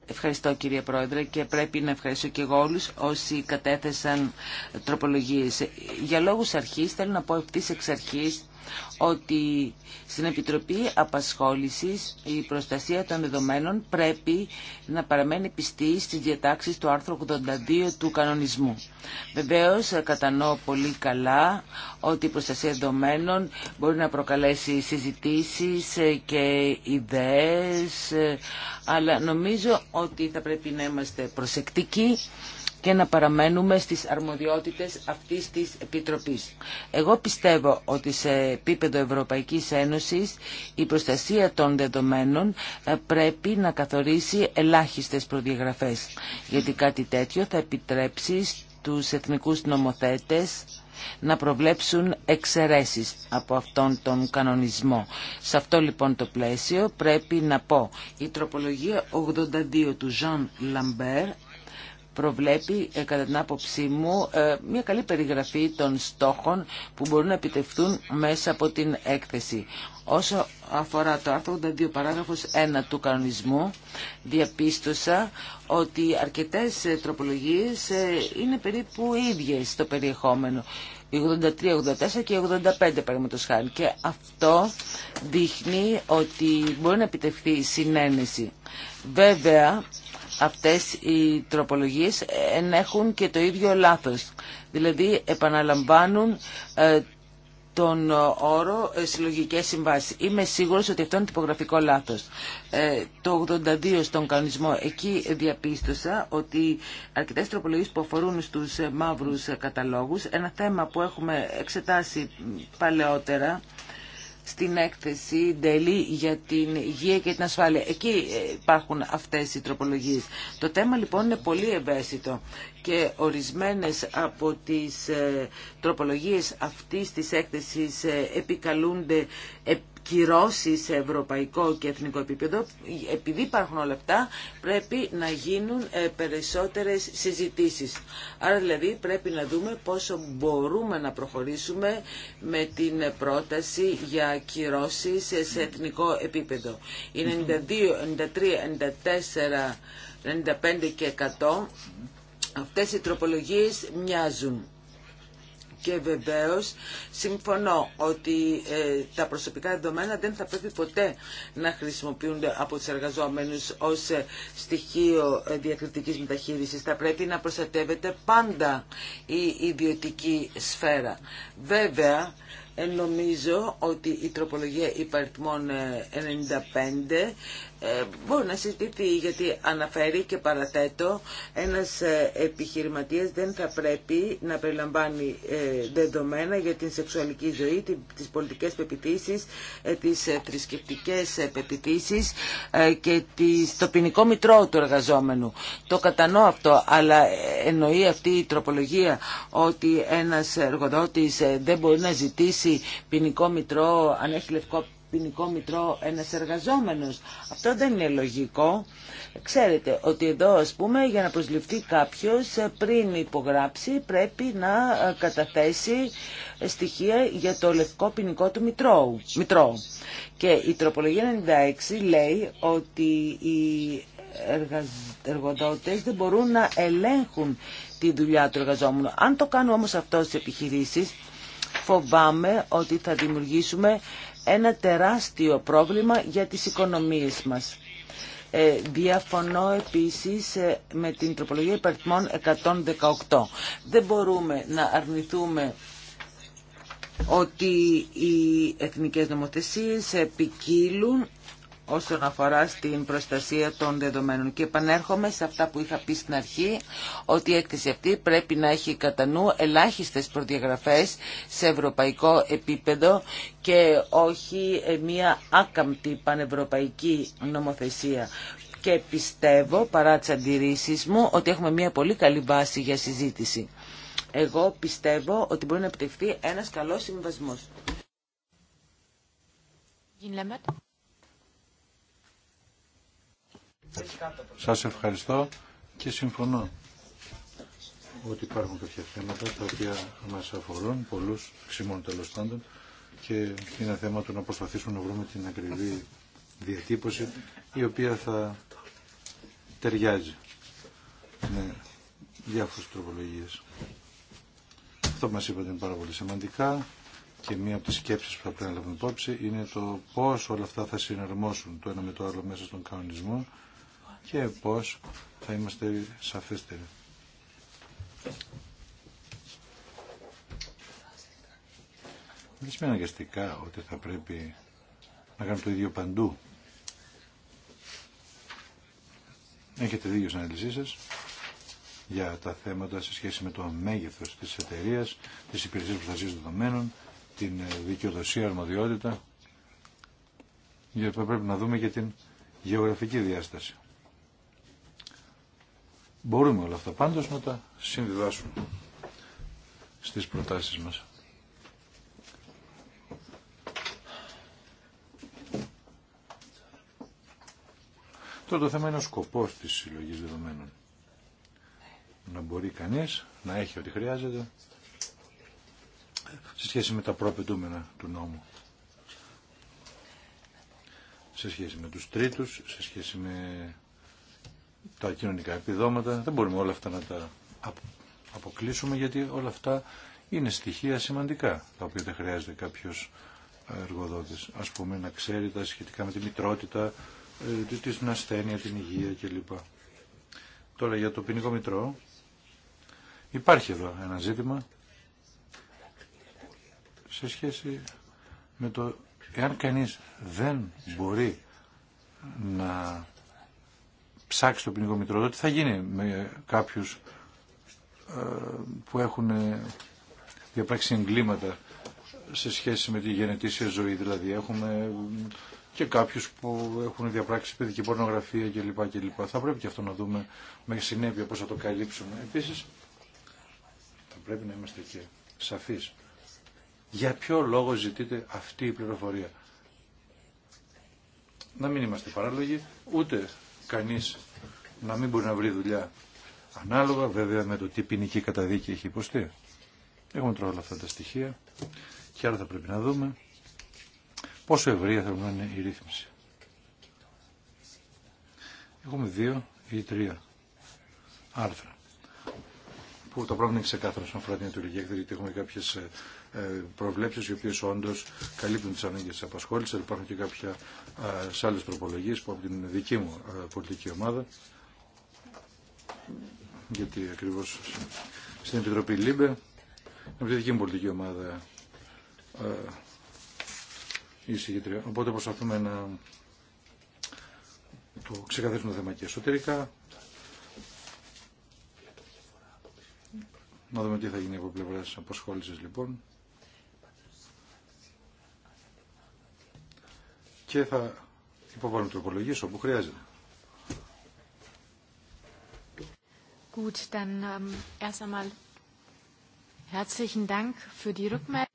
Ευχαριστώ κύριε Πρόεδρε και πρέπει να ευχαριστώ και εγώ όλους όσοι κατέθεσαν τροπολογίες. Για λόγους αρχής θέλω να πω ευθύς εξ αρχής ότι στην Επιτροπή Απασχόλησης η προστασία των δεδομένων πρέπει να παραμένει πιστή στις διατάξεις του άρθρου 82 του κανονισμού. Βεβαίως κατανοώ πολύ καλά ότι η προστασία δεδομένων μπορεί να προκαλέσει συζητήσεις και ιδέες, αλλά νομίζω ότι θα πρέπει να είμαστε προσεκτικοί και να παραμένουμε στις αρμοδιότητες αυτής της Επιτροπής. Εγώ πιστεύω ότι σε επίπεδο Ευρωπαϊκής Ένωσης η προστασία των δεδομένων ε, πρέπει να καθορίσει ελάχιστες προδιαγραφές, γιατί κάτι τέτοιο θα επιτρέψει στους εθνικούς νομοθέτες να προβλέψουν εξαιρέσεις από αυτόν τον κανονισμό. Σε αυτό λοιπόν το πλαίσιο πρέπει να πω η τροπολογία 82 του Jean Lambert προβλέπει ε, κατά την άποψή μου ε, μια καλή περιγραφή των στόχων που μπορούν να επιτευχθούν μέσα από την έκθεση. Όσο αφορά το άρθρο 82 παράγραφος 1 του κανονισμού, διαπίστωσα ότι αρκετές ε, τροπολογίες είναι περίπου ίδιες στο περιεχόμενο. 83, 84 και 85 παραδείγματος χάρη. Και αυτό δείχνει ότι μπορεί να επιτευχθεί συνένεση. Βέβαια, αυτές οι τροπολογίες ενέχουν και το ίδιο λάθος. Δηλαδή επαναλαμβάνουν ε, τον όρο ε, συλλογικές συμβάσεις. Είμαι σίγουρος ότι αυτό είναι τυπογραφικό λάθος. Ε, το 82 στον κανονισμό, εκεί διαπίστωσα ότι αρκετές τροπολογίες που αφορούν στους μαύρους καταλόγους, ένα θέμα που έχουμε εξετάσει παλαιότερα, στην έκθεση Ντελή για την υγεία και την ασφάλεια. Εκεί ε, υπάρχουν αυτές οι τροπολογίες. Το θέμα λοιπόν είναι πολύ ευαίσθητο και ορισμένες από τις ε, τροπολογίες αυτής της έκθεσης ε, επικαλούνται κυρώσεις σε ευρωπαϊκό και εθνικό επίπεδο. Επειδή υπάρχουν όλα αυτά, πρέπει να γίνουν ε, περισσότερες συζητήσεις. Άρα δηλαδή πρέπει να δούμε πόσο μπορούμε να προχωρήσουμε με την πρόταση για κυρώσει σε εθνικό επίπεδο. Οι 92, 93, 94, 95 και 100 αυτές οι τροπολογίες μοιάζουν. Και βεβαίως συμφωνώ ότι ε, τα προσωπικά δεδομένα δεν θα πρέπει ποτέ να χρησιμοποιούνται από τους εργαζόμενους ως ε, στοιχείο ε, διακριτικής μεταχείρισης. Θα πρέπει να προστατεύεται πάντα η ιδιωτική σφαίρα. Βέβαια, νομίζω ότι η τροπολογία υπαριθμών 95 ε, μπορεί να συζητηθεί γιατί αναφέρει και παραθέτω ένας ε, επιχειρηματίας δεν θα πρέπει να περιλαμβάνει ε, δεδομένα για την σεξουαλική ζωή, τις πολιτικές πεπιθήσεις, τις θρησκευτικές πεπιθήσεις και το ποινικό μητρό του εργαζόμενου. Το κατανοώ αυτό, αλλά εννοεί αυτή η τροπολογία ότι ένας εργοδότης δεν μπορεί να ζητήσει ποινικό μητρό αν έχει λευκό ποινικό μητρό ένας εργαζόμενος. Αυτό δεν είναι λογικό. Ξέρετε ότι εδώ ας πούμε για να προσληφθεί κάποιος ε, πριν υπογράψει πρέπει να ε, καταθέσει ε, στοιχεία για το λευκό ποινικό του μητρό Και η τροπολογία 96 λέει ότι οι εργοδότες δεν μπορούν να ελέγχουν τη δουλειά του εργαζόμενου. Αν το κάνουμε όμως αυτό στις επιχειρήσεις, φοβάμαι ότι θα δημιουργήσουμε ένα τεράστιο πρόβλημα για τις οικονομίες μας. Ε, διαφωνώ επίσης ε, με την τροπολογία υπαριθμών 118. Δεν μπορούμε να αρνηθούμε ότι οι εθνικές νομοθεσίες επικύλουν όσον αφορά στην προστασία των δεδομένων. Και επανέρχομαι σε αυτά που είχα πει στην αρχή, ότι η έκθεση αυτή πρέπει να έχει κατά νου ελάχιστες προδιαγραφές σε ευρωπαϊκό επίπεδο και όχι ε, μια άκαμπτη πανευρωπαϊκή νομοθεσία. Και πιστεύω, παρά τις αντιρρήσεις μου, ότι έχουμε μια πολύ καλή βάση για συζήτηση. Εγώ πιστεύω ότι μπορεί να επιτευχθεί ένας καλός συμβασμός. Σας ευχαριστώ και συμφωνώ ότι υπάρχουν κάποια θέματα τα οποία μας αφορούν πολλούς, ξημών τέλο πάντων και είναι θέμα του να προσπαθήσουμε να βρούμε την ακριβή διατύπωση η οποία θα ταιριάζει με διάφορες τροπολογίες. Αυτό που μας είπατε είναι πάρα πολύ σημαντικά και μία από τις σκέψεις που θα πρέπει να λάβουμε υπόψη είναι το πώς όλα αυτά θα συναρμόσουν το ένα με το άλλο μέσα στον κανονισμό και πώς θα είμαστε σαφέστεροι. Δεν σημαίνει αναγκαστικά ότι θα πρέπει να κάνουμε το ίδιο παντού. Έχετε δίκιο στην ανάλυση σας για τα θέματα σε σχέση με το μέγεθος της εταιρείας, τη υπηρεσία προστασίας δεδομένων, την δικαιοδοσία αρμοδιότητα. Για πρέπει να δούμε και την γεωγραφική διάσταση. Μπορούμε όλα αυτά πάντως να τα συνδυάσουμε στις προτάσεις μας. Τώρα το θέμα είναι ο σκοπός της συλλογής δεδομένων. Να μπορεί κανείς να έχει ό,τι χρειάζεται σε σχέση με τα προαπαιτούμενα του νόμου. Σε σχέση με τους τρίτους, σε σχέση με τα κοινωνικά επιδόματα, δεν μπορούμε όλα αυτά να τα αποκλείσουμε γιατί όλα αυτά είναι στοιχεία σημαντικά τα οποία δεν χρειάζεται κάποιος εργοδότης. Α πούμε να ξέρει τα σχετικά με τη μητρότητα, ε, την ασθένεια, την υγεία κλπ. Τώρα για το ποινικό μητρό υπάρχει εδώ ένα ζήτημα σε σχέση με το εάν κανείς δεν μπορεί να ψάξει το ποινικό μητρό, Τι θα γίνει με κάποιους ε, που έχουν ε, διαπράξει εγκλήματα σε σχέση με τη γενετήσια ζωή. Δηλαδή έχουμε ε, και κάποιους που έχουν διαπράξει παιδική πορνογραφία κλπ. κλπ. Θα πρέπει και αυτό να δούμε με συνέπεια πώς θα το καλύψουμε. Επίσης θα πρέπει να είμαστε και σαφείς. Για ποιο λόγο ζητείτε αυτή η πληροφορία. Να μην είμαστε παράλογοι, ούτε κανείς να μην μπορεί να βρει δουλειά. Ανάλογα βέβαια με το τι ποινική καταδίκη έχει υποστεί. Έχουμε τώρα όλα αυτά τα στοιχεία και άρα θα πρέπει να δούμε πόσο ευρεία θα να είναι η ρύθμιση. Έχουμε δύο ή τρία άρθρα που το πρόβλημα είναι ξεκάθαρο στον αφορά την ατολική γιατί έχουμε κάποιες ε, ε, Προβλέψει οι οποίε όντω καλύπτουν τις ανάγκες της απασχόλησης. Υπάρχουν και κάποια ε, σε άλλε τροπολογίες που από την δική μου ε, πολιτική ομάδα γιατί ακριβώ στην Επιτροπή ΛΥΜΠΕ από τη δική μου πολιτική ομάδα η συγκεκριά. Οπότε προσπαθούμε να το ξεκαθαρίσουμε το θέμα και εσωτερικά. Να δούμε τι θα γίνει από πλευρά απασχόληση λοιπόν. και θα υποβάλουμε τροπολογίες όπου χρειάζεται. Gut, dann ähm, erst einmal herzlichen Dank für die Rückmeldung.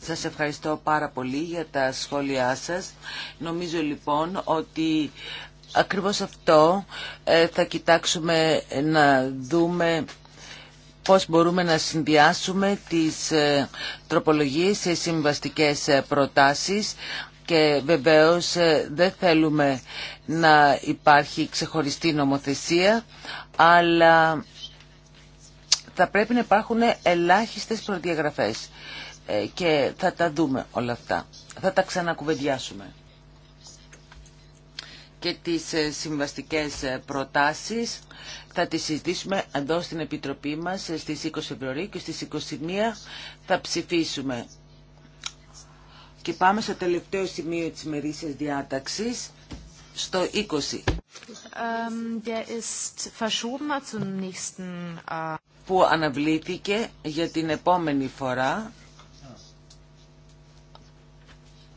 Σας ευχαριστώ πάρα πολύ για τα σχόλιά σας. Νομίζω λοιπόν ότι ακριβώς αυτό ε, θα κοιτάξουμε να δούμε πώς μπορούμε να συνδυάσουμε τις ε, τροπολογίες σε συμβαστικές ε, προτάσεις και βεβαίως ε, δεν θέλουμε να υπάρχει ξεχωριστή νομοθεσία, αλλά θα πρέπει να υπάρχουν ελάχιστες προδιαγραφές ε, και θα τα δούμε όλα αυτά. Θα τα ξανακουβεντιάσουμε. Και τις ε, συμβαστικές προτάσεις θα τις συζητήσουμε εδώ στην Επιτροπή μας στις 20 Φεβρουαρίου και στις 21 θα ψηφίσουμε. Και πάμε στο τελευταίο σημείο της μερίσιας διάταξης, στο 20. Που αναβλήθηκε για την επόμενη φορά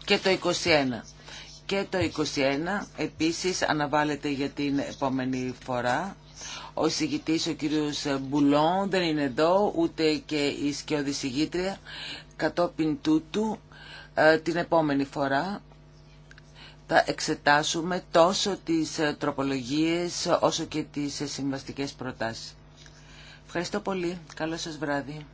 και το 21. Και το 21 επίσης αναβάλλεται για την επόμενη φορά. Ο συγητής, ο κύριος Μπουλόν, δεν είναι εδώ, ούτε και η σκιώδη συγήτρια Κατόπιν τούτου ε, την επόμενη φορά θα εξετάσουμε τόσο τις ε, τροπολογίες όσο και τις ε, συμβαστικές προτάσεις. Ευχαριστώ πολύ. Καλό σας βράδυ.